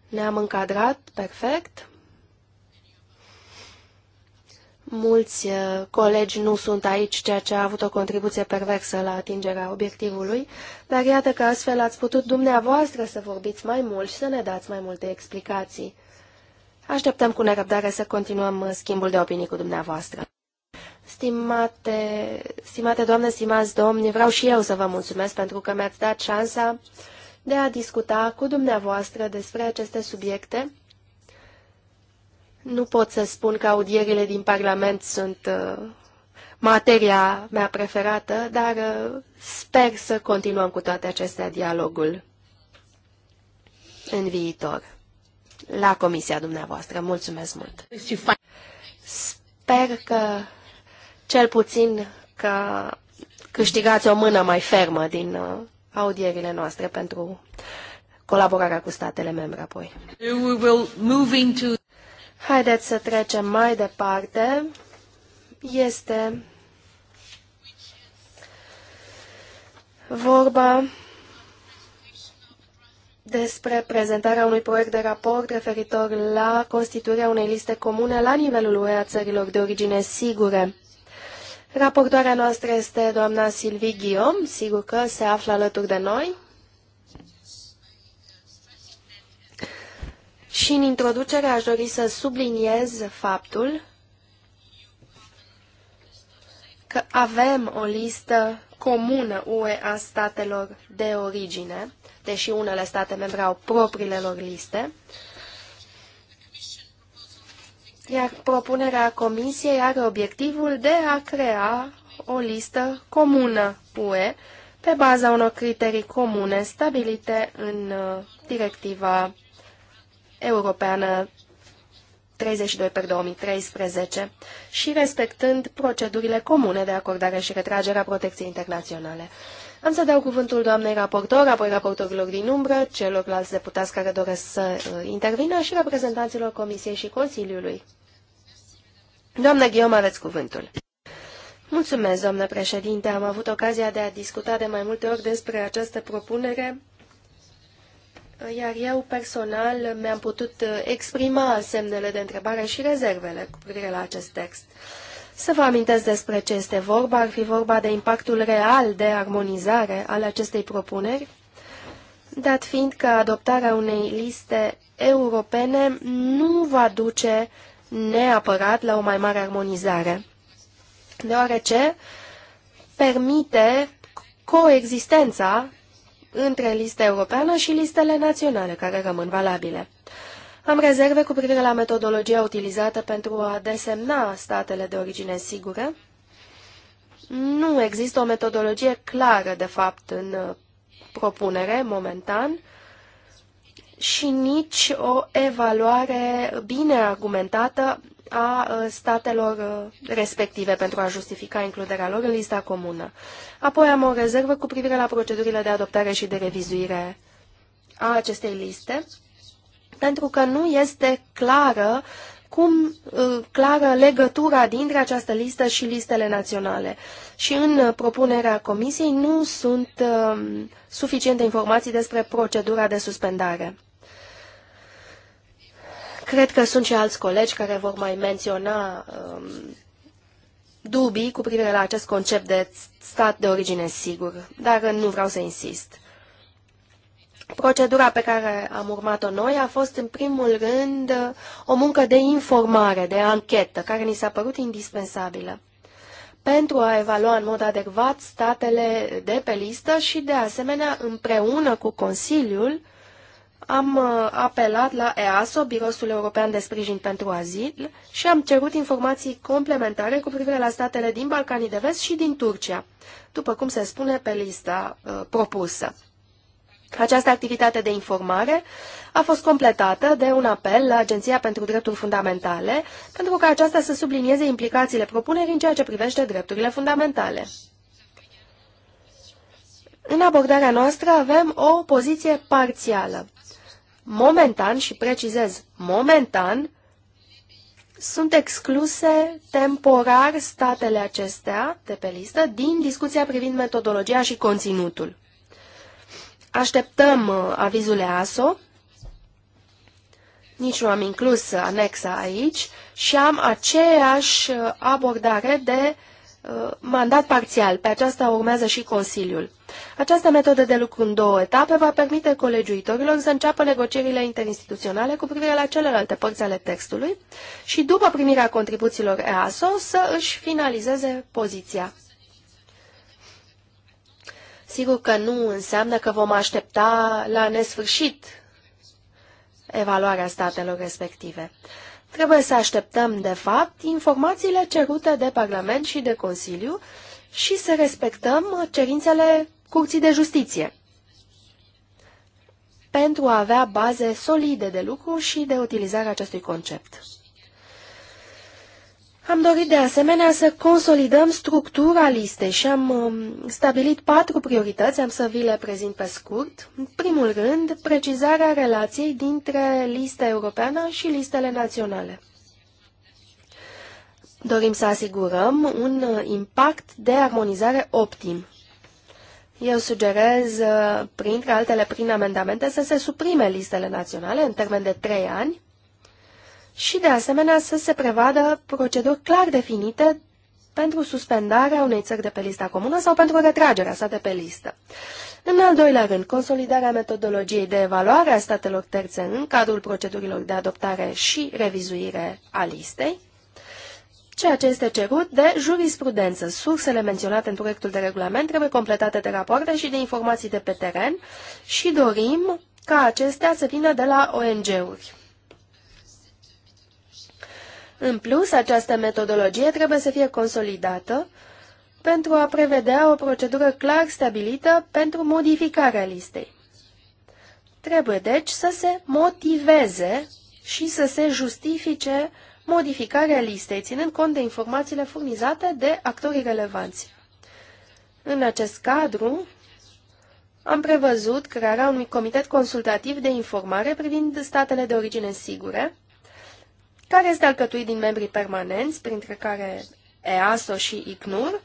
Ne-am încadrat perfect. Mulți uh, colegi nu sunt aici, ceea ce a avut o contribuție perversă la atingerea obiectivului, dar iată că astfel ați putut dumneavoastră să vorbiți mai mult și să ne dați mai multe explicații. Așteptăm cu nerăbdare să continuăm uh, schimbul de opinii cu dumneavoastră. Stimate, stimate doamne, stimați domni, vreau și eu să vă mulțumesc pentru că mi-ați dat șansa de a discuta cu dumneavoastră despre aceste subiecte. Nu pot să spun că audierile din Parlament sunt uh, materia mea preferată, dar uh, sper să continuăm cu toate acestea dialogul în viitor la comisia dumneavoastră. Mulțumesc mult! Sper că cel puțin că câștigați o mână mai fermă din uh, audierile noastre pentru colaborarea cu statele membre apoi. Haideți să trecem mai departe. Este vorba despre prezentarea unui proiect de raport referitor la constituirea unei liste comune la nivelul UE a țărilor de origine sigure. Raportoarea noastră este doamna Silvie Ghiom, sigur că se află alături de noi. Și în introducere aș dori să subliniez faptul că avem o listă comună UE a statelor de origine, deși unele state membre au propriile lor liste, iar propunerea Comisiei are obiectivul de a crea o listă comună UE pe baza unor criterii comune stabilite în uh, directiva europeană 32 per 2013 și respectând procedurile comune de acordare și retragere a protecției internaționale. Am să dau cuvântul doamnei raportor, apoi raportorilor din umbră, celorlalți deputați care doresc să uh, intervină și reprezentanților Comisiei și Consiliului. Doamna Ghiom, aveți cuvântul. Mulțumesc, doamnă președinte. Am avut ocazia de a discuta de mai multe ori despre această propunere, iar eu personal mi-am putut exprima semnele de întrebare și rezervele cu privire la acest text. Să vă amintesc despre ce este vorba, ar fi vorba de impactul real de armonizare al acestei propuneri, dat fiind că adoptarea unei liste europene nu va duce neapărat la o mai mare armonizare, deoarece permite coexistența între lista europeană și listele naționale care rămân valabile. Am rezerve cu privire la metodologia utilizată pentru a desemna statele de origine sigură. Nu există o metodologie clară, de fapt, în propunere momentan și nici o evaluare bine argumentată a uh, statelor uh, respective pentru a justifica includerea lor în lista comună. Apoi am o rezervă cu privire la procedurile de adoptare și de revizuire a acestei liste, pentru că nu este clară cum uh, clară legătura dintre această listă și listele naționale. Și în propunerea comisiei nu sunt suficiente informații despre procedura de suspendare. Cred că sunt și alți colegi care vor mai menționa um, dubii cu privire la acest concept de stat de origine sigur, dar nu vreau să insist. Procedura pe care am urmat-o noi a fost, în primul rând, o muncă de informare, de anchetă, care ni s-a părut indispensabilă pentru a evalua în mod adecvat statele de pe listă și, de asemenea, împreună cu Consiliul, am uh, apelat la EASO, Birosul European de Sprijin pentru Azil, și am cerut informații complementare cu privire la statele din Balcanii de Vest și din Turcia, după cum se spune pe lista uh, propusă. Această activitate de informare a fost completată de un apel la Agenția pentru Drepturi Fundamentale, pentru ca aceasta să sublinieze implicațiile propunerii în ceea ce privește drepturile fundamentale. În abordarea noastră avem o poziție parțială momentan, și precizez, momentan, sunt excluse temporar statele acestea de pe listă din discuția privind metodologia și conținutul. Așteptăm uh, avizul EASO, nici nu am inclus uh, anexa aici, și am aceeași uh, abordare de uh, Uh, mandat parțial. Pe aceasta urmează și Consiliul. Această metodă de lucru în două etape va permite colegiuitorilor să înceapă negocierile interinstituționale cu privire la celelalte părți ale textului și, după primirea contribuțiilor EASO, să își finalizeze poziția. Sigur că nu înseamnă că vom aștepta la nesfârșit evaluarea statelor respective. Trebuie să așteptăm, de fapt, informațiile cerute de Parlament și de Consiliu și să respectăm cerințele Curții de Justiție pentru a avea baze solide de lucru și de utilizarea acestui concept. Am dorit de asemenea să consolidăm structura listei și am um, stabilit patru priorități, am să vi le prezint pe scurt. În primul rând, precizarea relației dintre lista europeană și listele naționale. Dorim să asigurăm un uh, impact de armonizare optim. Eu sugerez, uh, printre altele, prin amendamente, să se suprime listele naționale în termen de trei ani, și, de asemenea, să se prevadă proceduri clar definite pentru suspendarea unei țări de pe lista comună sau pentru retragerea sa de pe listă. În al doilea rând, consolidarea metodologiei de evaluare a statelor terțe în cadrul procedurilor de adoptare și revizuire a listei, ceea ce este cerut de jurisprudență. Sursele menționate în proiectul de regulament trebuie completate de rapoarte și de informații de pe teren și dorim ca acestea să vină de la ONG-uri. În plus, această metodologie trebuie să fie consolidată pentru a prevedea o procedură clar stabilită pentru modificarea listei. Trebuie deci să se motiveze și să se justifice modificarea listei, ținând cont de informațiile furnizate de actorii relevanți. În acest cadru, am prevăzut crearea unui comitet consultativ de informare privind statele de origine sigure, care este alcătuit din membrii permanenți, printre care EASO și ICNUR,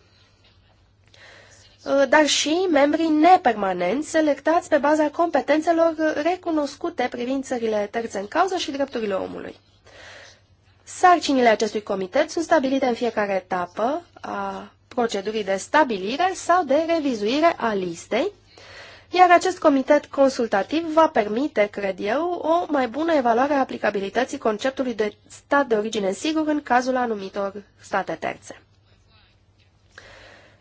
uh, dar și membrii nepermanenți selectați pe baza competențelor recunoscute privind țările terțe în cauză și drepturile omului. Sarcinile acestui comitet sunt stabilite în fiecare etapă a procedurii de stabilire sau de revizuire a listei, iar acest comitet consultativ va permite, cred eu, o mai bună evaluare a aplicabilității conceptului de stat de origine sigur în cazul anumitor state terțe.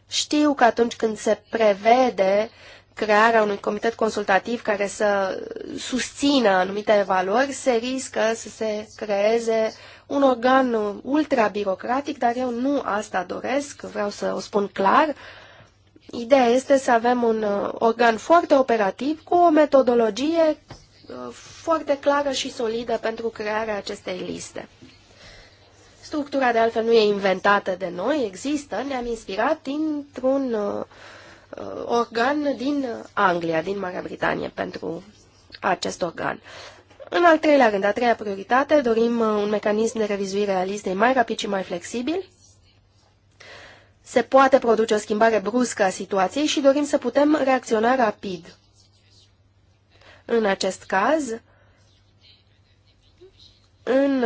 Știu că atunci când se prevede crearea unui comitet consultativ care să susțină anumite evaluări, se riscă să se creeze un organ ultra-birocratic, dar eu nu asta doresc, vreau să o spun clar, uh, Ideea este să avem un uh, organ foarte operativ cu o metodologie uh, foarte clară și solidă pentru crearea acestei liste. Structura, de altfel, nu e inventată de noi, există, ne-am inspirat dintr-un uh, organ din Anglia, din Marea Britanie, pentru acest organ. În al treilea rând, a treia prioritate, dorim un mecanism de revizuire a listei mai rapid și mai flexibil se poate produce o schimbare bruscă a situației și dorim să putem reacționa rapid. În acest caz, în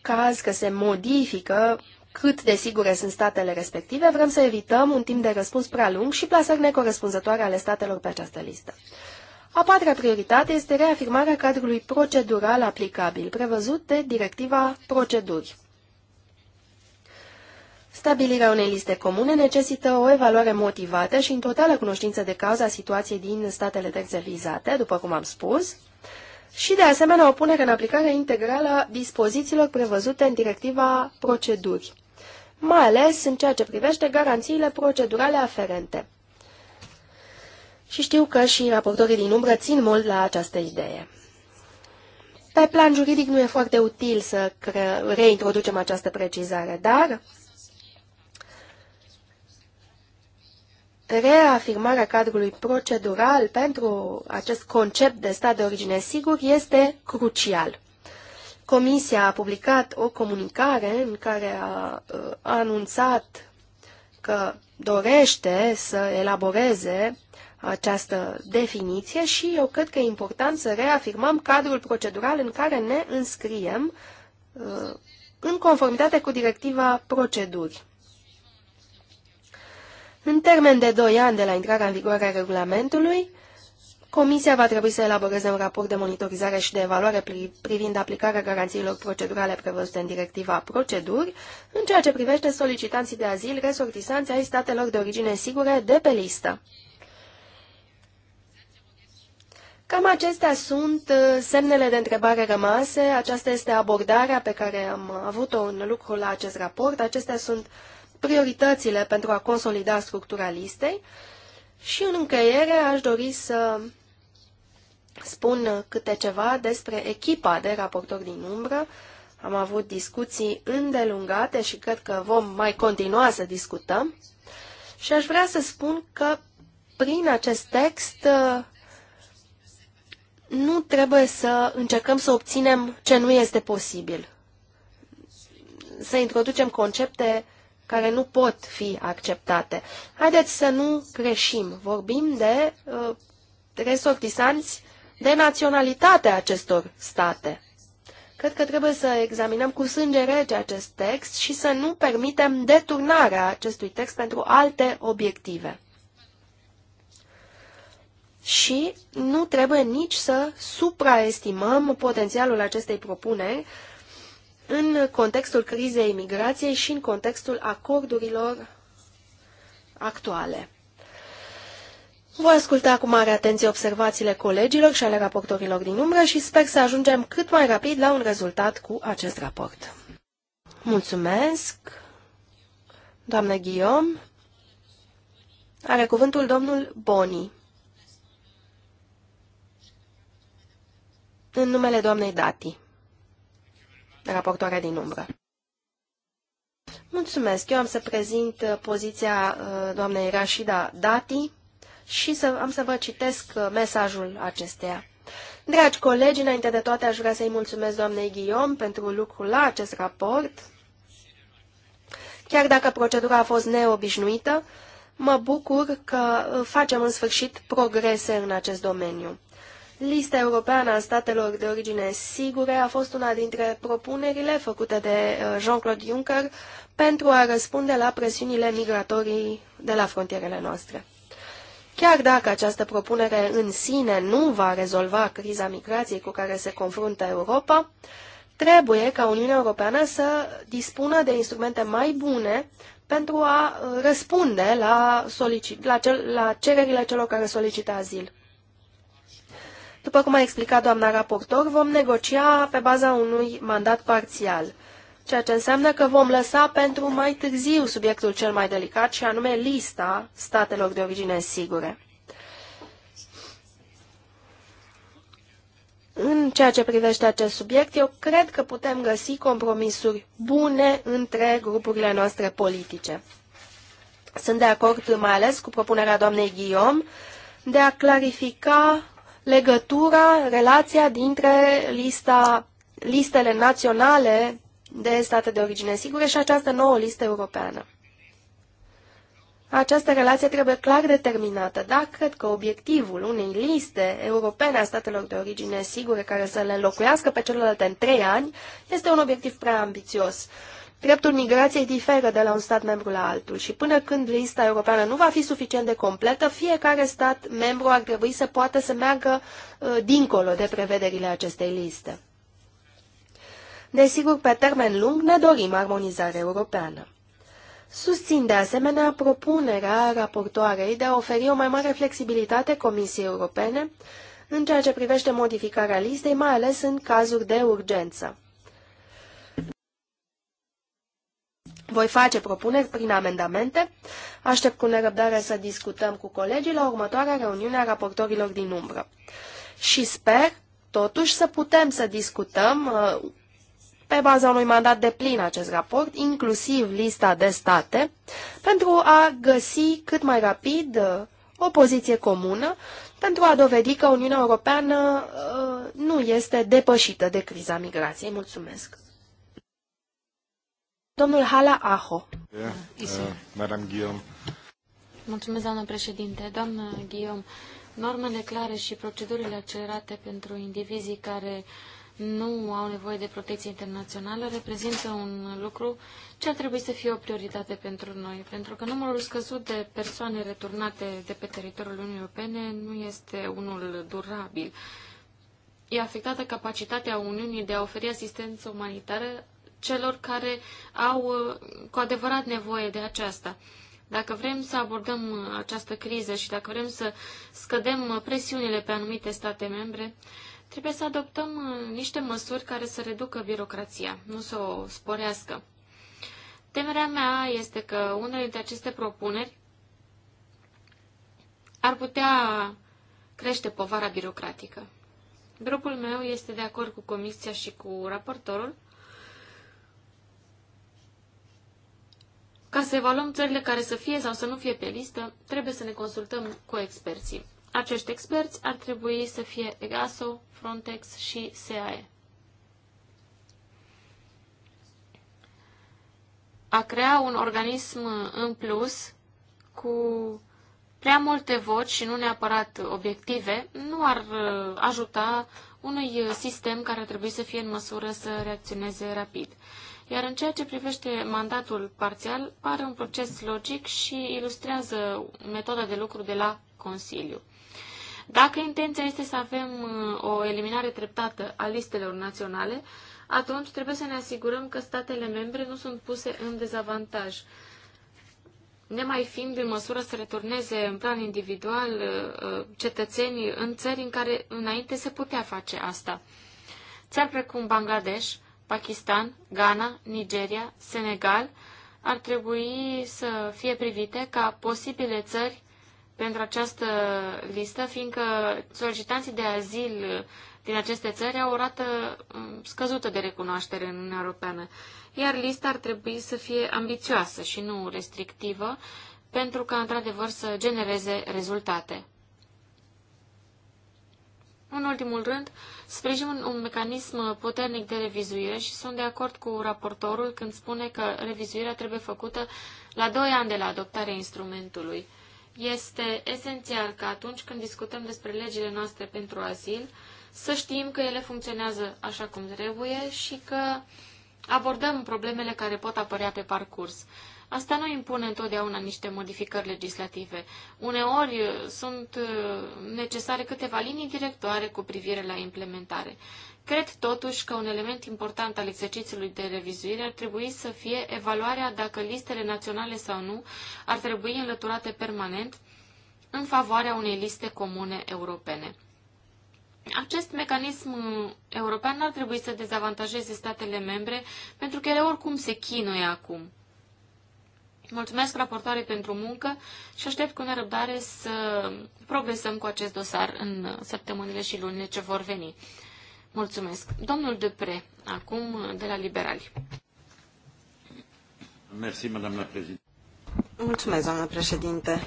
caz că se modifică cât de sigure sunt statele respective, vrem să evităm un timp de răspuns prea lung și plasări necorespunzătoare ale statelor pe această listă. A patra prioritate este reafirmarea cadrului procedural aplicabil, prevăzut de Directiva Proceduri. Stabilirea unei liste comune necesită o evaluare motivată și în totală cunoștință de cauza situației din statele terțe vizate, după cum am spus, și de asemenea o punere în aplicare integrală a dispozițiilor prevăzute în directiva proceduri, mai ales în ceea ce privește garanțiile procedurale aferente. Și știu că și raportorii din umbră țin mult la această idee. Pe plan juridic nu e foarte util să reintroducem această precizare, dar reafirmarea cadrului procedural pentru acest concept de stat de origine sigur este crucial. Comisia a publicat o comunicare în care uh, a anunțat că dorește să elaboreze această definiție și eu cred că e important să reafirmăm cadrul procedural în care ne înscriem uh, în conformitate cu directiva proceduri. În termen de 2 ani de la intrarea în vigoare a regulamentului, Comisia va trebui să elaboreze un raport de monitorizare și de evaluare privind aplicarea garanțiilor procedurale prevăzute în directiva proceduri, în ceea ce privește solicitanții de azil resortisanți ai statelor de origine sigure de pe listă. Cam acestea sunt uh, semnele de întrebare rămase. Aceasta este abordarea pe care am avut-o în lucrul la acest raport. Acestea sunt uh, prioritățile pentru a consolida structura listei și în încheiere aș dori să spun câte ceva despre echipa de raportori din umbră. Am avut discuții îndelungate și cred că vom mai continua să discutăm. Și aș vrea să spun că prin acest text nu trebuie să încercăm să obținem ce nu este posibil. Să introducem concepte care nu pot fi acceptate. Haideți să nu greșim. Vorbim de uh, resortisanți de naționalitate acestor state. Cred că trebuie să examinăm cu sânge rece acest text și să nu permitem deturnarea acestui text pentru alte obiective. Și nu trebuie nici să supraestimăm potențialul acestei propuneri, uh, în contextul crizei migrației și în contextul acordurilor actuale. Voi asculta cu mare atenție observațiile colegilor și ale raportorilor din umbră și sper să ajungem cât mai rapid la un rezultat cu acest raport. Mulțumesc, doamnă Guillaume. Are cuvântul domnul Boni. În numele doamnei Dati raportoarea din umbră. Mulțumesc. Eu am să prezint uh, poziția uh, doamnei Rashida Dati și să, am să vă citesc uh, mesajul acesteia. Dragi colegi, înainte de toate aș vrea să-i mulțumesc doamnei Ghiom pentru lucrul la acest raport. Chiar dacă procedura a fost neobișnuită, mă bucur că facem în sfârșit progrese în acest domeniu. Lista europeană a statelor de origine sigure a fost una dintre propunerile făcute de uh, Jean-Claude Juncker pentru a răspunde la presiunile migratorii de la frontierele noastre. Chiar dacă această propunere în sine nu va rezolva criza migrației cu care se confruntă Europa, trebuie ca Uniunea Europeană să dispună de instrumente mai bune pentru a uh, răspunde la, la, cel, la cererile celor care solicită azil. După cum a explicat doamna raportor, vom negocia pe baza unui mandat parțial, ceea ce înseamnă că vom lăsa pentru mai târziu subiectul cel mai delicat, și anume lista statelor de origine sigure. În ceea ce privește acest subiect, eu cred că putem găsi compromisuri bune între grupurile noastre politice. Sunt de acord mai ales cu propunerea doamnei Guillaume de a clarifica legătura, relația dintre lista, listele naționale de state de origine sigure și această nouă listă europeană. Această relație trebuie clar determinată, Da, cred că obiectivul unei liste europene a statelor de origine sigure care să le înlocuiască pe celelalte în trei ani este un obiectiv prea ambițios. Dreptul migrației diferă de la un stat membru la altul și până când lista europeană nu va fi suficient de completă, fiecare stat membru ar trebui să poată să meargă uh, dincolo de prevederile acestei liste. Desigur, pe termen lung ne dorim armonizare europeană. Susțin de asemenea propunerea raportoarei de a oferi o mai mare flexibilitate Comisiei Europene în ceea ce privește modificarea listei, mai ales în cazuri de urgență. Voi face propuneri prin amendamente. Aștept cu nerăbdare să discutăm cu colegii la următoarea reuniune a raportorilor din umbră. Și sper, totuși, să putem să discutăm uh, pe baza unui mandat de plin acest raport, inclusiv lista de state, pentru a găsi cât mai rapid uh, o poziție comună pentru a dovedi că Uniunea Europeană uh, nu este depășită de criza migrației. Mulțumesc! Domnul Hala Aho. Yeah, uh, Guillaume. Mulțumesc, doamnă președinte. Doamnă Guillaume, normele clare și procedurile accelerate pentru indivizii care nu au nevoie de protecție internațională reprezintă un lucru ce ar trebui să fie o prioritate pentru noi, pentru că numărul scăzut de persoane returnate de pe teritoriul Uniunii Europene nu este unul durabil. E afectată capacitatea Uniunii de a oferi asistență umanitară celor care au uh, cu adevărat nevoie de aceasta. Dacă vrem să abordăm uh, această criză și dacă vrem să scădem uh, presiunile pe anumite state membre, trebuie să adoptăm niște măsuri care să reducă birocrația, nu să o sporească. Temerea mea este că unele dintre aceste propuneri ar putea crește povara birocratică. Grupul meu este de acord cu Comisia și cu raportorul Ca să evaluăm țările care să fie sau să nu fie pe listă, trebuie să ne consultăm cu experții. Acești experți ar trebui să fie EGASO, Frontex și SAE. A crea un organism în plus cu prea multe voci și nu neapărat obiective nu ar uh, ajuta unui sistem care ar trebui să fie în măsură să reacționeze rapid. Iar în ceea ce privește mandatul parțial, pare un proces logic și ilustrează metoda de lucru de la Consiliu. Dacă intenția este să avem uh, o eliminare treptată a listelor naționale, atunci trebuie să ne asigurăm că statele membre nu sunt puse în dezavantaj, nemai fiind în măsură să returneze în plan individual uh, uh, cetățenii în țări în care înainte se putea face asta. Țări precum Bangladesh Pakistan, Ghana, Nigeria, Senegal ar trebui să fie privite ca posibile țări pentru această listă, fiindcă solicitanții de azil din aceste țări au o rată um, scăzută de recunoaștere în Uniunea Europeană. Iar lista ar trebui să fie ambițioasă și nu restrictivă, pentru ca, într-adevăr, să genereze rezultate. În ultimul rând, sprijin un mecanism puternic de revizuire și sunt de acord cu raportorul când spune că revizuirea trebuie făcută la 2 ani de la adoptarea instrumentului. Este esențial că atunci când discutăm despre legile noastre pentru azil, să știm că ele funcționează așa cum trebuie și că abordăm problemele care pot apărea pe parcurs. Asta nu impune întotdeauna niște modificări legislative. Uneori uh, sunt uh, necesare câteva linii directoare cu privire la implementare. Cred totuși că un element important al exercițiului de revizuire ar trebui să fie evaluarea dacă listele naționale sau nu ar trebui înlăturate permanent în favoarea unei liste comune europene. Acest mecanism uh, european ar trebui să dezavantajeze statele membre pentru că ele oricum se chinuie acum. Mulțumesc raportoare pentru muncă și aștept cu nerăbdare să progresăm cu acest dosar în săptămânile și lunile ce vor veni. Mulțumesc. Domnul Depre, acum de la Liberali. Mersi, doamnă președinte. Mulțumesc, doamnă președinte.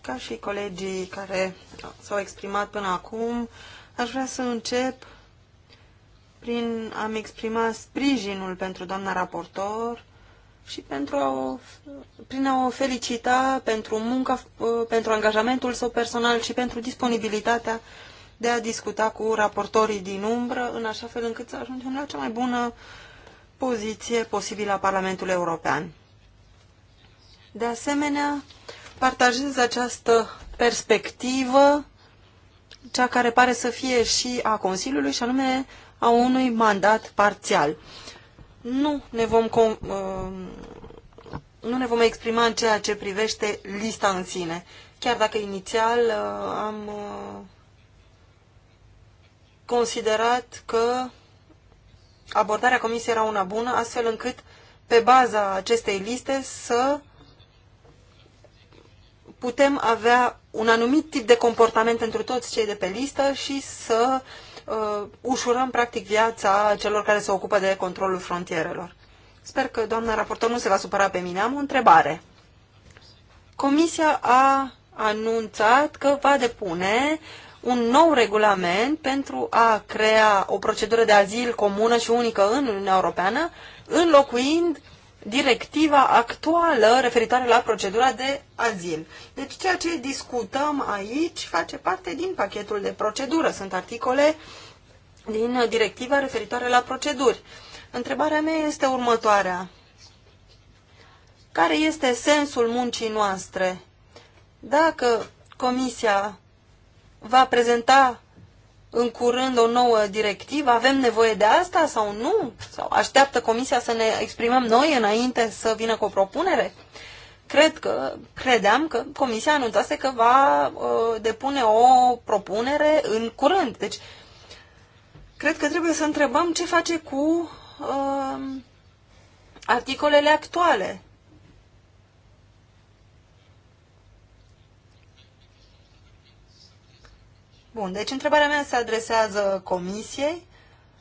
Ca și colegii care s-au exprimat până acum, aș vrea să încep prin a-mi exprima sprijinul pentru doamna raportor și pentru a o, prin a o felicita pentru munca, uh, pentru angajamentul său personal și pentru disponibilitatea de a discuta cu raportorii din umbră, în așa fel încât să ajungem la cea mai bună poziție posibilă a Parlamentului European. De asemenea, partajez această perspectivă, cea care pare să fie și a Consiliului, și anume a unui mandat parțial. Nu ne vom, uh, nu ne vom exprima în ceea ce privește lista în sine, chiar dacă inițial uh, am uh, considerat că abordarea comisiei era una bună, astfel încât pe baza acestei liste să putem avea un anumit tip de comportament pentru toți cei de pe listă și să uh, uh, ușurăm practic viața celor care se ocupă de controlul frontierelor. Sper că doamna raportor nu se va supăra pe mine. Am o întrebare. Comisia a anunțat că va depune un nou regulament pentru a crea o procedură de azil comună și unică în Uniunea Europeană, înlocuind directiva actuală referitoare la procedura de azil. Deci ceea ce discutăm aici face parte din pachetul de procedură. Sunt articole din directiva referitoare la proceduri. Întrebarea mea este următoarea. Care este sensul muncii noastre? Dacă Comisia va prezenta în curând o nouă directivă? Avem nevoie de asta sau nu? Sau așteaptă Comisia să ne exprimăm noi înainte să vină cu o propunere? Cred că, credeam că Comisia anunțase că va uh, depune o propunere în curând. Deci, cred că trebuie să întrebăm ce face cu uh, articolele actuale. Bun, deci întrebarea mea se adresează comisiei.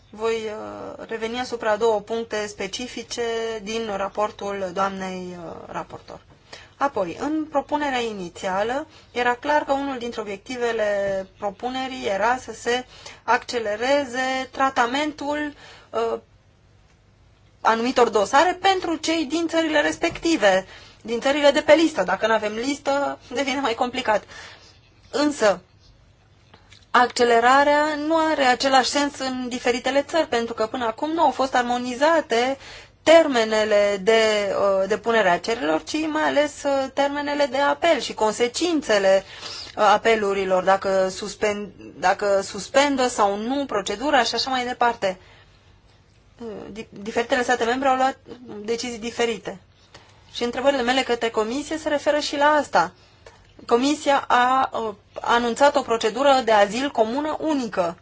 Voi uh, reveni asupra două puncte specifice din raportul doamnei uh, raportor. Apoi, în propunerea inițială, era clar că unul dintre obiectivele propunerii era să se accelereze tratamentul uh, anumitor dosare pentru cei din țările respective, din țările de pe listă. Dacă nu avem listă, devine mai complicat. Însă, accelerarea nu are același sens în diferitele țări, pentru că până acum nu au fost armonizate termenele de uh, depunere a cererilor, ci mai ales uh, termenele de apel și consecințele uh, apelurilor, dacă, suspend, dacă suspendă sau nu procedura și așa mai departe. Uh, diferitele state membre au luat decizii diferite. Și întrebările mele către comisie se referă și la asta. Comisia uh, a anunțat o procedură de azil comună unică.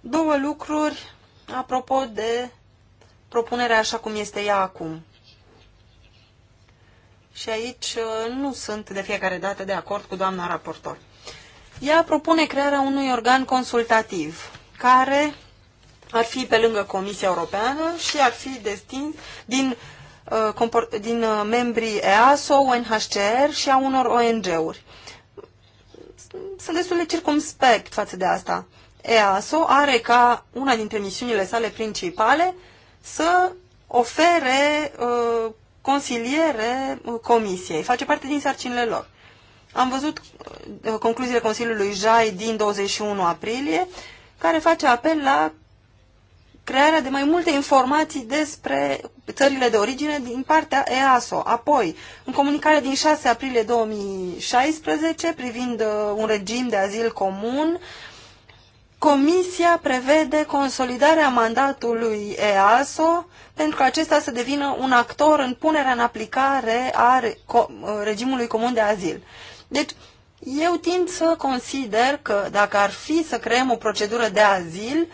Două lucruri apropo de propunerea așa cum este ea acum. Și aici uh, nu sunt de fiecare dată de acord cu doamna raportor. Ea propune crearea unui organ consultativ care ar fi pe lângă Comisia Europeană și ar fi destin din, uh, din uh, membrii EASO, UNHCR și a unor ONG-uri. Sunt destul de circumspect față de asta. EASO are ca una dintre misiunile sale principale să ofere uh, consiliere comisiei. Face parte din sarcinile lor. Am văzut concluziile Consiliului JAI din 21 aprilie, care face apel la crearea de mai multe informații despre țările de origine din partea EASO. Apoi, în comunicarea din 6 aprilie 2016 privind uh, un regim de azil comun, Comisia prevede consolidarea mandatului EASO pentru că acesta să devină un actor în punerea în aplicare a uh, regimului comun de azil. Deci, eu tind să consider că dacă ar fi să creăm o procedură de azil,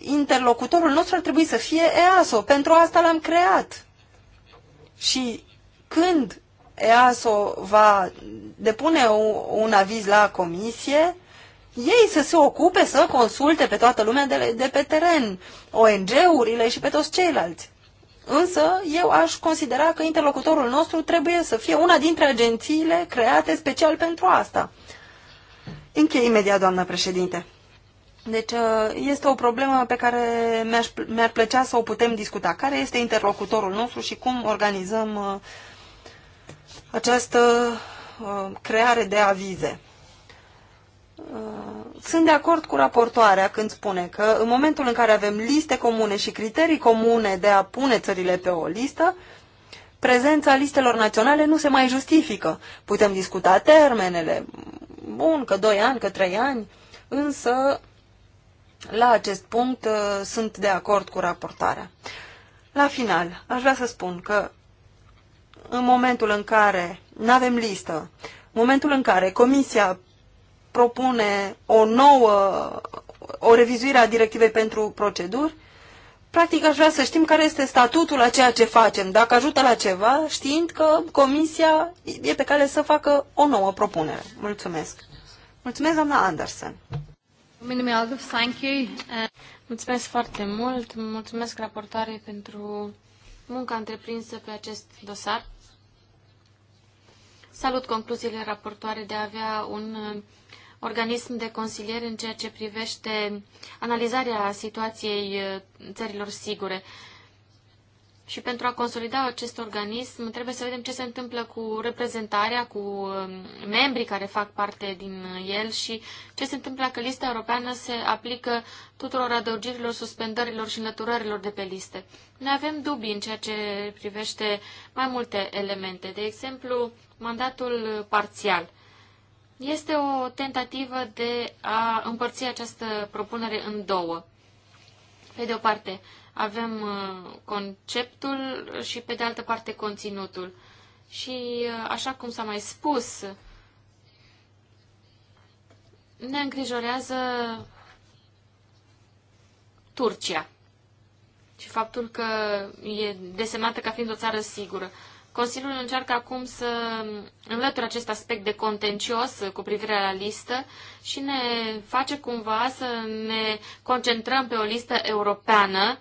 interlocutorul nostru ar trebui să fie EASO. Pentru asta l-am creat. Și când EASO va depune un aviz la comisie, ei să se ocupe să consulte pe toată lumea de, de pe teren, ONG-urile și pe toți ceilalți. Însă eu aș considera că interlocutorul nostru trebuie să fie una dintre agențiile create special pentru asta. Închei imediat, doamnă președinte. Deci uh, este o problemă pe care mi-ar plăcea să o putem discuta. Care este interlocutorul nostru și cum organizăm uh, această uh, creare de avize? Sunt de acord cu raportoarea când spune că în momentul în care avem liste comune și criterii comune de a pune țările pe o listă, prezența listelor naționale nu se mai justifică. Putem discuta termenele, bun, că 2 ani, că 3 ani, însă la acest punct uh, sunt de acord cu raportarea. La final, aș vrea să spun că în momentul în care nu avem listă, momentul în care Comisia propune o nouă, o revizuire a directivei pentru proceduri, practic aș vrea să știm care este statutul a ceea ce facem, dacă ajută la ceva, știind că Comisia e pe cale să facă o nouă propunere. Mulțumesc. Mulțumesc, doamna Anderson. Uh, Mulțumesc foarte mult. Mulțumesc raportare pentru munca întreprinsă pe acest dosar. Salut concluziile raportoare de a avea un uh, organism de consiliere în ceea ce privește analizarea situației uh, țărilor sigure. Și pentru a consolida acest organism, trebuie să vedem ce se întâmplă cu reprezentarea, cu um, membrii care fac parte din el și ce se întâmplă dacă lista europeană se aplică tuturor adăugirilor, suspendărilor și înlăturărilor de pe liste. Ne avem dubii în ceea ce privește mai multe elemente, de exemplu, mandatul parțial. Este o tentativă de a împărți această propunere în două. Pe de o parte, avem uh, conceptul și, pe de altă parte, conținutul. Și, uh, așa cum s-a mai spus, ne îngrijorează Turcia și faptul că e desemnată ca fiind o țară sigură. Consiliul încearcă acum să înlăture acest aspect de contencios cu privire la listă și ne face cumva să ne concentrăm pe o listă europeană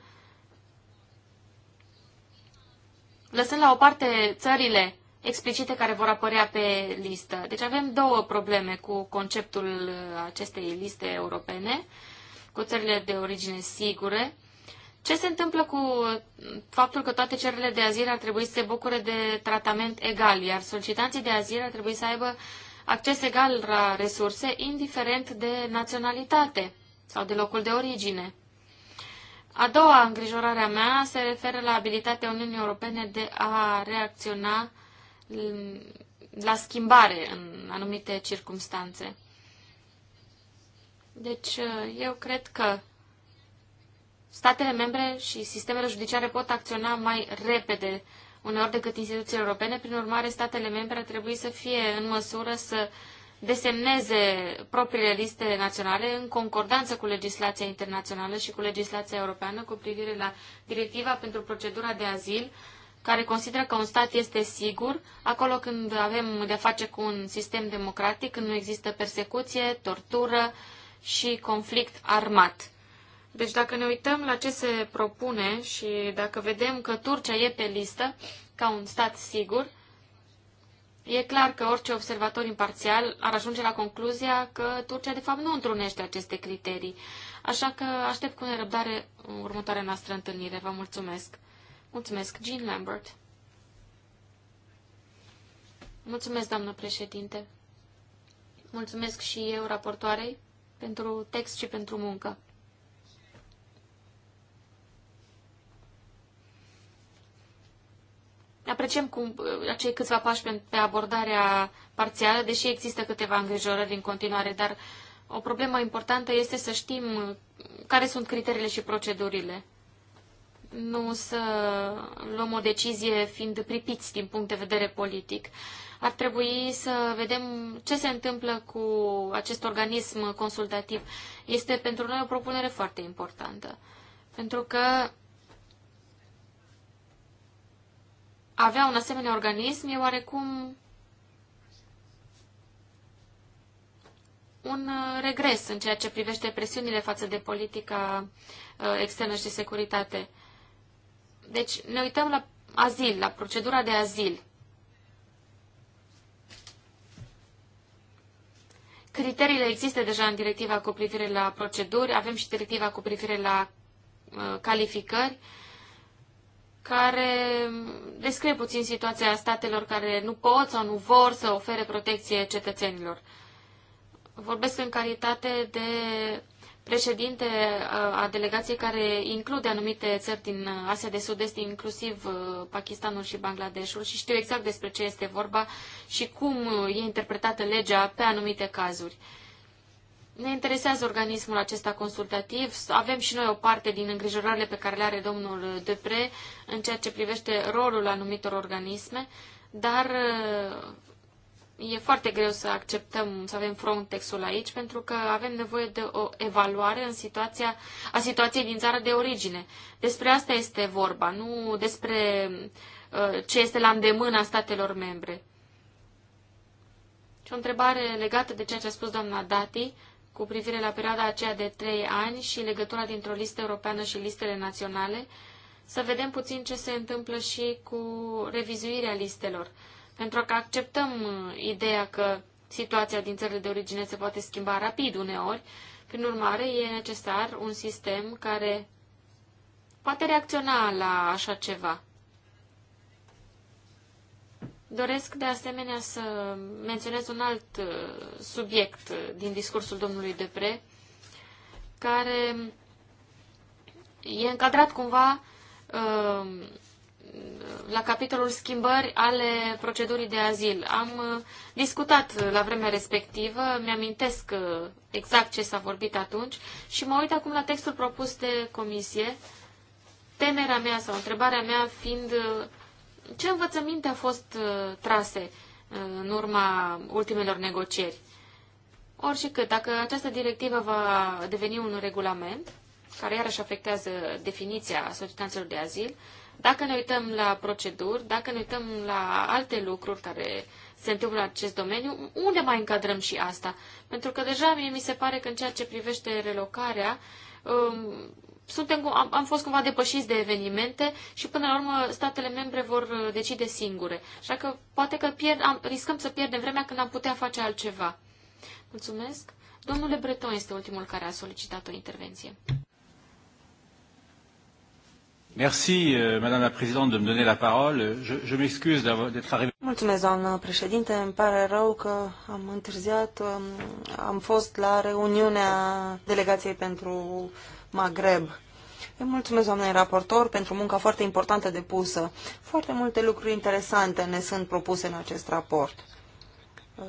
lăsând la o parte țările explicite care vor apărea pe listă. Deci avem două probleme cu conceptul acestei liste europene, cu țările de origine sigure. Ce se întâmplă cu faptul că toate cererile de azil ar trebui să se bucure de tratament egal, iar solicitanții de azil ar trebui să aibă acces egal la resurse, indiferent de naționalitate sau de locul de origine? A doua îngrijorare a mea se referă la abilitatea Uniunii Europene de a reacționa la schimbare în anumite circumstanțe. Deci, eu cred că statele membre și sistemele judiciare pot acționa mai repede uneori decât instituțiile europene. Prin urmare, statele membre ar trebui să fie în măsură să uh, desemneze propriile liste naționale în concordanță cu legislația internațională și cu legislația europeană cu privire la directiva pentru procedura de azil, care consideră că un stat este sigur acolo când avem de-a face cu un sistem democratic, când nu există persecuție, tortură și conflict armat. Deci dacă ne uităm la ce se propune și dacă vedem că Turcia e pe listă ca un stat sigur, E clar că orice observator imparțial ar ajunge la concluzia că Turcia de fapt nu întrunește aceste criterii. Așa că aștept cu nerăbdare următoarea noastră întâlnire. Vă mulțumesc. Mulțumesc, Jean Lambert. Mulțumesc, doamnă președinte. Mulțumesc și eu, raportoarei, pentru text și pentru muncă. Apreciem cum, uh, acei câțiva pași pe, pe abordarea parțială, deși există câteva îngrijorări în continuare, dar o problemă importantă este să știm uh, care sunt criteriile și procedurile. Nu să luăm o decizie fiind pripiți din punct de vedere politic. Ar trebui să vedem ce se întâmplă cu acest organism consultativ. Este pentru noi o propunere foarte importantă, pentru că avea un asemenea organism e oarecum un uh, regres în ceea ce privește presiunile față de politica uh, externă și securitate. Deci ne uităm la azil, la procedura de azil. Criteriile există deja în directiva cu privire la proceduri, avem și directiva cu privire la uh, calificări. Uh, care descrie puțin situația statelor care nu pot sau nu vor să ofere protecție cetățenilor. Vorbesc în calitate de președinte uh, a delegației care include anumite țări din Asia de Sud-Est, inclusiv uh, Pakistanul și Bangladeshul, și știu exact despre ce este vorba și cum uh, e interpretată legea pe anumite cazuri. Ne interesează organismul acesta consultativ. Avem și noi o parte din îngrijorările pe care le are domnul Depre în ceea ce privește rolul anumitor organisme, dar uh, e foarte greu să acceptăm să avem frontexul aici pentru că avem nevoie de o evaluare în situația, a situației din țara de origine. Despre asta este vorba, nu despre uh, ce este la îndemâna statelor membre. Și o întrebare legată de ceea ce a spus doamna Dati cu privire la perioada aceea de trei ani și legătura dintre o listă europeană și listele naționale, să vedem puțin ce se întâmplă și cu revizuirea listelor. Pentru că acceptăm uh, ideea că situația din țările de origine se poate schimba rapid uneori, prin urmare e necesar un sistem care poate reacționa la așa ceva. Doresc de asemenea să menționez un alt uh, subiect din discursul domnului Depre, care e încadrat cumva uh, la capitolul schimbări ale procedurii de azil. Am uh, discutat la vremea respectivă, mi-amintesc exact ce s-a vorbit atunci și mă uit acum la textul propus de comisie, temerea mea sau întrebarea mea fiind ce învățăminte a fost uh, trase uh, în urma ultimelor negocieri? Oricât, dacă această directivă va deveni un regulament, care iarăși afectează definiția solicitanților de azil, dacă ne uităm la proceduri, dacă ne uităm la alte lucruri care se întâmplă în acest domeniu, unde mai încadrăm și asta? Pentru că deja mie mi se pare că în ceea ce privește relocarea, um, suntem, am, am fost cumva depășiți de evenimente și până la urmă statele membre vor uh, decide singure. Așa că poate că pierd, am, riscăm să pierdem vremea când am putea face altceva. Mulțumesc. Domnule Breton este ultimul care a solicitat o intervenție. Merci, euh, Madame la Présidente, de me donner la parole. Je, je m'excuse d'être arrivé. Mulțumesc, doamnă președinte. Îmi pare rău că am întârziat. Am fost la reuniunea delegației pentru Maghreb. Îi mulțumesc, doamnei raportor, pentru munca foarte importantă depusă. Foarte multe lucruri interesante ne sunt propuse în acest raport. Uh,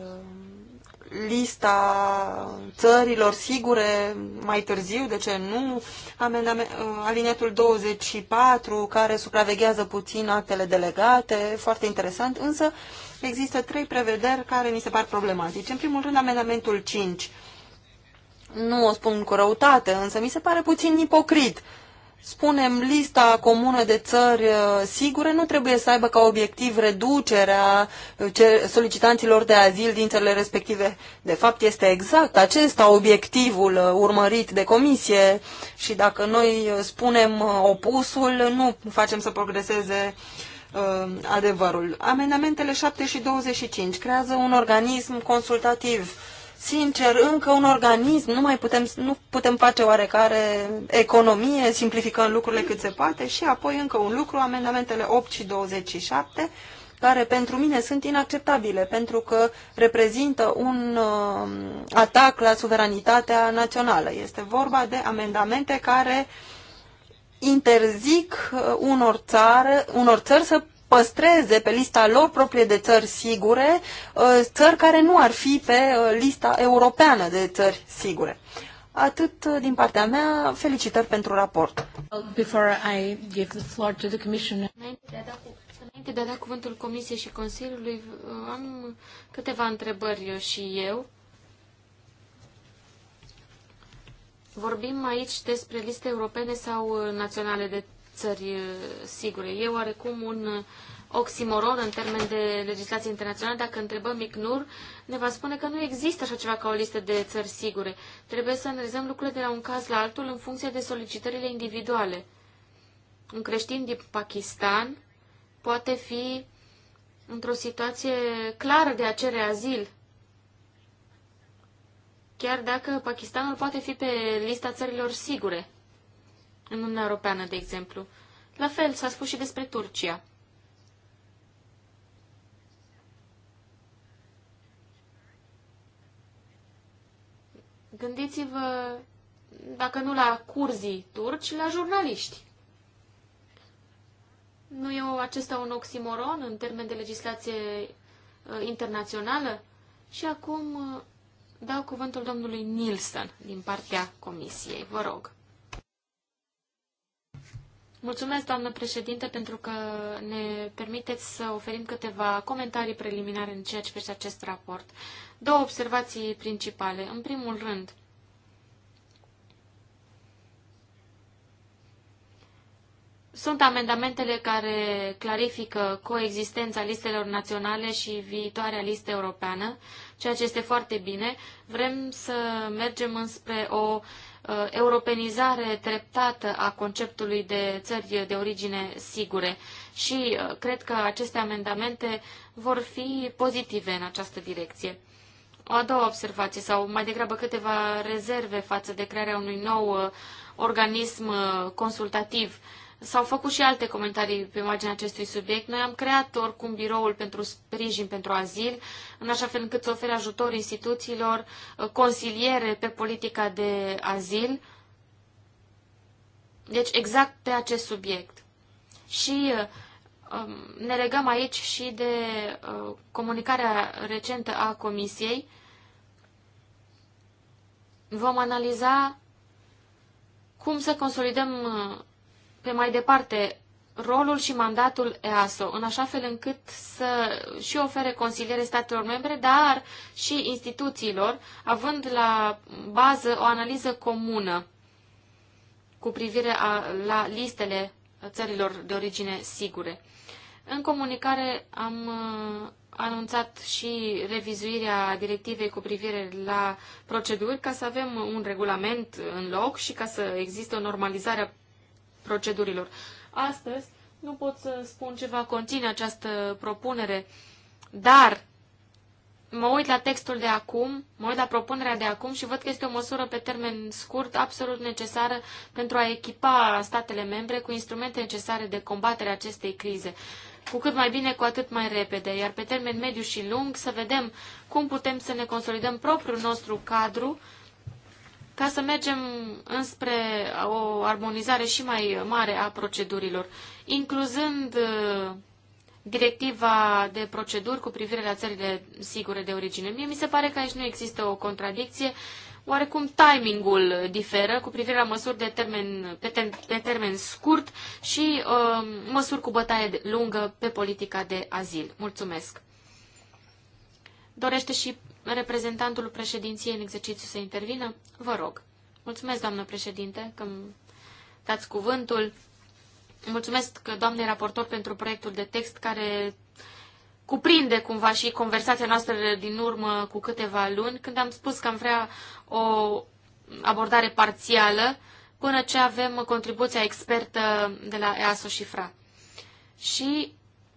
lista țărilor sigure mai târziu, de ce nu? Uh, Alinetul 24, care supraveghează puțin actele delegate, foarte interesant, însă există trei prevederi care mi se par problematice. În primul rând, amendamentul 5 nu o spun cu răutate, însă mi se pare puțin ipocrit. Spunem, lista comună de țări uh, sigure nu trebuie să aibă ca obiectiv reducerea uh, solicitanților de azil din țările respective. De fapt, este exact acesta obiectivul uh, urmărit de comisie și dacă noi spunem opusul, nu facem să progreseze adevărul. Amendamentele 7 și 25 creează un organism consultativ Sincer, încă un organism, nu mai putem, nu putem face oarecare economie, simplificăm lucrurile cât se poate și apoi încă un lucru, amendamentele 8 și 27, care pentru mine sunt inacceptabile, pentru că reprezintă un uh, atac la suveranitatea națională. Este vorba de amendamente care interzic uh, unor, țară, unor țări să păstreze pe lista lor proprie de țări sigure, uh, țări care nu ar fi pe uh, lista europeană de țări sigure. Atât uh, din partea mea, felicitări pentru raport. Da înainte de a da cuvântul Comisiei și Consiliului, am câteva întrebări și eu. Vorbim aici despre liste europene sau naționale de țări uh, sigure. E oarecum un uh, oximoron în termen de legislație internațională. Dacă întrebăm ICNUR, ne va spune că nu există așa ceva ca o listă de țări sigure. Trebuie să analizăm lucrurile de la un caz la altul în funcție de solicitările individuale. Un creștin din Pakistan poate fi într-o situație clară de a cere azil chiar dacă Pakistanul poate fi pe lista țărilor sigure în Uniunea Europeană, de exemplu. La fel s-a spus și despre Turcia. Gândiți-vă, dacă nu la curzii turci, la jurnaliști. Nu e acesta un oximoron în termen de legislație uh, internațională? Și acum uh, dau cuvântul domnului Nilsson din partea Comisiei. Vă rog. Mulțumesc, doamnă președinte, pentru că ne permiteți să oferim câteva comentarii preliminare în ceea ce privește acest raport. Două observații principale. În primul rând, Sunt amendamentele care clarifică coexistența listelor naționale și viitoarea listă europeană, ceea ce este foarte bine. Vrem să mergem înspre o Uh, europenizare treptată a conceptului de țări de origine sigure și uh, cred că aceste amendamente vor fi pozitive în această direcție. O a doua observație, sau mai degrabă câteva rezerve față de crearea unui nou uh, organism consultativ S-au făcut și alte comentarii pe marginea acestui subiect. Noi am creat oricum biroul pentru sprijin pentru azil, în așa fel încât să ofere ajutor instituțiilor, uh, consiliere pe politica de azil. Deci exact pe acest subiect. Și uh, um, ne legăm aici și de uh, comunicarea recentă a Comisiei. Vom analiza cum să consolidăm pe mai departe rolul și mandatul EASO, în așa fel încât să și ofere consiliere statelor membre, dar și instituțiilor, având la bază o analiză comună cu privire a, la listele țărilor de origine sigure. În comunicare am uh, anunțat și revizuirea directivei cu privire la proceduri ca să avem un regulament în loc și ca să existe o normalizare a procedurilor. Astăzi nu pot să spun ce va conține această propunere, dar mă uit la textul de acum, mă uit la propunerea de acum și văd că este o măsură pe termen scurt absolut necesară pentru a echipa statele membre cu instrumente necesare de combatere a acestei crize. Cu cât mai bine, cu atât mai repede, iar pe termen mediu și lung să vedem cum putem să ne consolidăm propriul nostru cadru ca să mergem înspre o armonizare și mai mare a procedurilor, incluzând uh, directiva de proceduri cu privire la țările sigure de origine. Mie mi se pare că aici nu există o contradicție. Oarecum timingul diferă cu privire la măsuri de termen, pe, ter, pe termen scurt și uh, măsuri cu bătaie lungă pe politica de azil. Mulțumesc! Dorește și reprezentantul președinției în exercițiu să intervină? Vă rog. Mulțumesc, doamnă președinte, că îmi dați cuvântul. Mulțumesc, doamne raportor, pentru proiectul de text care cuprinde cumva și conversația noastră din urmă cu câteva luni, când am spus că am vrea o abordare parțială până ce avem contribuția expertă de la EASO și FRA. Și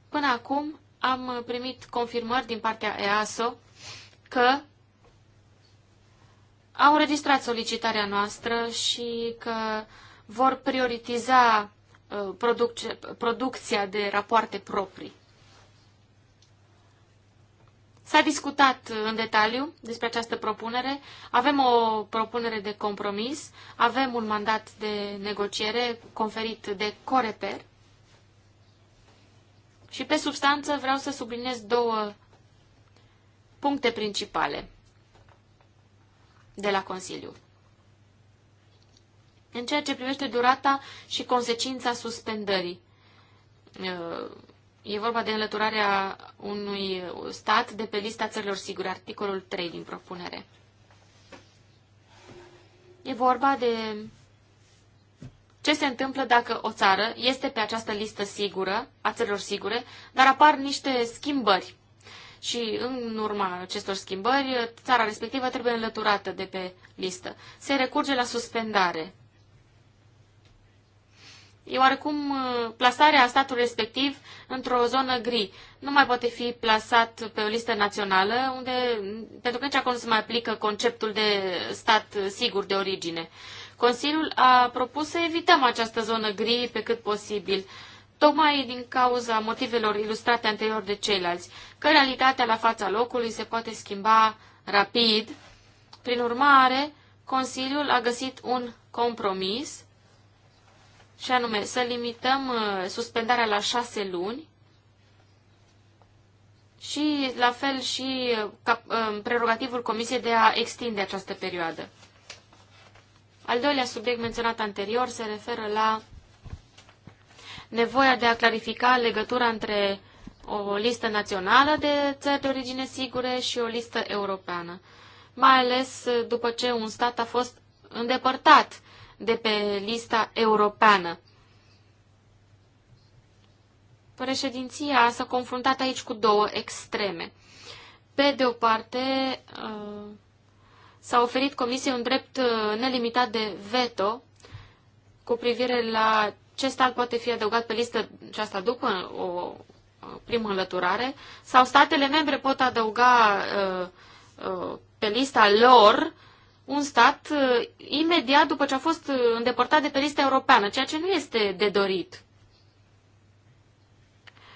până acum am primit confirmări din partea EASO că au registrat solicitarea noastră și că vor prioritiza uh, produc producția de rapoarte proprii. S-a discutat în detaliu despre această propunere. Avem o propunere de compromis, avem un mandat de negociere conferit de Coreper și pe substanță vreau să subliniez două puncte principale de la Consiliu. În ceea ce privește durata și consecința suspendării, uh, e vorba de înlăturarea unui stat de pe lista țărilor sigure, articolul 3 din propunere. E vorba de ce se întâmplă dacă o țară este pe această listă sigură, a țărilor sigure, dar apar niște schimbări și în urma acestor schimbări, țara respectivă trebuie înlăturată de pe listă. Se recurge la suspendare. E oarecum uh, plasarea statului respectiv într-o zonă gri. Nu mai poate fi plasat pe o listă națională, unde, pentru că nici acolo nu se mai aplică conceptul de stat sigur de origine. Consiliul a propus să evităm această zonă gri pe cât posibil. Uh, tocmai din cauza motivelor ilustrate anterior de ceilalți, că realitatea la fața locului se poate schimba rapid. Prin urmare, Consiliul a găsit un compromis, și anume să limităm uh, suspendarea la șase luni și la fel și uh, uh, prerogativul Comisiei de a extinde această perioadă. Al doilea subiect menționat anterior se referă la nevoia de a clarifica legătura între o listă națională de țări de origine sigure și o listă europeană, mai ales după ce un stat a fost îndepărtat de pe lista europeană. Președinția s-a confruntat aici cu două extreme. Pe de o parte, uh, s-a oferit Comisiei un drept uh, nelimitat de veto cu privire la ce stat poate fi adăugat pe listă și asta după o primă înlăturare, sau statele membre pot adăuga uh, uh, pe lista lor un stat uh, imediat după ce a fost îndepărtat de pe lista europeană, ceea ce nu este de dorit.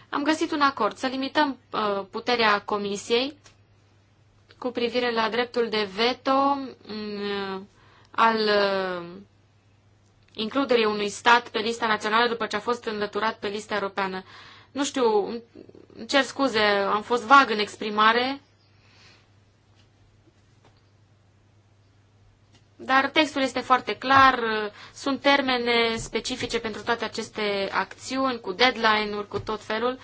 Am găsit un acord să limităm puterea Comisiei cu privire la dreptul de veto mm, al includerii unui stat pe lista națională după ce a fost înlăturat pe lista europeană. Nu știu, cer scuze, am fost vag în exprimare, Dar textul este foarte clar, sunt termene specifice pentru toate aceste acțiuni, cu deadline-uri, cu tot felul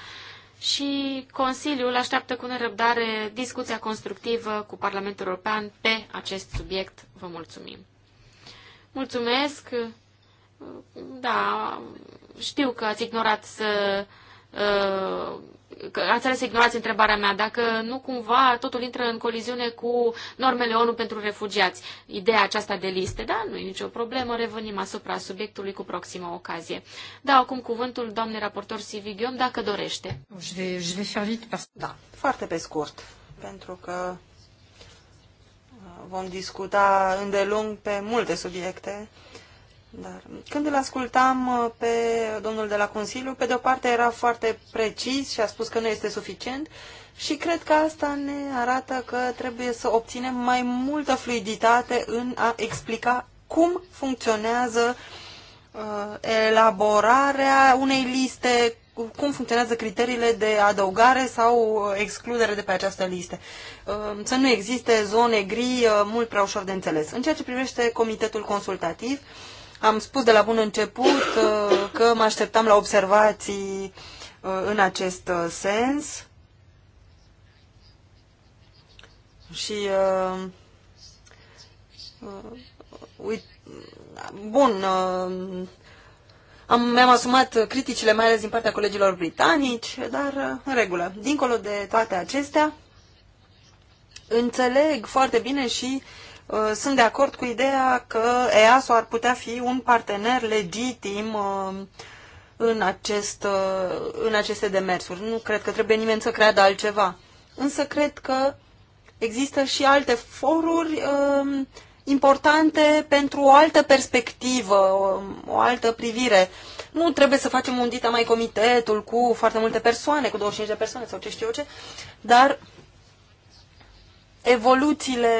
și Consiliul așteaptă cu nerăbdare discuția constructivă cu Parlamentul European pe acest subiect. Vă mulțumim! Mulțumesc! da, știu că ați ignorat să... Uh, că ați ales să ignorați întrebarea mea, dacă nu cumva totul intră în coliziune cu normele ONU pentru refugiați. Ideea aceasta de liste, da, nu e nicio problemă, revenim asupra subiectului cu proximă ocazie. Da, acum cuvântul doamnei raportor Sivighiom, dacă dorește. Da, foarte pe scurt, pentru că uh, vom discuta îndelung pe multe subiecte dar când îl ascultam uh, pe domnul de la Consiliu, pe de o parte era foarte precis și a spus că nu este suficient și cred că asta ne arată că trebuie să obținem mai multă fluiditate în a explica cum funcționează uh, elaborarea unei liste, cum funcționează criteriile de adăugare sau uh, excludere de pe această listă. Uh, să nu existe zone gri uh, mult prea ușor de înțeles. În ceea ce privește comitetul consultativ, uh, am spus de la bun început uh, că mă așteptam la observații uh, în acest uh, sens și uit, bun, am, mi-am asumat criticile, mai ales din partea colegilor britanici, dar în regulă. Dincolo de toate acestea, înțeleg foarte bine și Uh, sunt de acord cu ideea că EASO ar putea fi un partener legitim uh, în, acest, uh, în aceste demersuri. Nu cred că trebuie nimeni să creadă altceva. Însă cred că există și alte foruri um, importante pentru o altă perspectivă, um, o altă privire. Nu trebuie să facem un dita mai comitetul cu foarte multe persoane, cu 25 de persoane sau ce știu eu ce, dar evoluțiile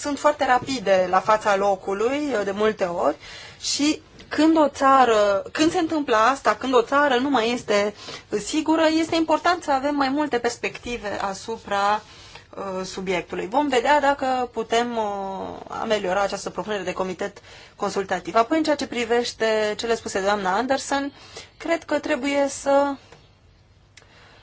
sunt foarte rapide la fața locului, uh, de multe ori, și când o țară, când se întâmplă asta, când o țară nu mai este uh, sigură, este important să avem mai multe perspective asupra uh, subiectului. Vom vedea dacă putem ameliora această propunere de comitet consultativ. Apoi, în ceea ce privește cele spuse de doamna Anderson, cred că trebuie să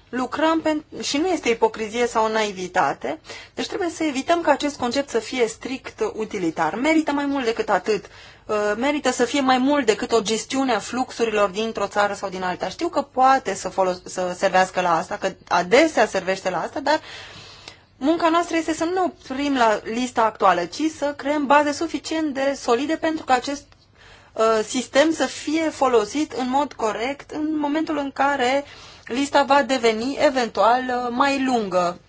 lucrăm și nu este ipocrizie sau naivitate, deci trebuie să evităm ca acest concept să fie strict utilitar. Merită mai mult decât atât. Uh, merită să fie mai mult decât o gestiune a fluxurilor dintr-o țară sau din alta. Știu că poate să, folos- să servească la asta, că adesea servește la asta, dar munca noastră este să nu oprim la lista actuală, ci să creăm baze suficient de solide pentru că acest uh, sistem să fie folosit în mod corect în momentul în care uh, lista va deveni eventual uh, mai lungă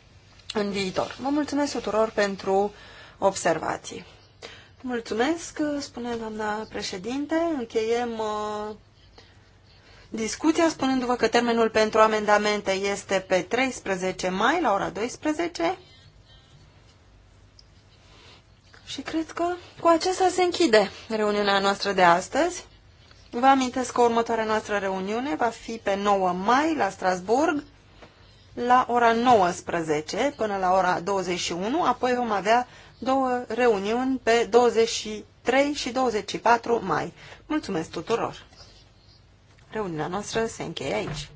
în viitor. Vă mulțumesc tuturor pentru observații. Mulțumesc, uh, spune doamna președinte. Încheiem uh, discuția spunându-vă că termenul pentru amendamente este pe 13 mai la ora 12. Și cred că cu acesta se închide reuniunea noastră de astăzi. Vă amintesc că următoarea noastră reuniune va fi pe 9 mai la Strasburg la ora 19 până la ora 21, apoi vom avea două reuniuni pe 23 și 24 mai. Mulțumesc tuturor! Reuniunea noastră se încheie aici.